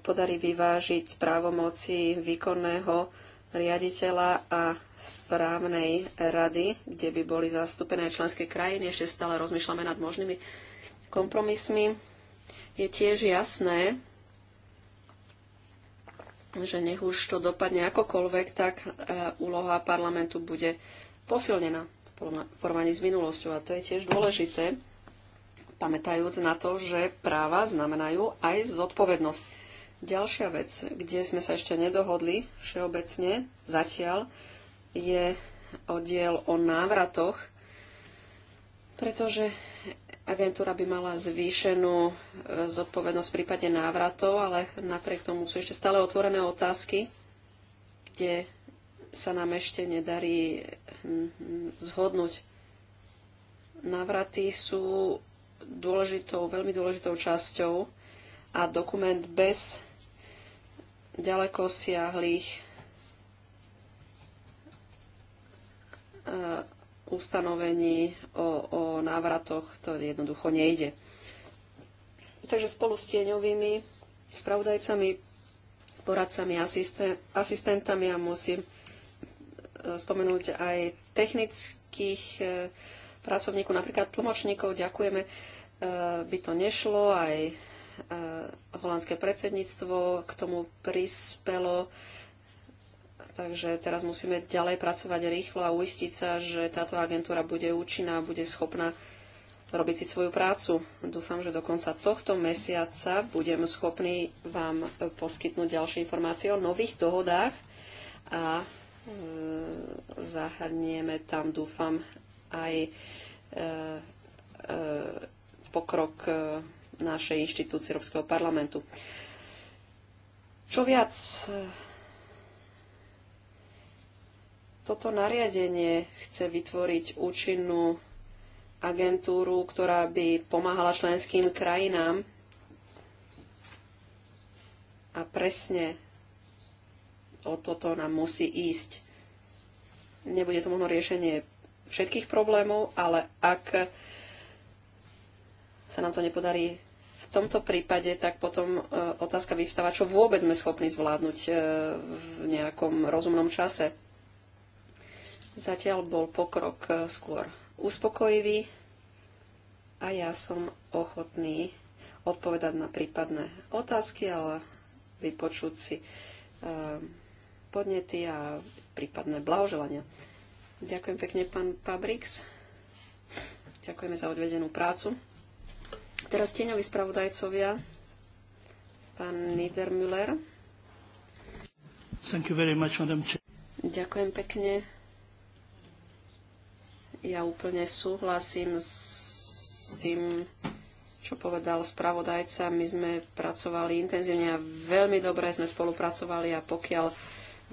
podarí vyvážiť právomoci výkonného riaditeľa a správnej rady, kde by boli zastúpené členské krajiny. Ešte stále rozmýšľame nad možnými kompromismi je tiež jasné, že nech už to dopadne akokoľvek, tak e, úloha parlamentu bude posilnená v porovnaní s minulosťou. A to je tiež dôležité, pamätajúc na to, že práva znamenajú aj zodpovednosť. Ďalšia vec, kde sme sa ešte nedohodli všeobecne zatiaľ, je oddiel o návratoch, pretože Agentúra by mala zvýšenú e, zodpovednosť v prípade návratov, ale napriek tomu sú ešte stále otvorené otázky, kde sa nám ešte nedarí zhodnúť. Návraty sú dôležitou, veľmi dôležitou časťou a dokument bez ďaleko siahlých e, ustanovení o, o návratoch, to jednoducho nejde. Takže spolu s tieňovými spravodajcami, poradcami, asisten- asistentami a musím e, spomenúť aj technických e, pracovníkov, napríklad tlmočníkov, ďakujeme, e, by to nešlo, aj holandské predsedníctvo k tomu prispelo Takže teraz musíme ďalej pracovať rýchlo a uistiť sa, že táto agentúra bude účinná a bude schopná robiť si svoju prácu. Dúfam, že do konca tohto mesiaca budem schopný vám poskytnúť ďalšie informácie o nových dohodách a e, zahrnieme tam, dúfam, aj e, e, pokrok e, našej inštitúcie Európskeho parlamentu. Čo viac, toto nariadenie chce vytvoriť účinnú agentúru, ktorá by pomáhala členským krajinám a presne o toto nám musí ísť. Nebude to možno riešenie všetkých problémov, ale ak sa nám to nepodarí v tomto prípade, tak potom e, otázka vyvstáva, čo vôbec sme schopní zvládnuť e, v nejakom rozumnom čase. Zatiaľ bol pokrok e, skôr uspokojivý a ja som ochotný odpovedať na prípadné otázky, ale vypočuť si e, podnety a prípadné blahoželania. Ďakujem pekne, pán Pabrix. Ďakujeme za odvedenú prácu. Teraz tieňoví spravodajcovia. Pán Niedermüller. Thank you very much, madam. Ďakujem pekne. Ja úplne súhlasím s tým, čo povedal spravodajca. My sme pracovali intenzívne a veľmi dobre sme spolupracovali a pokiaľ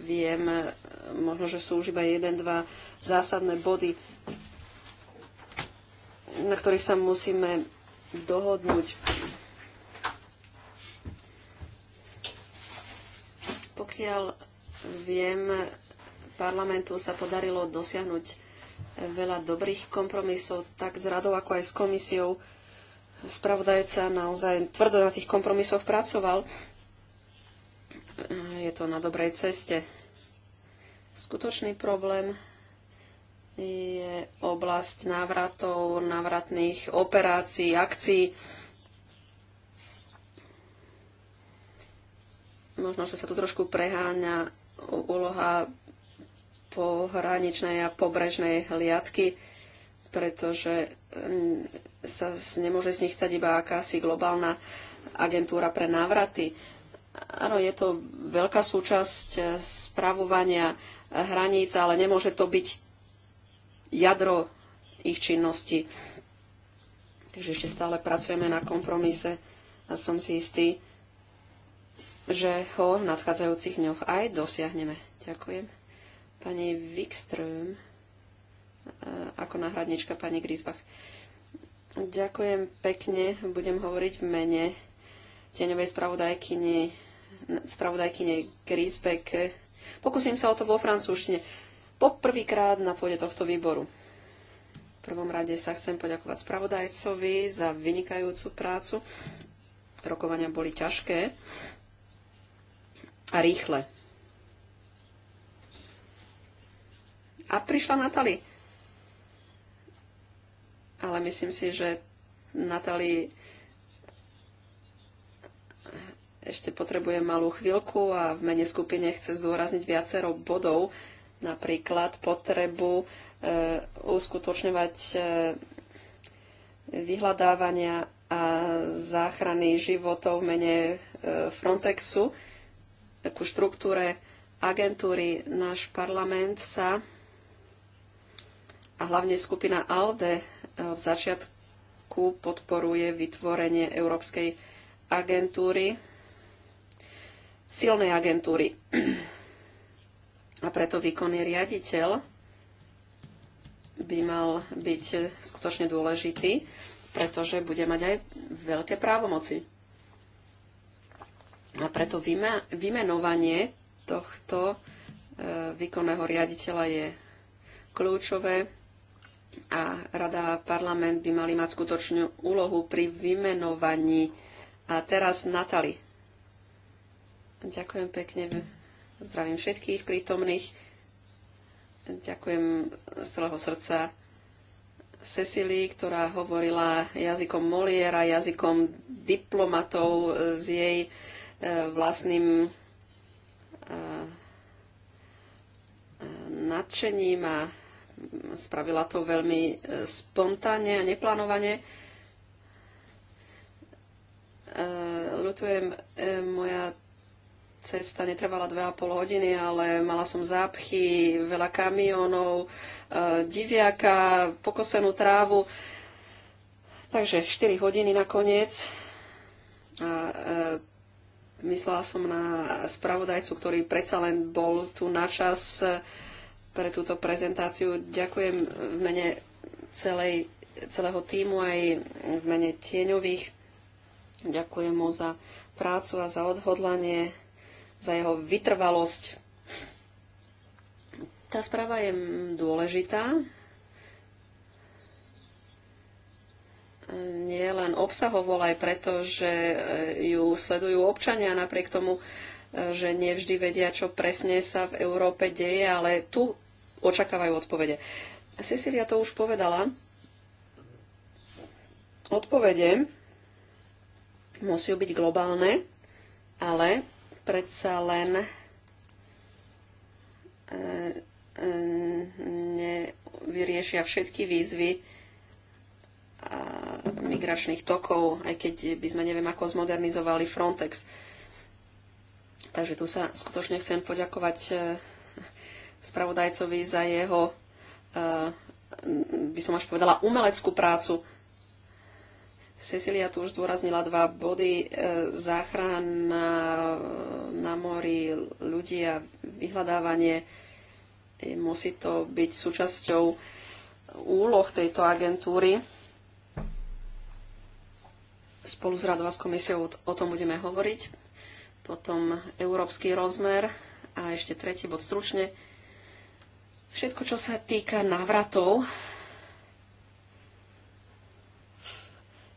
viem, možno, že sú už iba jeden, dva zásadné body, na ktorých sa musíme dohodnúť. Pokiaľ viem, parlamentu sa podarilo dosiahnuť veľa dobrých kompromisov, tak s radou, ako aj s komisiou. Spravodajca naozaj tvrdo na tých kompromisoch pracoval. Je to na dobrej ceste. Skutočný problém je oblasť návratov, návratných operácií, akcií. Možno, že sa tu trošku preháňa úloha pohraničnej a pobrežnej hliadky, pretože mm, sa nemôže z nich stať iba akási globálna agentúra pre návraty. Áno, je to veľká súčasť eh, spravovania hraníc, ale nemôže to byť jadro ich činnosti. Takže ešte stále pracujeme na kompromise a som si istý, že ho v nadchádzajúcich dňoch aj dosiahneme. Ďakujem pani Wikström e, ako náhradnička pani Grisbach. Ďakujem pekne, budem hovoriť v mene teňovej spravodajkyne, spravodajkyne Grisbeck. Pokúsim sa o to vo francúzštine. Poprvýkrát na pôde tohto výboru. V prvom rade sa chcem poďakovať spravodajcovi za vynikajúcu prácu. Rokovania boli ťažké a rýchle A prišla Natali. Ale myslím si, že Natali ešte potrebuje malú chvíľku a v mene skupine chce zdôrazniť viacero bodov, napríklad potrebu e, uskutočňovať e, vyhľadávania a záchrany životov v mene e, Frontexu ku štruktúre agentúry. Náš parlament sa a hlavne skupina ALDE od e, začiatku podporuje vytvorenie Európskej agentúry, silnej agentúry. A preto výkonný riaditeľ by mal byť skutočne dôležitý, pretože bude mať aj veľké právomoci. A preto vymenovanie tohto e, výkonného riaditeľa je kľúčové a Rada a parlament by mali mať skutočnú úlohu pri vymenovaní. A teraz Natali. Ďakujem pekne. Zdravím všetkých prítomných. Ďakujem z celého srdca Cecily, ktorá hovorila jazykom Moliera, jazykom diplomatov s jej e, vlastným e, e, nadšením a Spravila to veľmi e, spontánne a neplánovane. E, ľutujem, e, moja cesta netrvala 2,5 hodiny, ale mala som zápchy, veľa kamionov, diviaka, pokosenú trávu. Takže 4 hodiny nakoniec. A, myslela som na spravodajcu, ktorý predsa len bol tu na čas pre túto prezentáciu. Ďakujem v mene celej, celého týmu aj v mene tieňových. Ďakujem mu za prácu a za odhodlanie, za jeho vytrvalosť. Tá správa je dôležitá. Nie len obsahovo, aj preto, že ju sledujú občania napriek tomu, že nevždy vedia, čo presne sa v Európe deje, ale tu očakávajú odpovede. Cecilia to už povedala. Odpovede musí byť globálne, ale predsa len e, e, nevyriešia všetky výzvy migračných tokov, aj keď by sme neviem ako zmodernizovali Frontex. Takže tu sa skutočne chcem poďakovať e, spravodajcovi za jeho, eh, by som až povedala, umeleckú prácu. Cecilia tu už zdôraznila dva body. Eh, záchrana na mori ľudí a vyhľadávanie. Eh, musí to byť súčasťou úloh tejto agentúry. Spolu s Radová s komisiou o tom budeme hovoriť. Potom európsky rozmer a ešte tretí bod stručne. Všetko, čo sa týka návratov,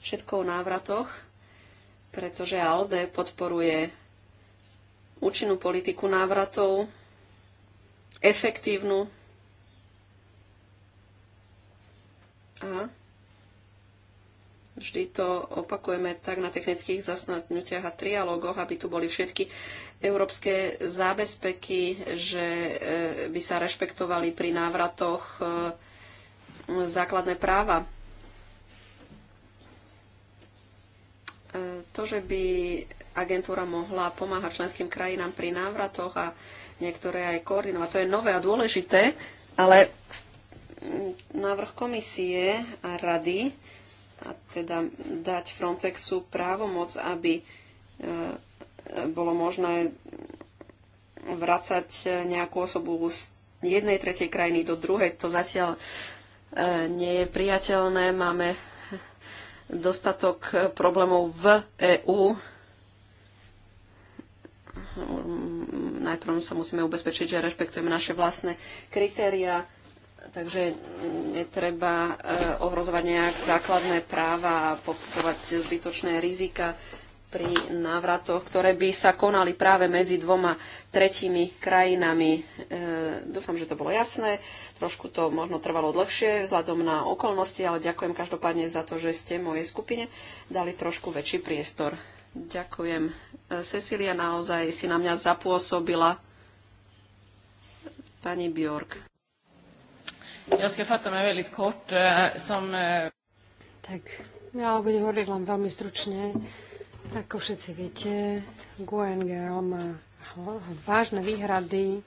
všetko o návratoch, pretože ALDE podporuje účinnú politiku návratov, efektívnu a vždy to opakujeme tak na technických zasnadnutiach a trialógoch, aby tu boli všetky európske zábezpeky, že e, by sa rešpektovali pri návratoch e, základné práva. E, to, že by agentúra mohla pomáhať členským krajinám pri návratoch a niektoré aj koordinovať, to je nové a dôležité, ale návrh komisie a rady, a teda dať Frontexu právomoc, aby bolo možné vracať nejakú osobu z jednej tretej krajiny do druhej. To zatiaľ e, nie je priateľné. Máme dostatok problémov v EÚ. Najprv sa musíme ubezpečiť, že rešpektujeme naše vlastné kritéria, takže netreba e, ohrozovať nejak základné práva a podstupovať zbytočné rizika pri návratoch, ktoré by sa konali práve medzi dvoma tretími krajinami. E, dúfam, že to bolo jasné. Trošku to možno trvalo dlhšie vzhľadom na okolnosti, ale ďakujem každopádne za to, že ste mojej skupine dali trošku väčší priestor. Ďakujem. E, Cecília naozaj si na mňa zapôsobila. Pani Bjork. Ja si fatta mig kort. E, som... E, tak, ja budem hovoriť len veľmi stručne. Ako všetci viete, GUNGL má vážne výhrady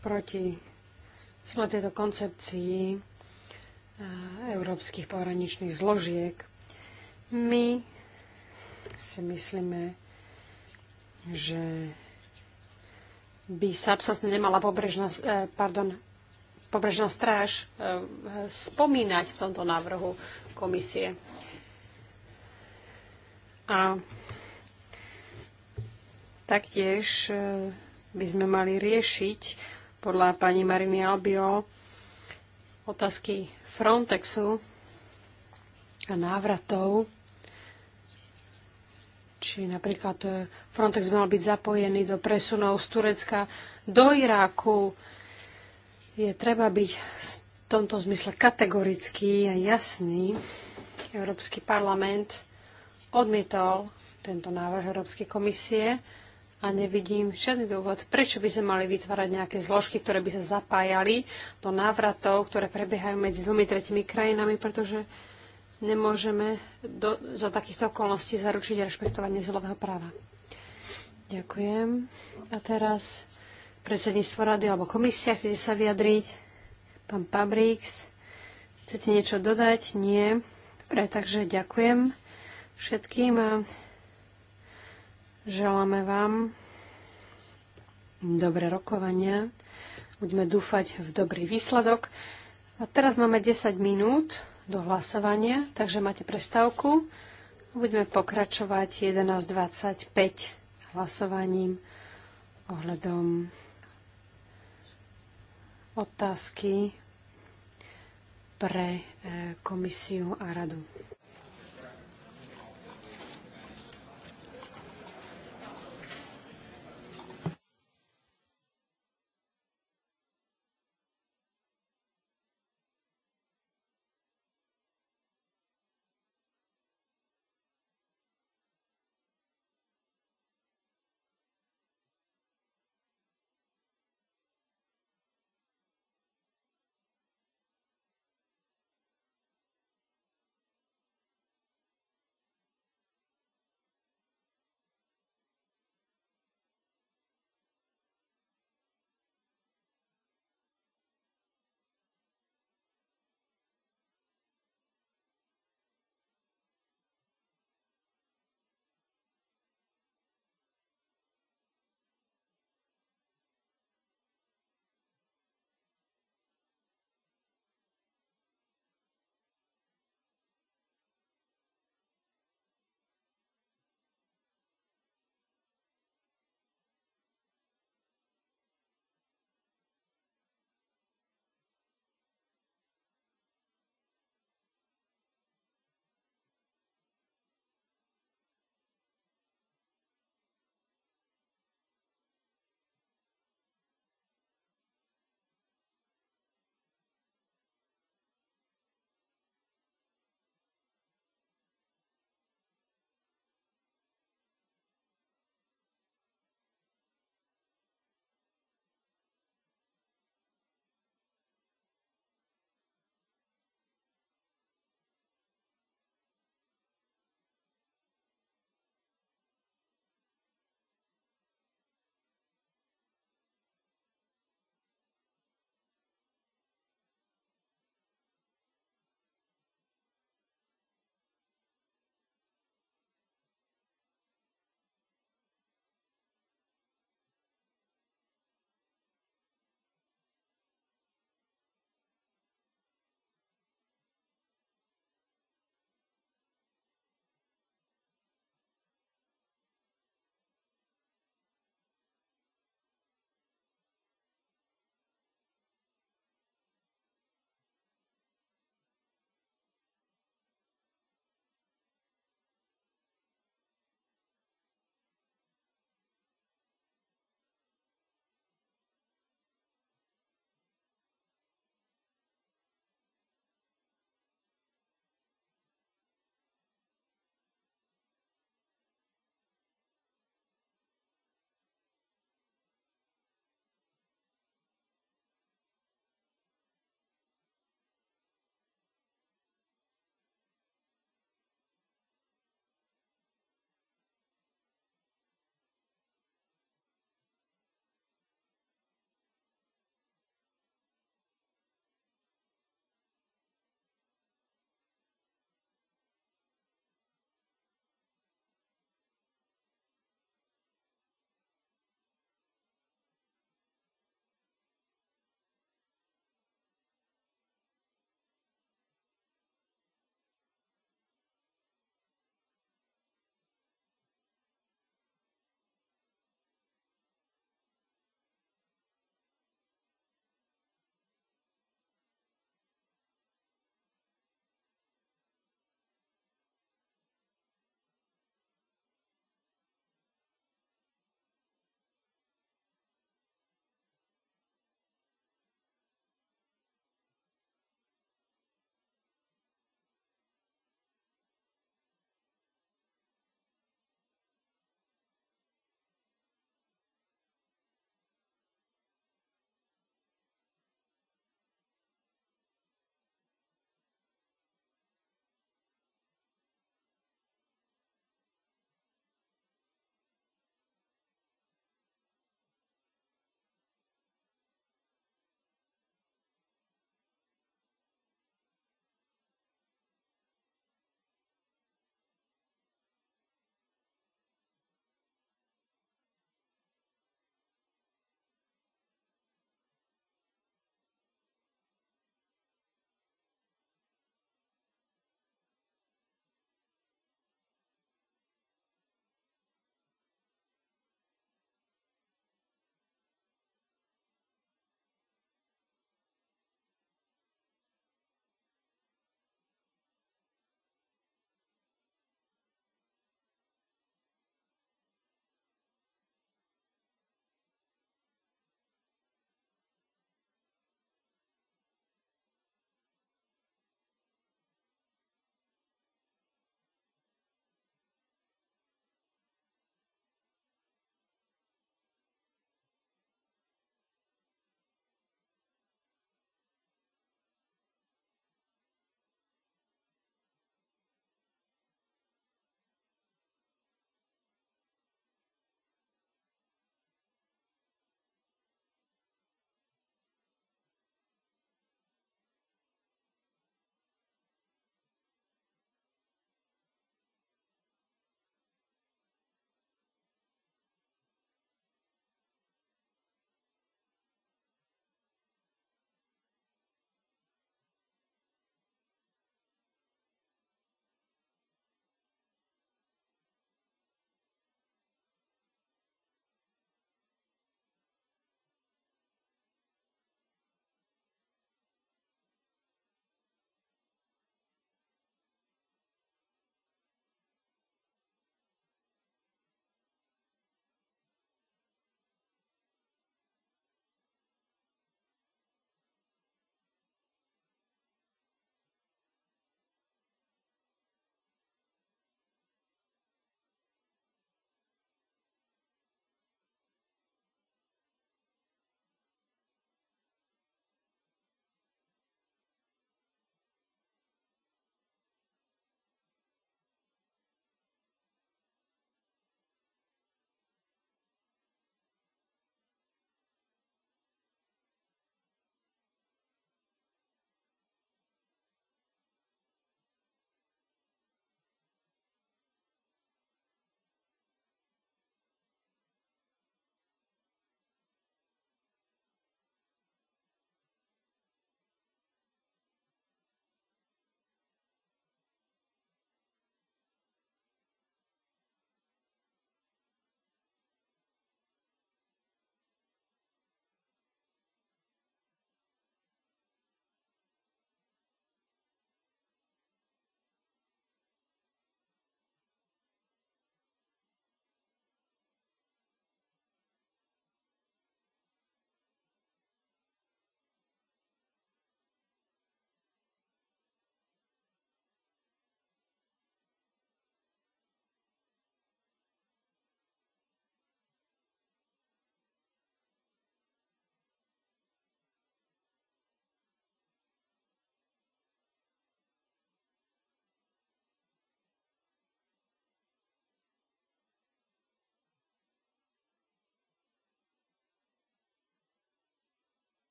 proti celé tejto koncepcii eh, európskych pohraničných zložiek. My si myslíme, že by sa absolútne nemala pobrežná, eh, pardon, pobrežná stráž eh, spomínať v tomto návrhu komisie. A taktiež e, by sme mali riešiť podľa pani Mariny Albio otázky Frontexu a návratov. Či napríklad e, Frontex mal byť zapojený do presunov z Turecka do Iráku. Je treba byť v tomto zmysle kategorický a jasný. Európsky parlament odmietol tento návrh Európskej komisie a nevidím žiadny dôvod, prečo by sme mali vytvárať nejaké zložky, ktoré by sa zapájali do návratov, ktoré prebiehajú medzi dvomi tretimi krajinami, pretože nemôžeme do, za takýchto okolností zaručiť rešpektovanie zelového práva. Ďakujem. A teraz predsedníctvo rady alebo komisia, chcete sa vyjadriť? Pán Pabrix, chcete niečo dodať? Nie. Dobre, takže ďakujem všetkým a eh, želáme vám dobré rokovania. Budeme dúfať v dobrý výsledok. A teraz máme 10 minút do hlasovania, takže máte prestávku. Budeme pokračovať 11.25 hlasovaním ohľadom otázky pre eh, komisiu a radu.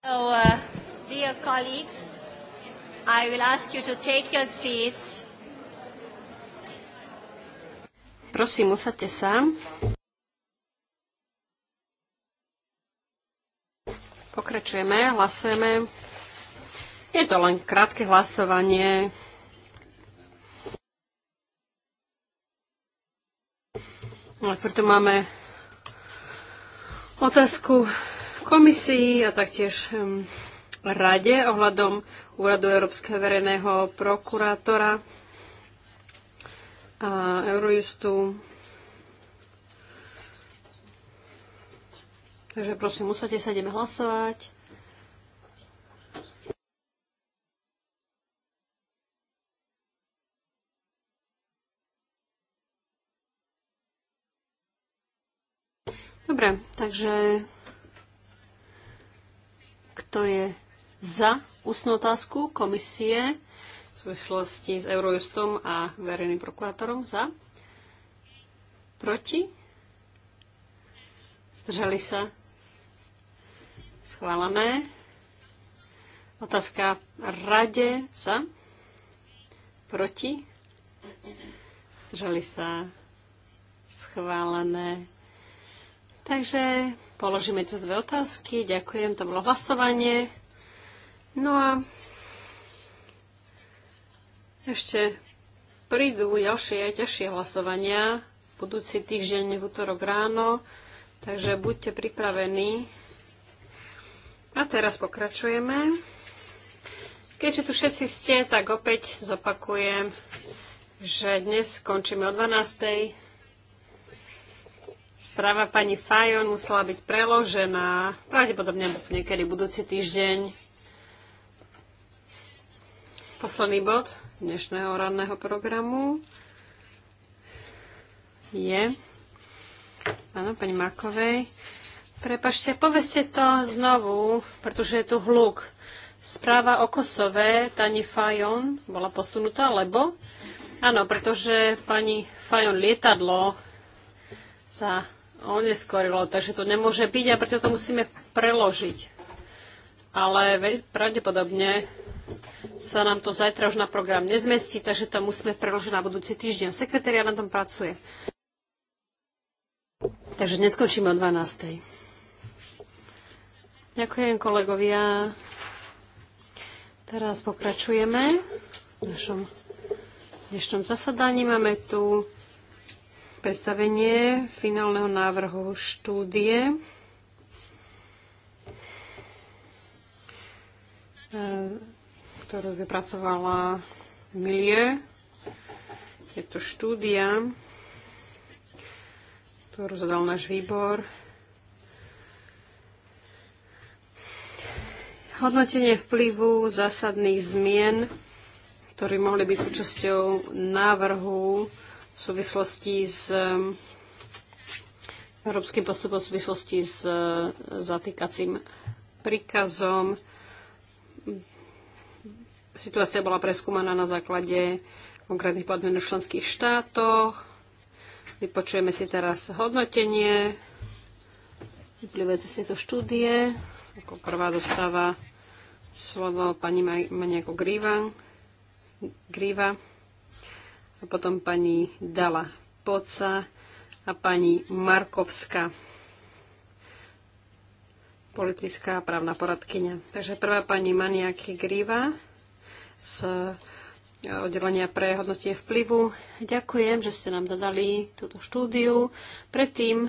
So, uh, dear colleagues, I will ask you to take your seats. Prosím, usadte sa. Pokračujeme, hlasujeme. Je to len krátke hlasovanie. Ale preto máme otázku komisii a taktiež rade ohľadom úradu Európskeho verejného prokurátora a Eurojustu. Takže prosím, musíte sa ideme hlasovať. Dobre, takže kto je za ústnu otázku komisie v súvislosti s Eurojustom a verejným prokurátorom? Za? Proti? Zdržali sa? Schválené. Otázka rade sa? Proti? Zdržali sa? Schválené. Takže položíme tu dve otázky. Ďakujem, to bolo hlasovanie. No a ešte prídu ďalšie a ťažšie hlasovania budúci týždeň v útorok ráno, takže buďte pripravení. A teraz pokračujeme. Keďže tu všetci ste, tak opäť zopakujem, že dnes končíme o 12. Správa pani Fajon musela byť preložená pravdepodobne niekedy budúci týždeň. Posledný bod dnešného ranného programu je... Áno, pani Markovej. Prepašte, poveste to znovu, pretože je tu hluk. Správa o Kosove, Tani Fajon, bola posunutá, lebo? Áno, pretože pani Fajon lietadlo sa oneskorilo, takže to nemôže byť a preto to musíme preložiť. Ale pravdepodobne sa nám to zajtra už na program nezmestí, takže to musíme preložiť na budúci týždeň. Sekretária na tom pracuje. Takže neskončíme o 12. Ďakujem kolegovia. Teraz pokračujeme v našom dnešnom zasadaní. Máme tu predstavenie finálneho návrhu štúdie. E, ktorú vypracovala Milie. Je to štúdia, ktorú zadal náš výbor. Hodnotenie vplyvu zásadných zmien, ktoré mohli byť súčasťou návrhu v súvislosti s um, európskym postupom v súvislosti s uh, zatýkacím príkazom. Situácia bola preskúmaná na základe konkrétnych podmienok v členských štátoch. Vypočujeme si teraz hodnotenie vyplývajúce z tejto štúdie. Ako prvá dostáva slovo pani Maniako Gríva. Gríva a potom pani Dala Poca a pani Markovská, politická právna poradkynia. Takže prvá pani Maniaky Gríva z e, oddelenia pre hodnotie vplyvu. Ďakujem, že ste nám zadali túto štúdiu. Predtým,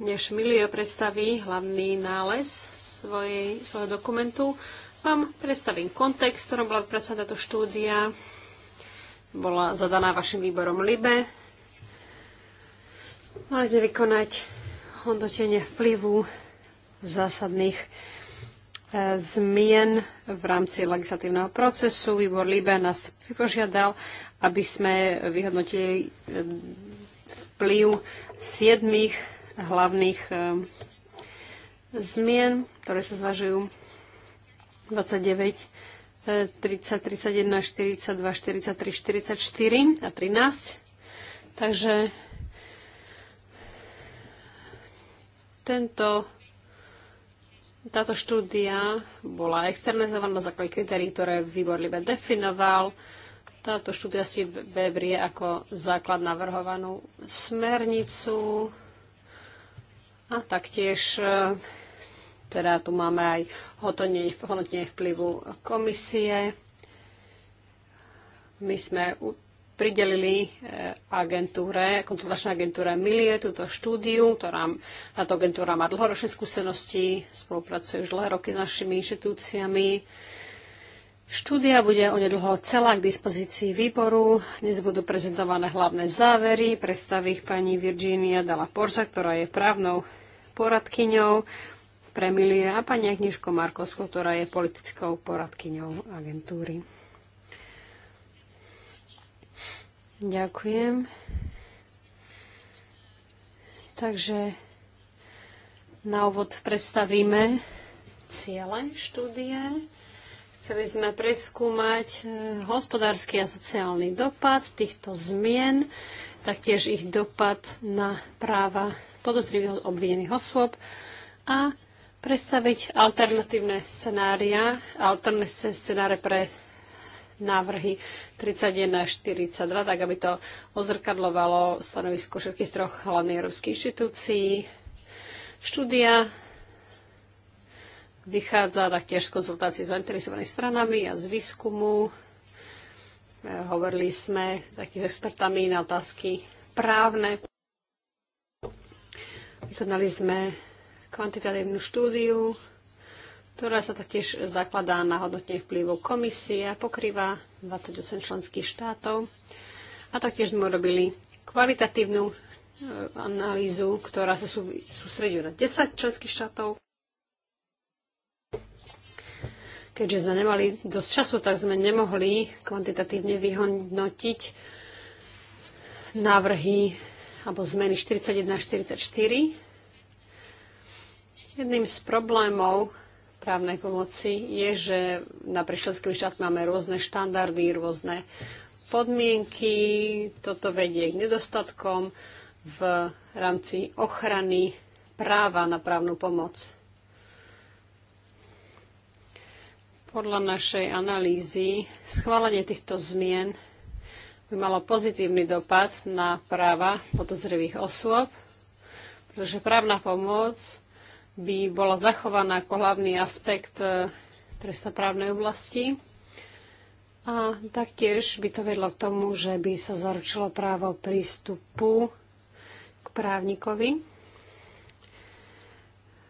než Milio predstaví hlavný nález svojej, svojho dokumentu, vám predstavím kontext, v ktorom bola vypracovaná táto štúdia, bola zadaná vašim výborom LIBE. Mali sme vykonať hodnotenie vplyvu zásadných e, zmien v rámci legislatívneho procesu. Výbor LIBE nás vypožiadal, aby sme vyhodnotili e, vplyv siedmých hlavných e, zmien, ktoré sa zvažujú 29 30, 31, 42, 43, 44 a 13. Takže tento, táto štúdia bola externalizovaná na základe kritérií, ktoré výbor Libe definoval. Táto štúdia si brie ako základ navrhovanú smernicu a taktiež teda tu máme aj hodnotenie vplyvu komisie. My sme pridelili eh, agentúre, konzultačnej agentúre Milie túto štúdiu, ktorá, táto agentúra má dlhoročné skúsenosti, spolupracuje už dlhé roky s našimi inštitúciami. Štúdia bude onedlho celá k dispozícii výboru. Dnes budú prezentované hlavné závery. Predstaví ich pani Virginia Dala Porza, ktorá je právnou poradkyňou. Premilie a pani Agniško Markovsko, ktorá je politickou poradkyňou agentúry. Ďakujem. Takže na úvod predstavíme ciele štúdie. Chceli sme preskúmať e, hospodársky a sociálny dopad týchto zmien, taktiež ich dopad na práva podozrivých obvinených osôb a predstaviť alternatívne scenária, alternatívne scenáre pre návrhy 31 a 42, tak aby to ozrkadlovalo stanovisko všetkých troch hlavných európskych inštitúcií. Štúdia vychádza taktiež z konzultácií s zainteresovanými stranami a z výskumu. E, hovorili sme takými expertami na otázky právne. Vykonali sme kvantitatívnu štúdiu, ktorá sa taktiež zakladá na hodnotenie vplyvu komisie a pokrýva 28 členských štátov. A taktiež sme urobili kvalitatívnu e, analýzu, ktorá sa sústreduje na 10 členských štátov. Keďže sme nemali dosť času, tak sme nemohli kvantitatívne vyhodnotiť návrhy alebo zmeny 41 a 44 Jedným z problémov právnej pomoci je, že na členskými štát máme rôzne štandardy, rôzne podmienky. Toto vedie k nedostatkom v rámci ochrany práva na právnu pomoc. Podľa našej analýzy schválenie týchto zmien by malo pozitívny dopad na práva podozrivých osôb, pretože právna pomoc by bola zachovaná ako hlavný aspekt e, trestnoprávnej oblasti. A taktiež by to vedlo k tomu, že by sa zaručilo právo prístupu k právnikovi.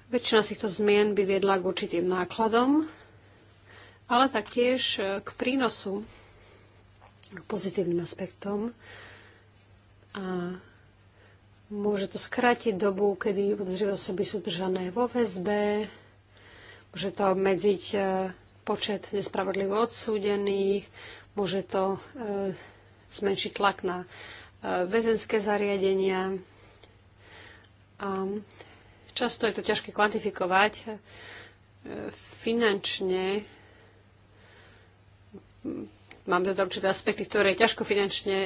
Väčšina z týchto zmien by viedla k určitým nákladom, ale taktiež e, k prínosu, k pozitívnym aspektom. A Môže to skrátiť dobu, kedy podozrivé osoby sú držané vo väzbe. Môže to obmedziť e, počet nespravodlivo odsúdených. Môže to e, zmenšiť tlak na e, väzenské zariadenia. A často je to ťažké kvantifikovať finančne. do teda určité aspekty, ktoré je ťažko finančne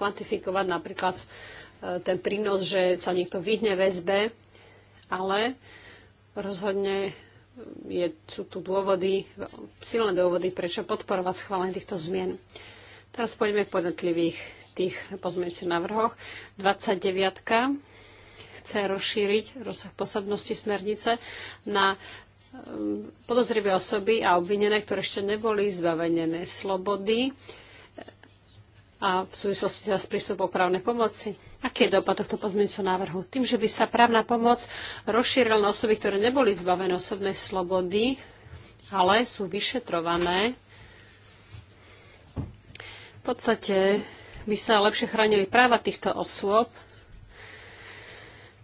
kvantifikovať, napríklad Eh, ten prínos, že sa niekto vyhne väzbe, ale rozhodne eh, je, sú tu dôvody, silné dôvody, prečo podporovať schválenie týchto zmien. Teraz poďme po jednotlivých tých pozmeňujúcich návrhoch. 29. chce rozšíriť rozsah posadnosti smernice na eh, podozrivé osoby a obvinené, ktoré ešte neboli zbavenené slobody a v súvislosti teda s prístupom právnej pomoci. Aký je dopad tohto pozmeňujúceho návrhu? Tým, že by sa právna pomoc rozšírila na osoby, ktoré neboli zbavené osobnej slobody, ale sú vyšetrované, v podstate by sa lepšie chránili práva týchto osôb.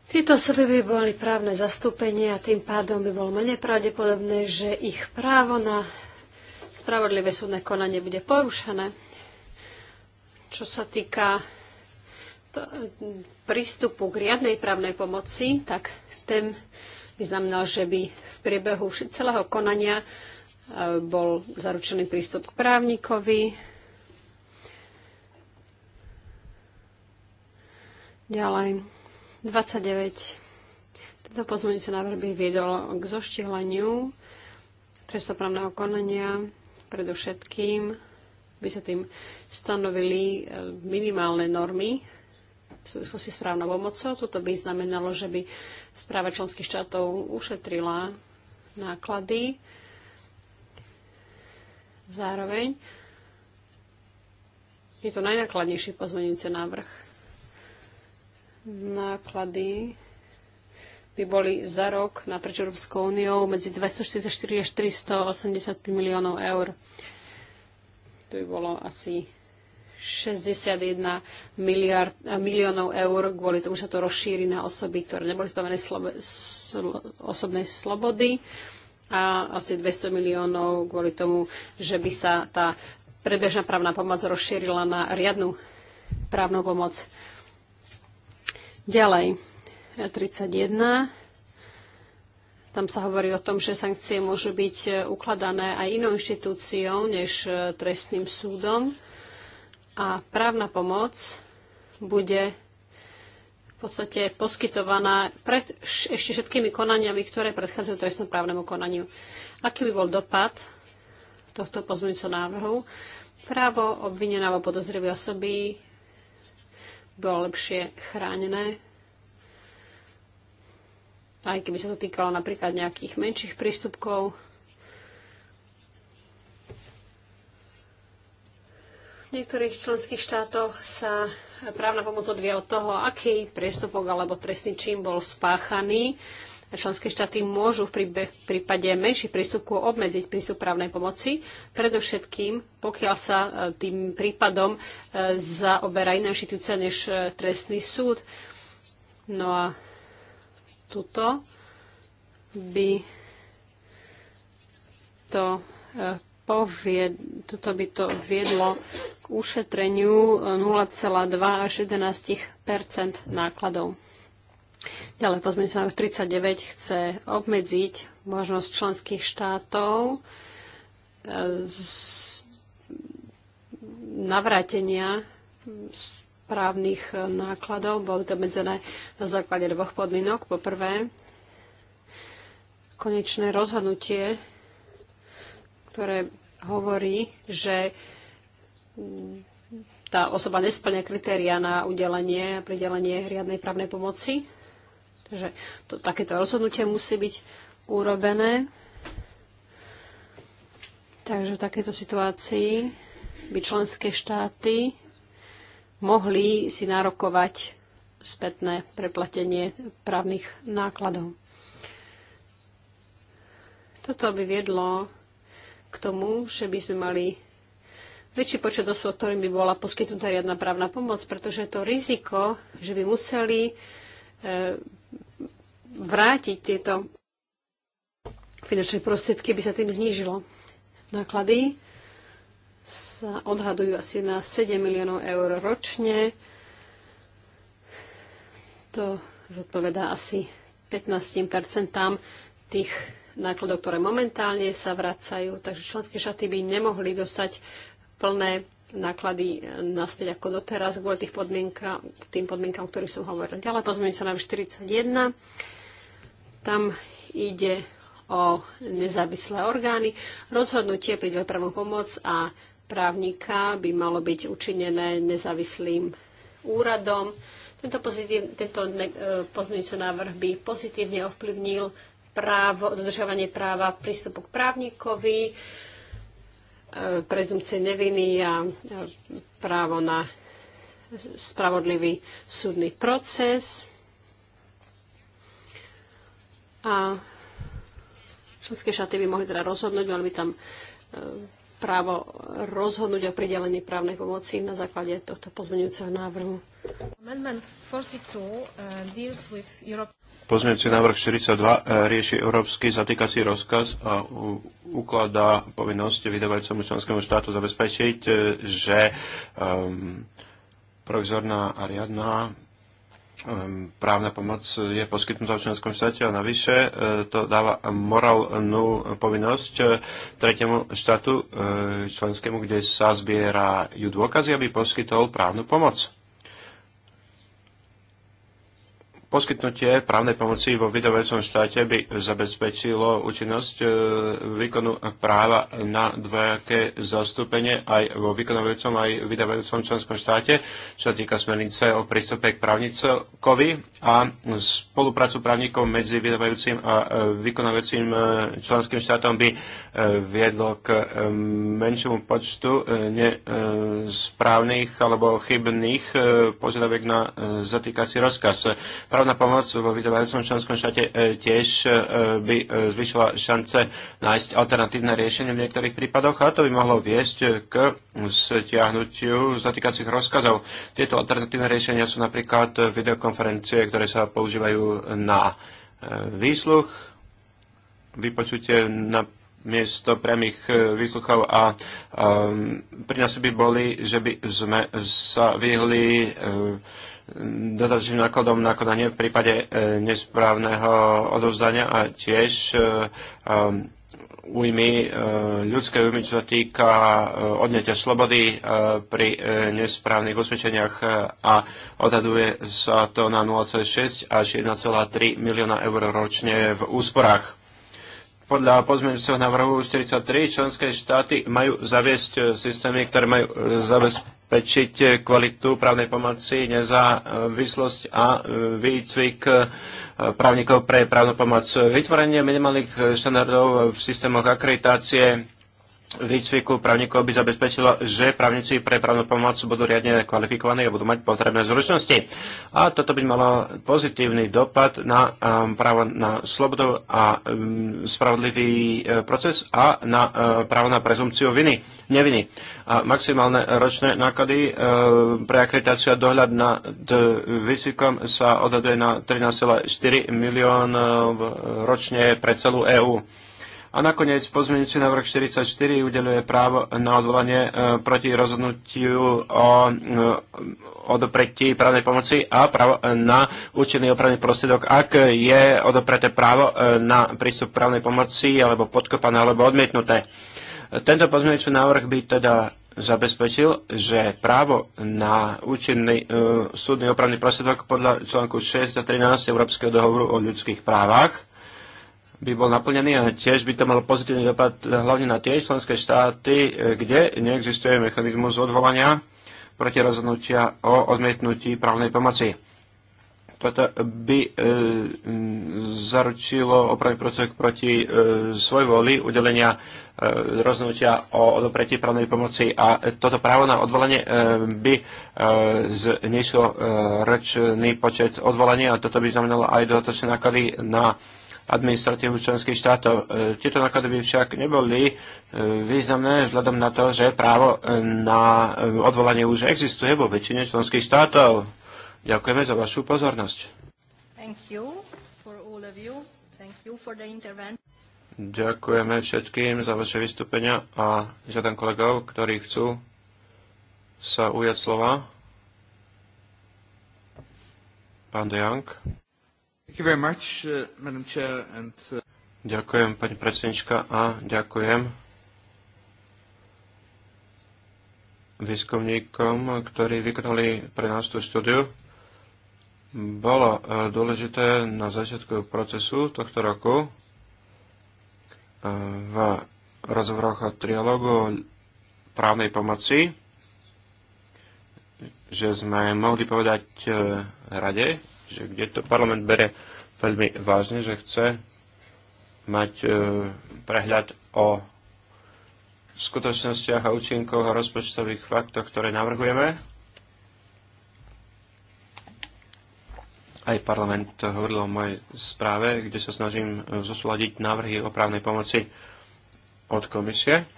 Tieto osoby by boli právne zastúpenie a tým pádom by bolo menej pravdepodobné, že ich právo na spravodlivé súdne konanie bude porušené. Čo sa týka to, prístupu k riadnej právnej pomoci, tak ten by znamenal, že by v priebehu celého konania e, bol zaručený prístup k právnikovi. Ďalej, 29. Tento pozmeňujúci návrh by viedol k zoštihleniu trestoprávneho konania predovšetkým by sa tým stanovili eh, minimálne normy v súvislosti s právnou pomocou. Toto by znamenalo, že by správa členských štátov ušetrila náklady. Zároveň je to najnákladnejší pozmeňujúci návrh. Náklady by boli za rok naprieč Európskou úniou medzi 244 až 385 miliónov eur. To by bolo asi 61 miliard, eh, miliónov eur, kvôli tomu, že sa to rozšíri na osoby, ktoré neboli zbavené slobe, slo, osobnej slobody a asi 200 miliónov kvôli tomu, že by sa tá predbežná právna pomoc rozšírila na riadnu právnu pomoc. Ďalej, 31. Tam sa hovorí o tom, že sankcie môžu byť e, ukladané aj inou inštitúciou než e, trestným súdom a právna pomoc bude v podstate poskytovaná pred ešte všetkými konaniami, ktoré predchádzajú trestnoprávnemu konaniu. Aký by bol dopad tohto pozmeňujúceho návrhu? Právo obvinená alebo podozrivé osoby bolo lepšie chránené aj keby sa to týkalo napríklad nejakých menších prístupkov. V niektorých členských štátoch sa právna pomoc odvie od toho, aký priestupok alebo trestný čin bol spáchaný. Členské štáty môžu v prípade menších prístupkov obmedziť prístup právnej pomoci, predovšetkým pokiaľ sa e, tým prípadom e, zaoberá iná inštitúcia než e, trestný súd. No a tuto by to e, povied, toto by to viedlo k ušetreniu 0,2 e, až 11 nákladov. Ďalej pozmeňujúci sa, 39 chce obmedziť možnosť členských štátov e, z navrátenia právnych eh, nákladov. Boli to medzené na základe dvoch podmienok. Po prvé, konečné rozhodnutie, ktoré hovorí, že mm, tá osoba nesplňa kritéria na udelenie a pridelenie riadnej právnej pomoci. Takže to, takéto rozhodnutie musí byť urobené. Takže v takejto situácii by členské štáty mohli si nárokovať spätné preplatenie právnych nákladov. Toto by viedlo k tomu, že by sme mali väčší počet osôb, ktorým by bola poskytnutá riadna právna pomoc, pretože to riziko, že by museli e, vrátiť tieto finančné prostriedky, by sa tým znížilo. Náklady sa odhadujú asi na 7 miliónov eur ročne. To zodpovedá asi 15 tých nákladov, ktoré momentálne sa vracajú. Takže členské šaty by nemohli dostať plné náklady naspäť ako doteraz kvôli tých podmienka, tým podmienkam, o ktorých som hovoril. Ďalej pozmením sa na 41. Tam ide o nezávislé orgány, rozhodnutie, prídel prvom pomoc a právnika by malo byť učinené nezávislým úradom. Tento, pozitív, tento e, pozmeňujúci návrh by pozitívne ovplyvnil právo, dodržovanie práva prístupu k právnikovi, e, prezumcie neviny a e, právo na spravodlivý súdny proces. A členské šaty by mohli teda rozhodnúť, mali by tam právo rozhodnúť o pridelení právnej pomoci na základe tohto pozmeňujúceho návrhu. Uh, Pozmeňujúci návrh 42 uh, rieši európsky zatýkací rozkaz a ukladá povinnosť vydavajúcemu členskému štátu zabezpečiť, uh, že um, provizorná a riadná Ehm, právna pomoc je poskytnutá v členskom štáte a navyše e, to dáva morálnu povinnosť e, tretiemu štátu e, členskému, kde sa zbierajú dôkazy, aby poskytol právnu pomoc. Poskytnutie právnej pomoci vo vydavecom štáte by zabezpečilo účinnosť e, výkonu práva na dvojaké zastúpenie aj vo vykonavajúcom aj vydavajúcom členskom štáte, čo týka smernice o prístupe k právnicovi a spoluprácu právnikov medzi vydavajúcim a e, vykonávajúcim e, členským štátom by viedlo k menšiemu počtu nesprávnych alebo chybných požiadaviek na zatýkací rozkaz právna pomoc vo vytrvajúcom členskom štáte e, tiež e, by e, zvyšila šance nájsť alternatívne riešenie v niektorých prípadoch a to by mohlo viesť k stiahnutiu zatýkacích rozkazov. Tieto alternatívne riešenia sú napríklad videokonferencie, ktoré sa používajú na výsluch, vypočutie na miesto priamých výsluchov a um, by boli, že by sme sa vyhli um, dodatočným nákladom na konanie v prípade e, nesprávneho odovzdania a tiež e, um, újmy, e, ľudské ujmy, čo sa týka odňatia slobody pri nesprávnych osvedčeniach a odhaduje sa to na 0,6 až 1,3 milióna eur ročne v úsporách podľa pozmeňujúceho návrhu 43 členské štáty majú zaviesť e, systémy, ktoré majú e, zabezpečiť e, kvalitu právnej pomoci, nezávislosť a výcvik právnikov pre právnu pomoc. Vytvorenie minimálnych štandardov v systémoch akreditácie výcviku právnikov by zabezpečilo, že právnici pre právnu pomoc budú riadne kvalifikovaní a budú mať potrebné zručnosti. A toto by malo pozitívny dopad na um, právo na slobodu a um, spravodlivý e, proces a na e, právo na prezumciu viny, neviny. A maximálne ročné náklady e, pre akreditáciu a dohľad nad výcvikom sa odhaduje na 13,4 miliónov ročne pre celú EÚ. A nakoniec pozmeňujúci návrh 44 udeluje právo na odvolanie e, proti rozhodnutiu o e, odopretí právnej pomoci a právo na účinný opravný prostriedok, ak je odopreté právo e, na prístup právnej pomoci alebo podkopané alebo odmietnuté. Tento pozmeňujúci návrh by teda zabezpečil, že právo na účinný e, súdny opravný prostriedok podľa článku 6 a 13 Európskeho dohovoru o ľudských právach by bol naplnený a tiež by to malo pozitívny dopad hlavne na tie členské štáty, e, kde neexistuje mechanizmus odvolania proti rozhodnutia o odmietnutí právnej pomoci. Toto by e, zaručilo opravný proces proti e, svoj voli udelenia e, rozhodnutia o odopretí právnej pomoci a toto právo na odvolanie e, by e, znešlo e, ročný počet odvolania a toto by znamenalo aj dodatočné náklady na e, administratívu členských štátov. E, tieto náklady by však neboli e, významné vzhľadom na to, že právo e, na odvolanie už existuje vo väčšine členských štátov. Ďakujeme za vašu pozornosť. Ďakujeme všetkým za vaše vystúpenia a žiadam kolegov, ktorí chcú sa ujať slova. Pán De Jong. Uh, uh, ďakujem, pani predsednička, a ďakujem výskumníkom, ktorí vykonali pre nás tú štúdiu. Bolo e, dôležité na začiatku procesu tohto roku e, v rozhovoroch a trialógu právnej pomoci, že sme mohli povedať e, rade, že kde to parlament bere veľmi vážne, že chce mať e, prehľad o skutočnostiach a účinkoch a rozpočtových faktoch, ktoré navrhujeme. Aj parlament hovoril o mojej správe, kde sa snažím e, zosúľadiť návrhy o právnej pomoci od komisie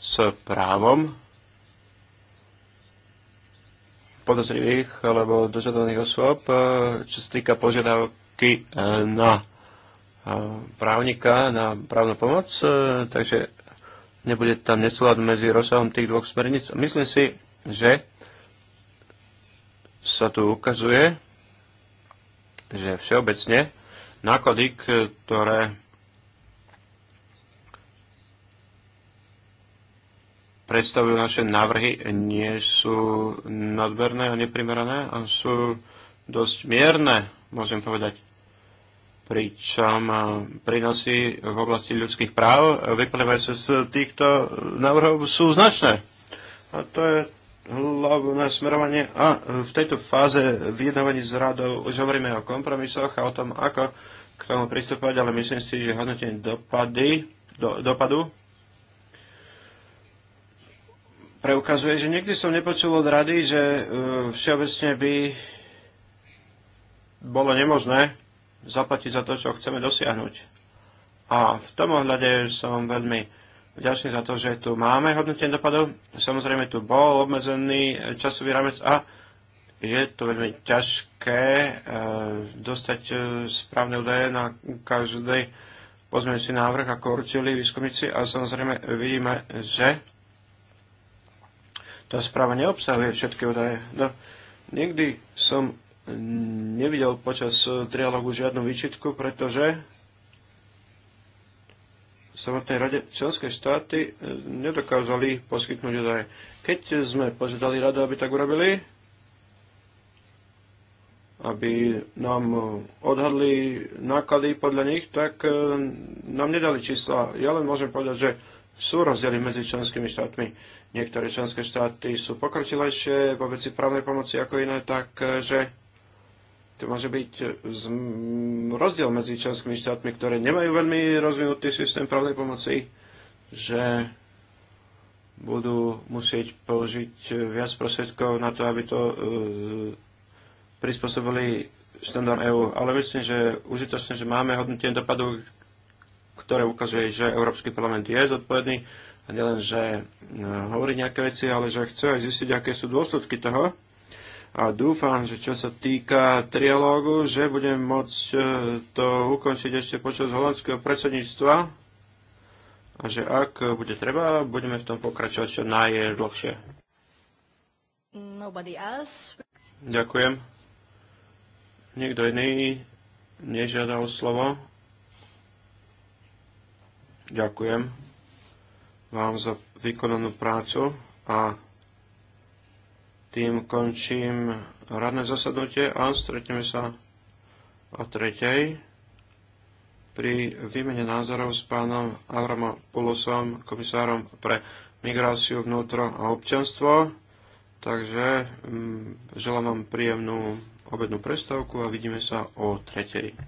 s právom podozrivých alebo dožadovaných osôb, e, čo sa týka požiadavok požiadavky eh, na eh, právnika, na právnu pomoc, eh, takže nebude tam nesúlad medzi rozsahom tých dvoch smerníc. Myslím si, že sa tu ukazuje, že všeobecne náklady, ktoré predstavujú naše návrhy, nie sú nadberné a neprimerané a sú dosť mierne, môžem povedať pričom eh, prínosy v oblasti ľudských práv vyplývajúce z týchto návrhov sú značné. A to je hlavné smerovanie. A v tejto fáze vyjednávaní s radou už hovoríme o kompromisoch a o tom, ako k tomu pristúpať, ale myslím si, že hodnotenie dopady, do, dopadu preukazuje, že nikdy som nepočul od rady, že uh, všeobecne by bolo nemožné zaplatiť za to, čo chceme dosiahnuť. A v tom ohľade som veľmi vďačný za to, že tu máme hodnotenie dopadov. Samozrejme, tu bol obmedzený časový ramec a je to veľmi ťažké e, dostať e, správne údaje na každej pozmeňujúci návrh, ako určili výskumníci a samozrejme vidíme, že tá správa neobsahuje všetky údaje. No, nikdy som nevidel počas eh, trialógu žiadnu výčitku, pretože v samotnej rade členské štáty eh, nedokázali poskytnúť údaje. Keď sme požiadali radu, aby tak urobili, aby nám eh, odhadli náklady podľa nich, tak nám nedali čísla. Ja len môžem povedať, že sú rozdiely medzi členskými štátmi. Niektoré členské štáty sú pokročilejšie vo veci právnej pomoci ako iné, takže to môže byť e, rozdiel medzi členskými štátmi, ktoré nemajú veľmi rozvinutý systém právnej pomoci, že budú musieť použiť e, viac prostriedkov na to, aby to e, prispôsobili štandard EÚ. Ale myslím, že užitočné, že máme hodnotenie dopadov, ktoré ukazuje, že Európsky parlament je zodpovedný a nielen, že e, hovorí nejaké veci, ale že chce aj zistiť, aké sú dôsledky toho a dúfam, že čo sa týka trialógu, že budem môcť e, to ukončiť ešte počas holandského predsedníctva a že ak bude treba, budeme v tom pokračovať čo najdlhšie. Ďakujem. Niekto iný nežiada o slovo. Ďakujem vám za vykonanú prácu a tým končím radné zasadnutie a stretneme sa o tretej pri výmene názorov s pánom Avramom Pulosom, komisárom pre migráciu, vnútro a občanstvo. Takže mm, želám vám príjemnú obednú prestávku a vidíme sa o tretej.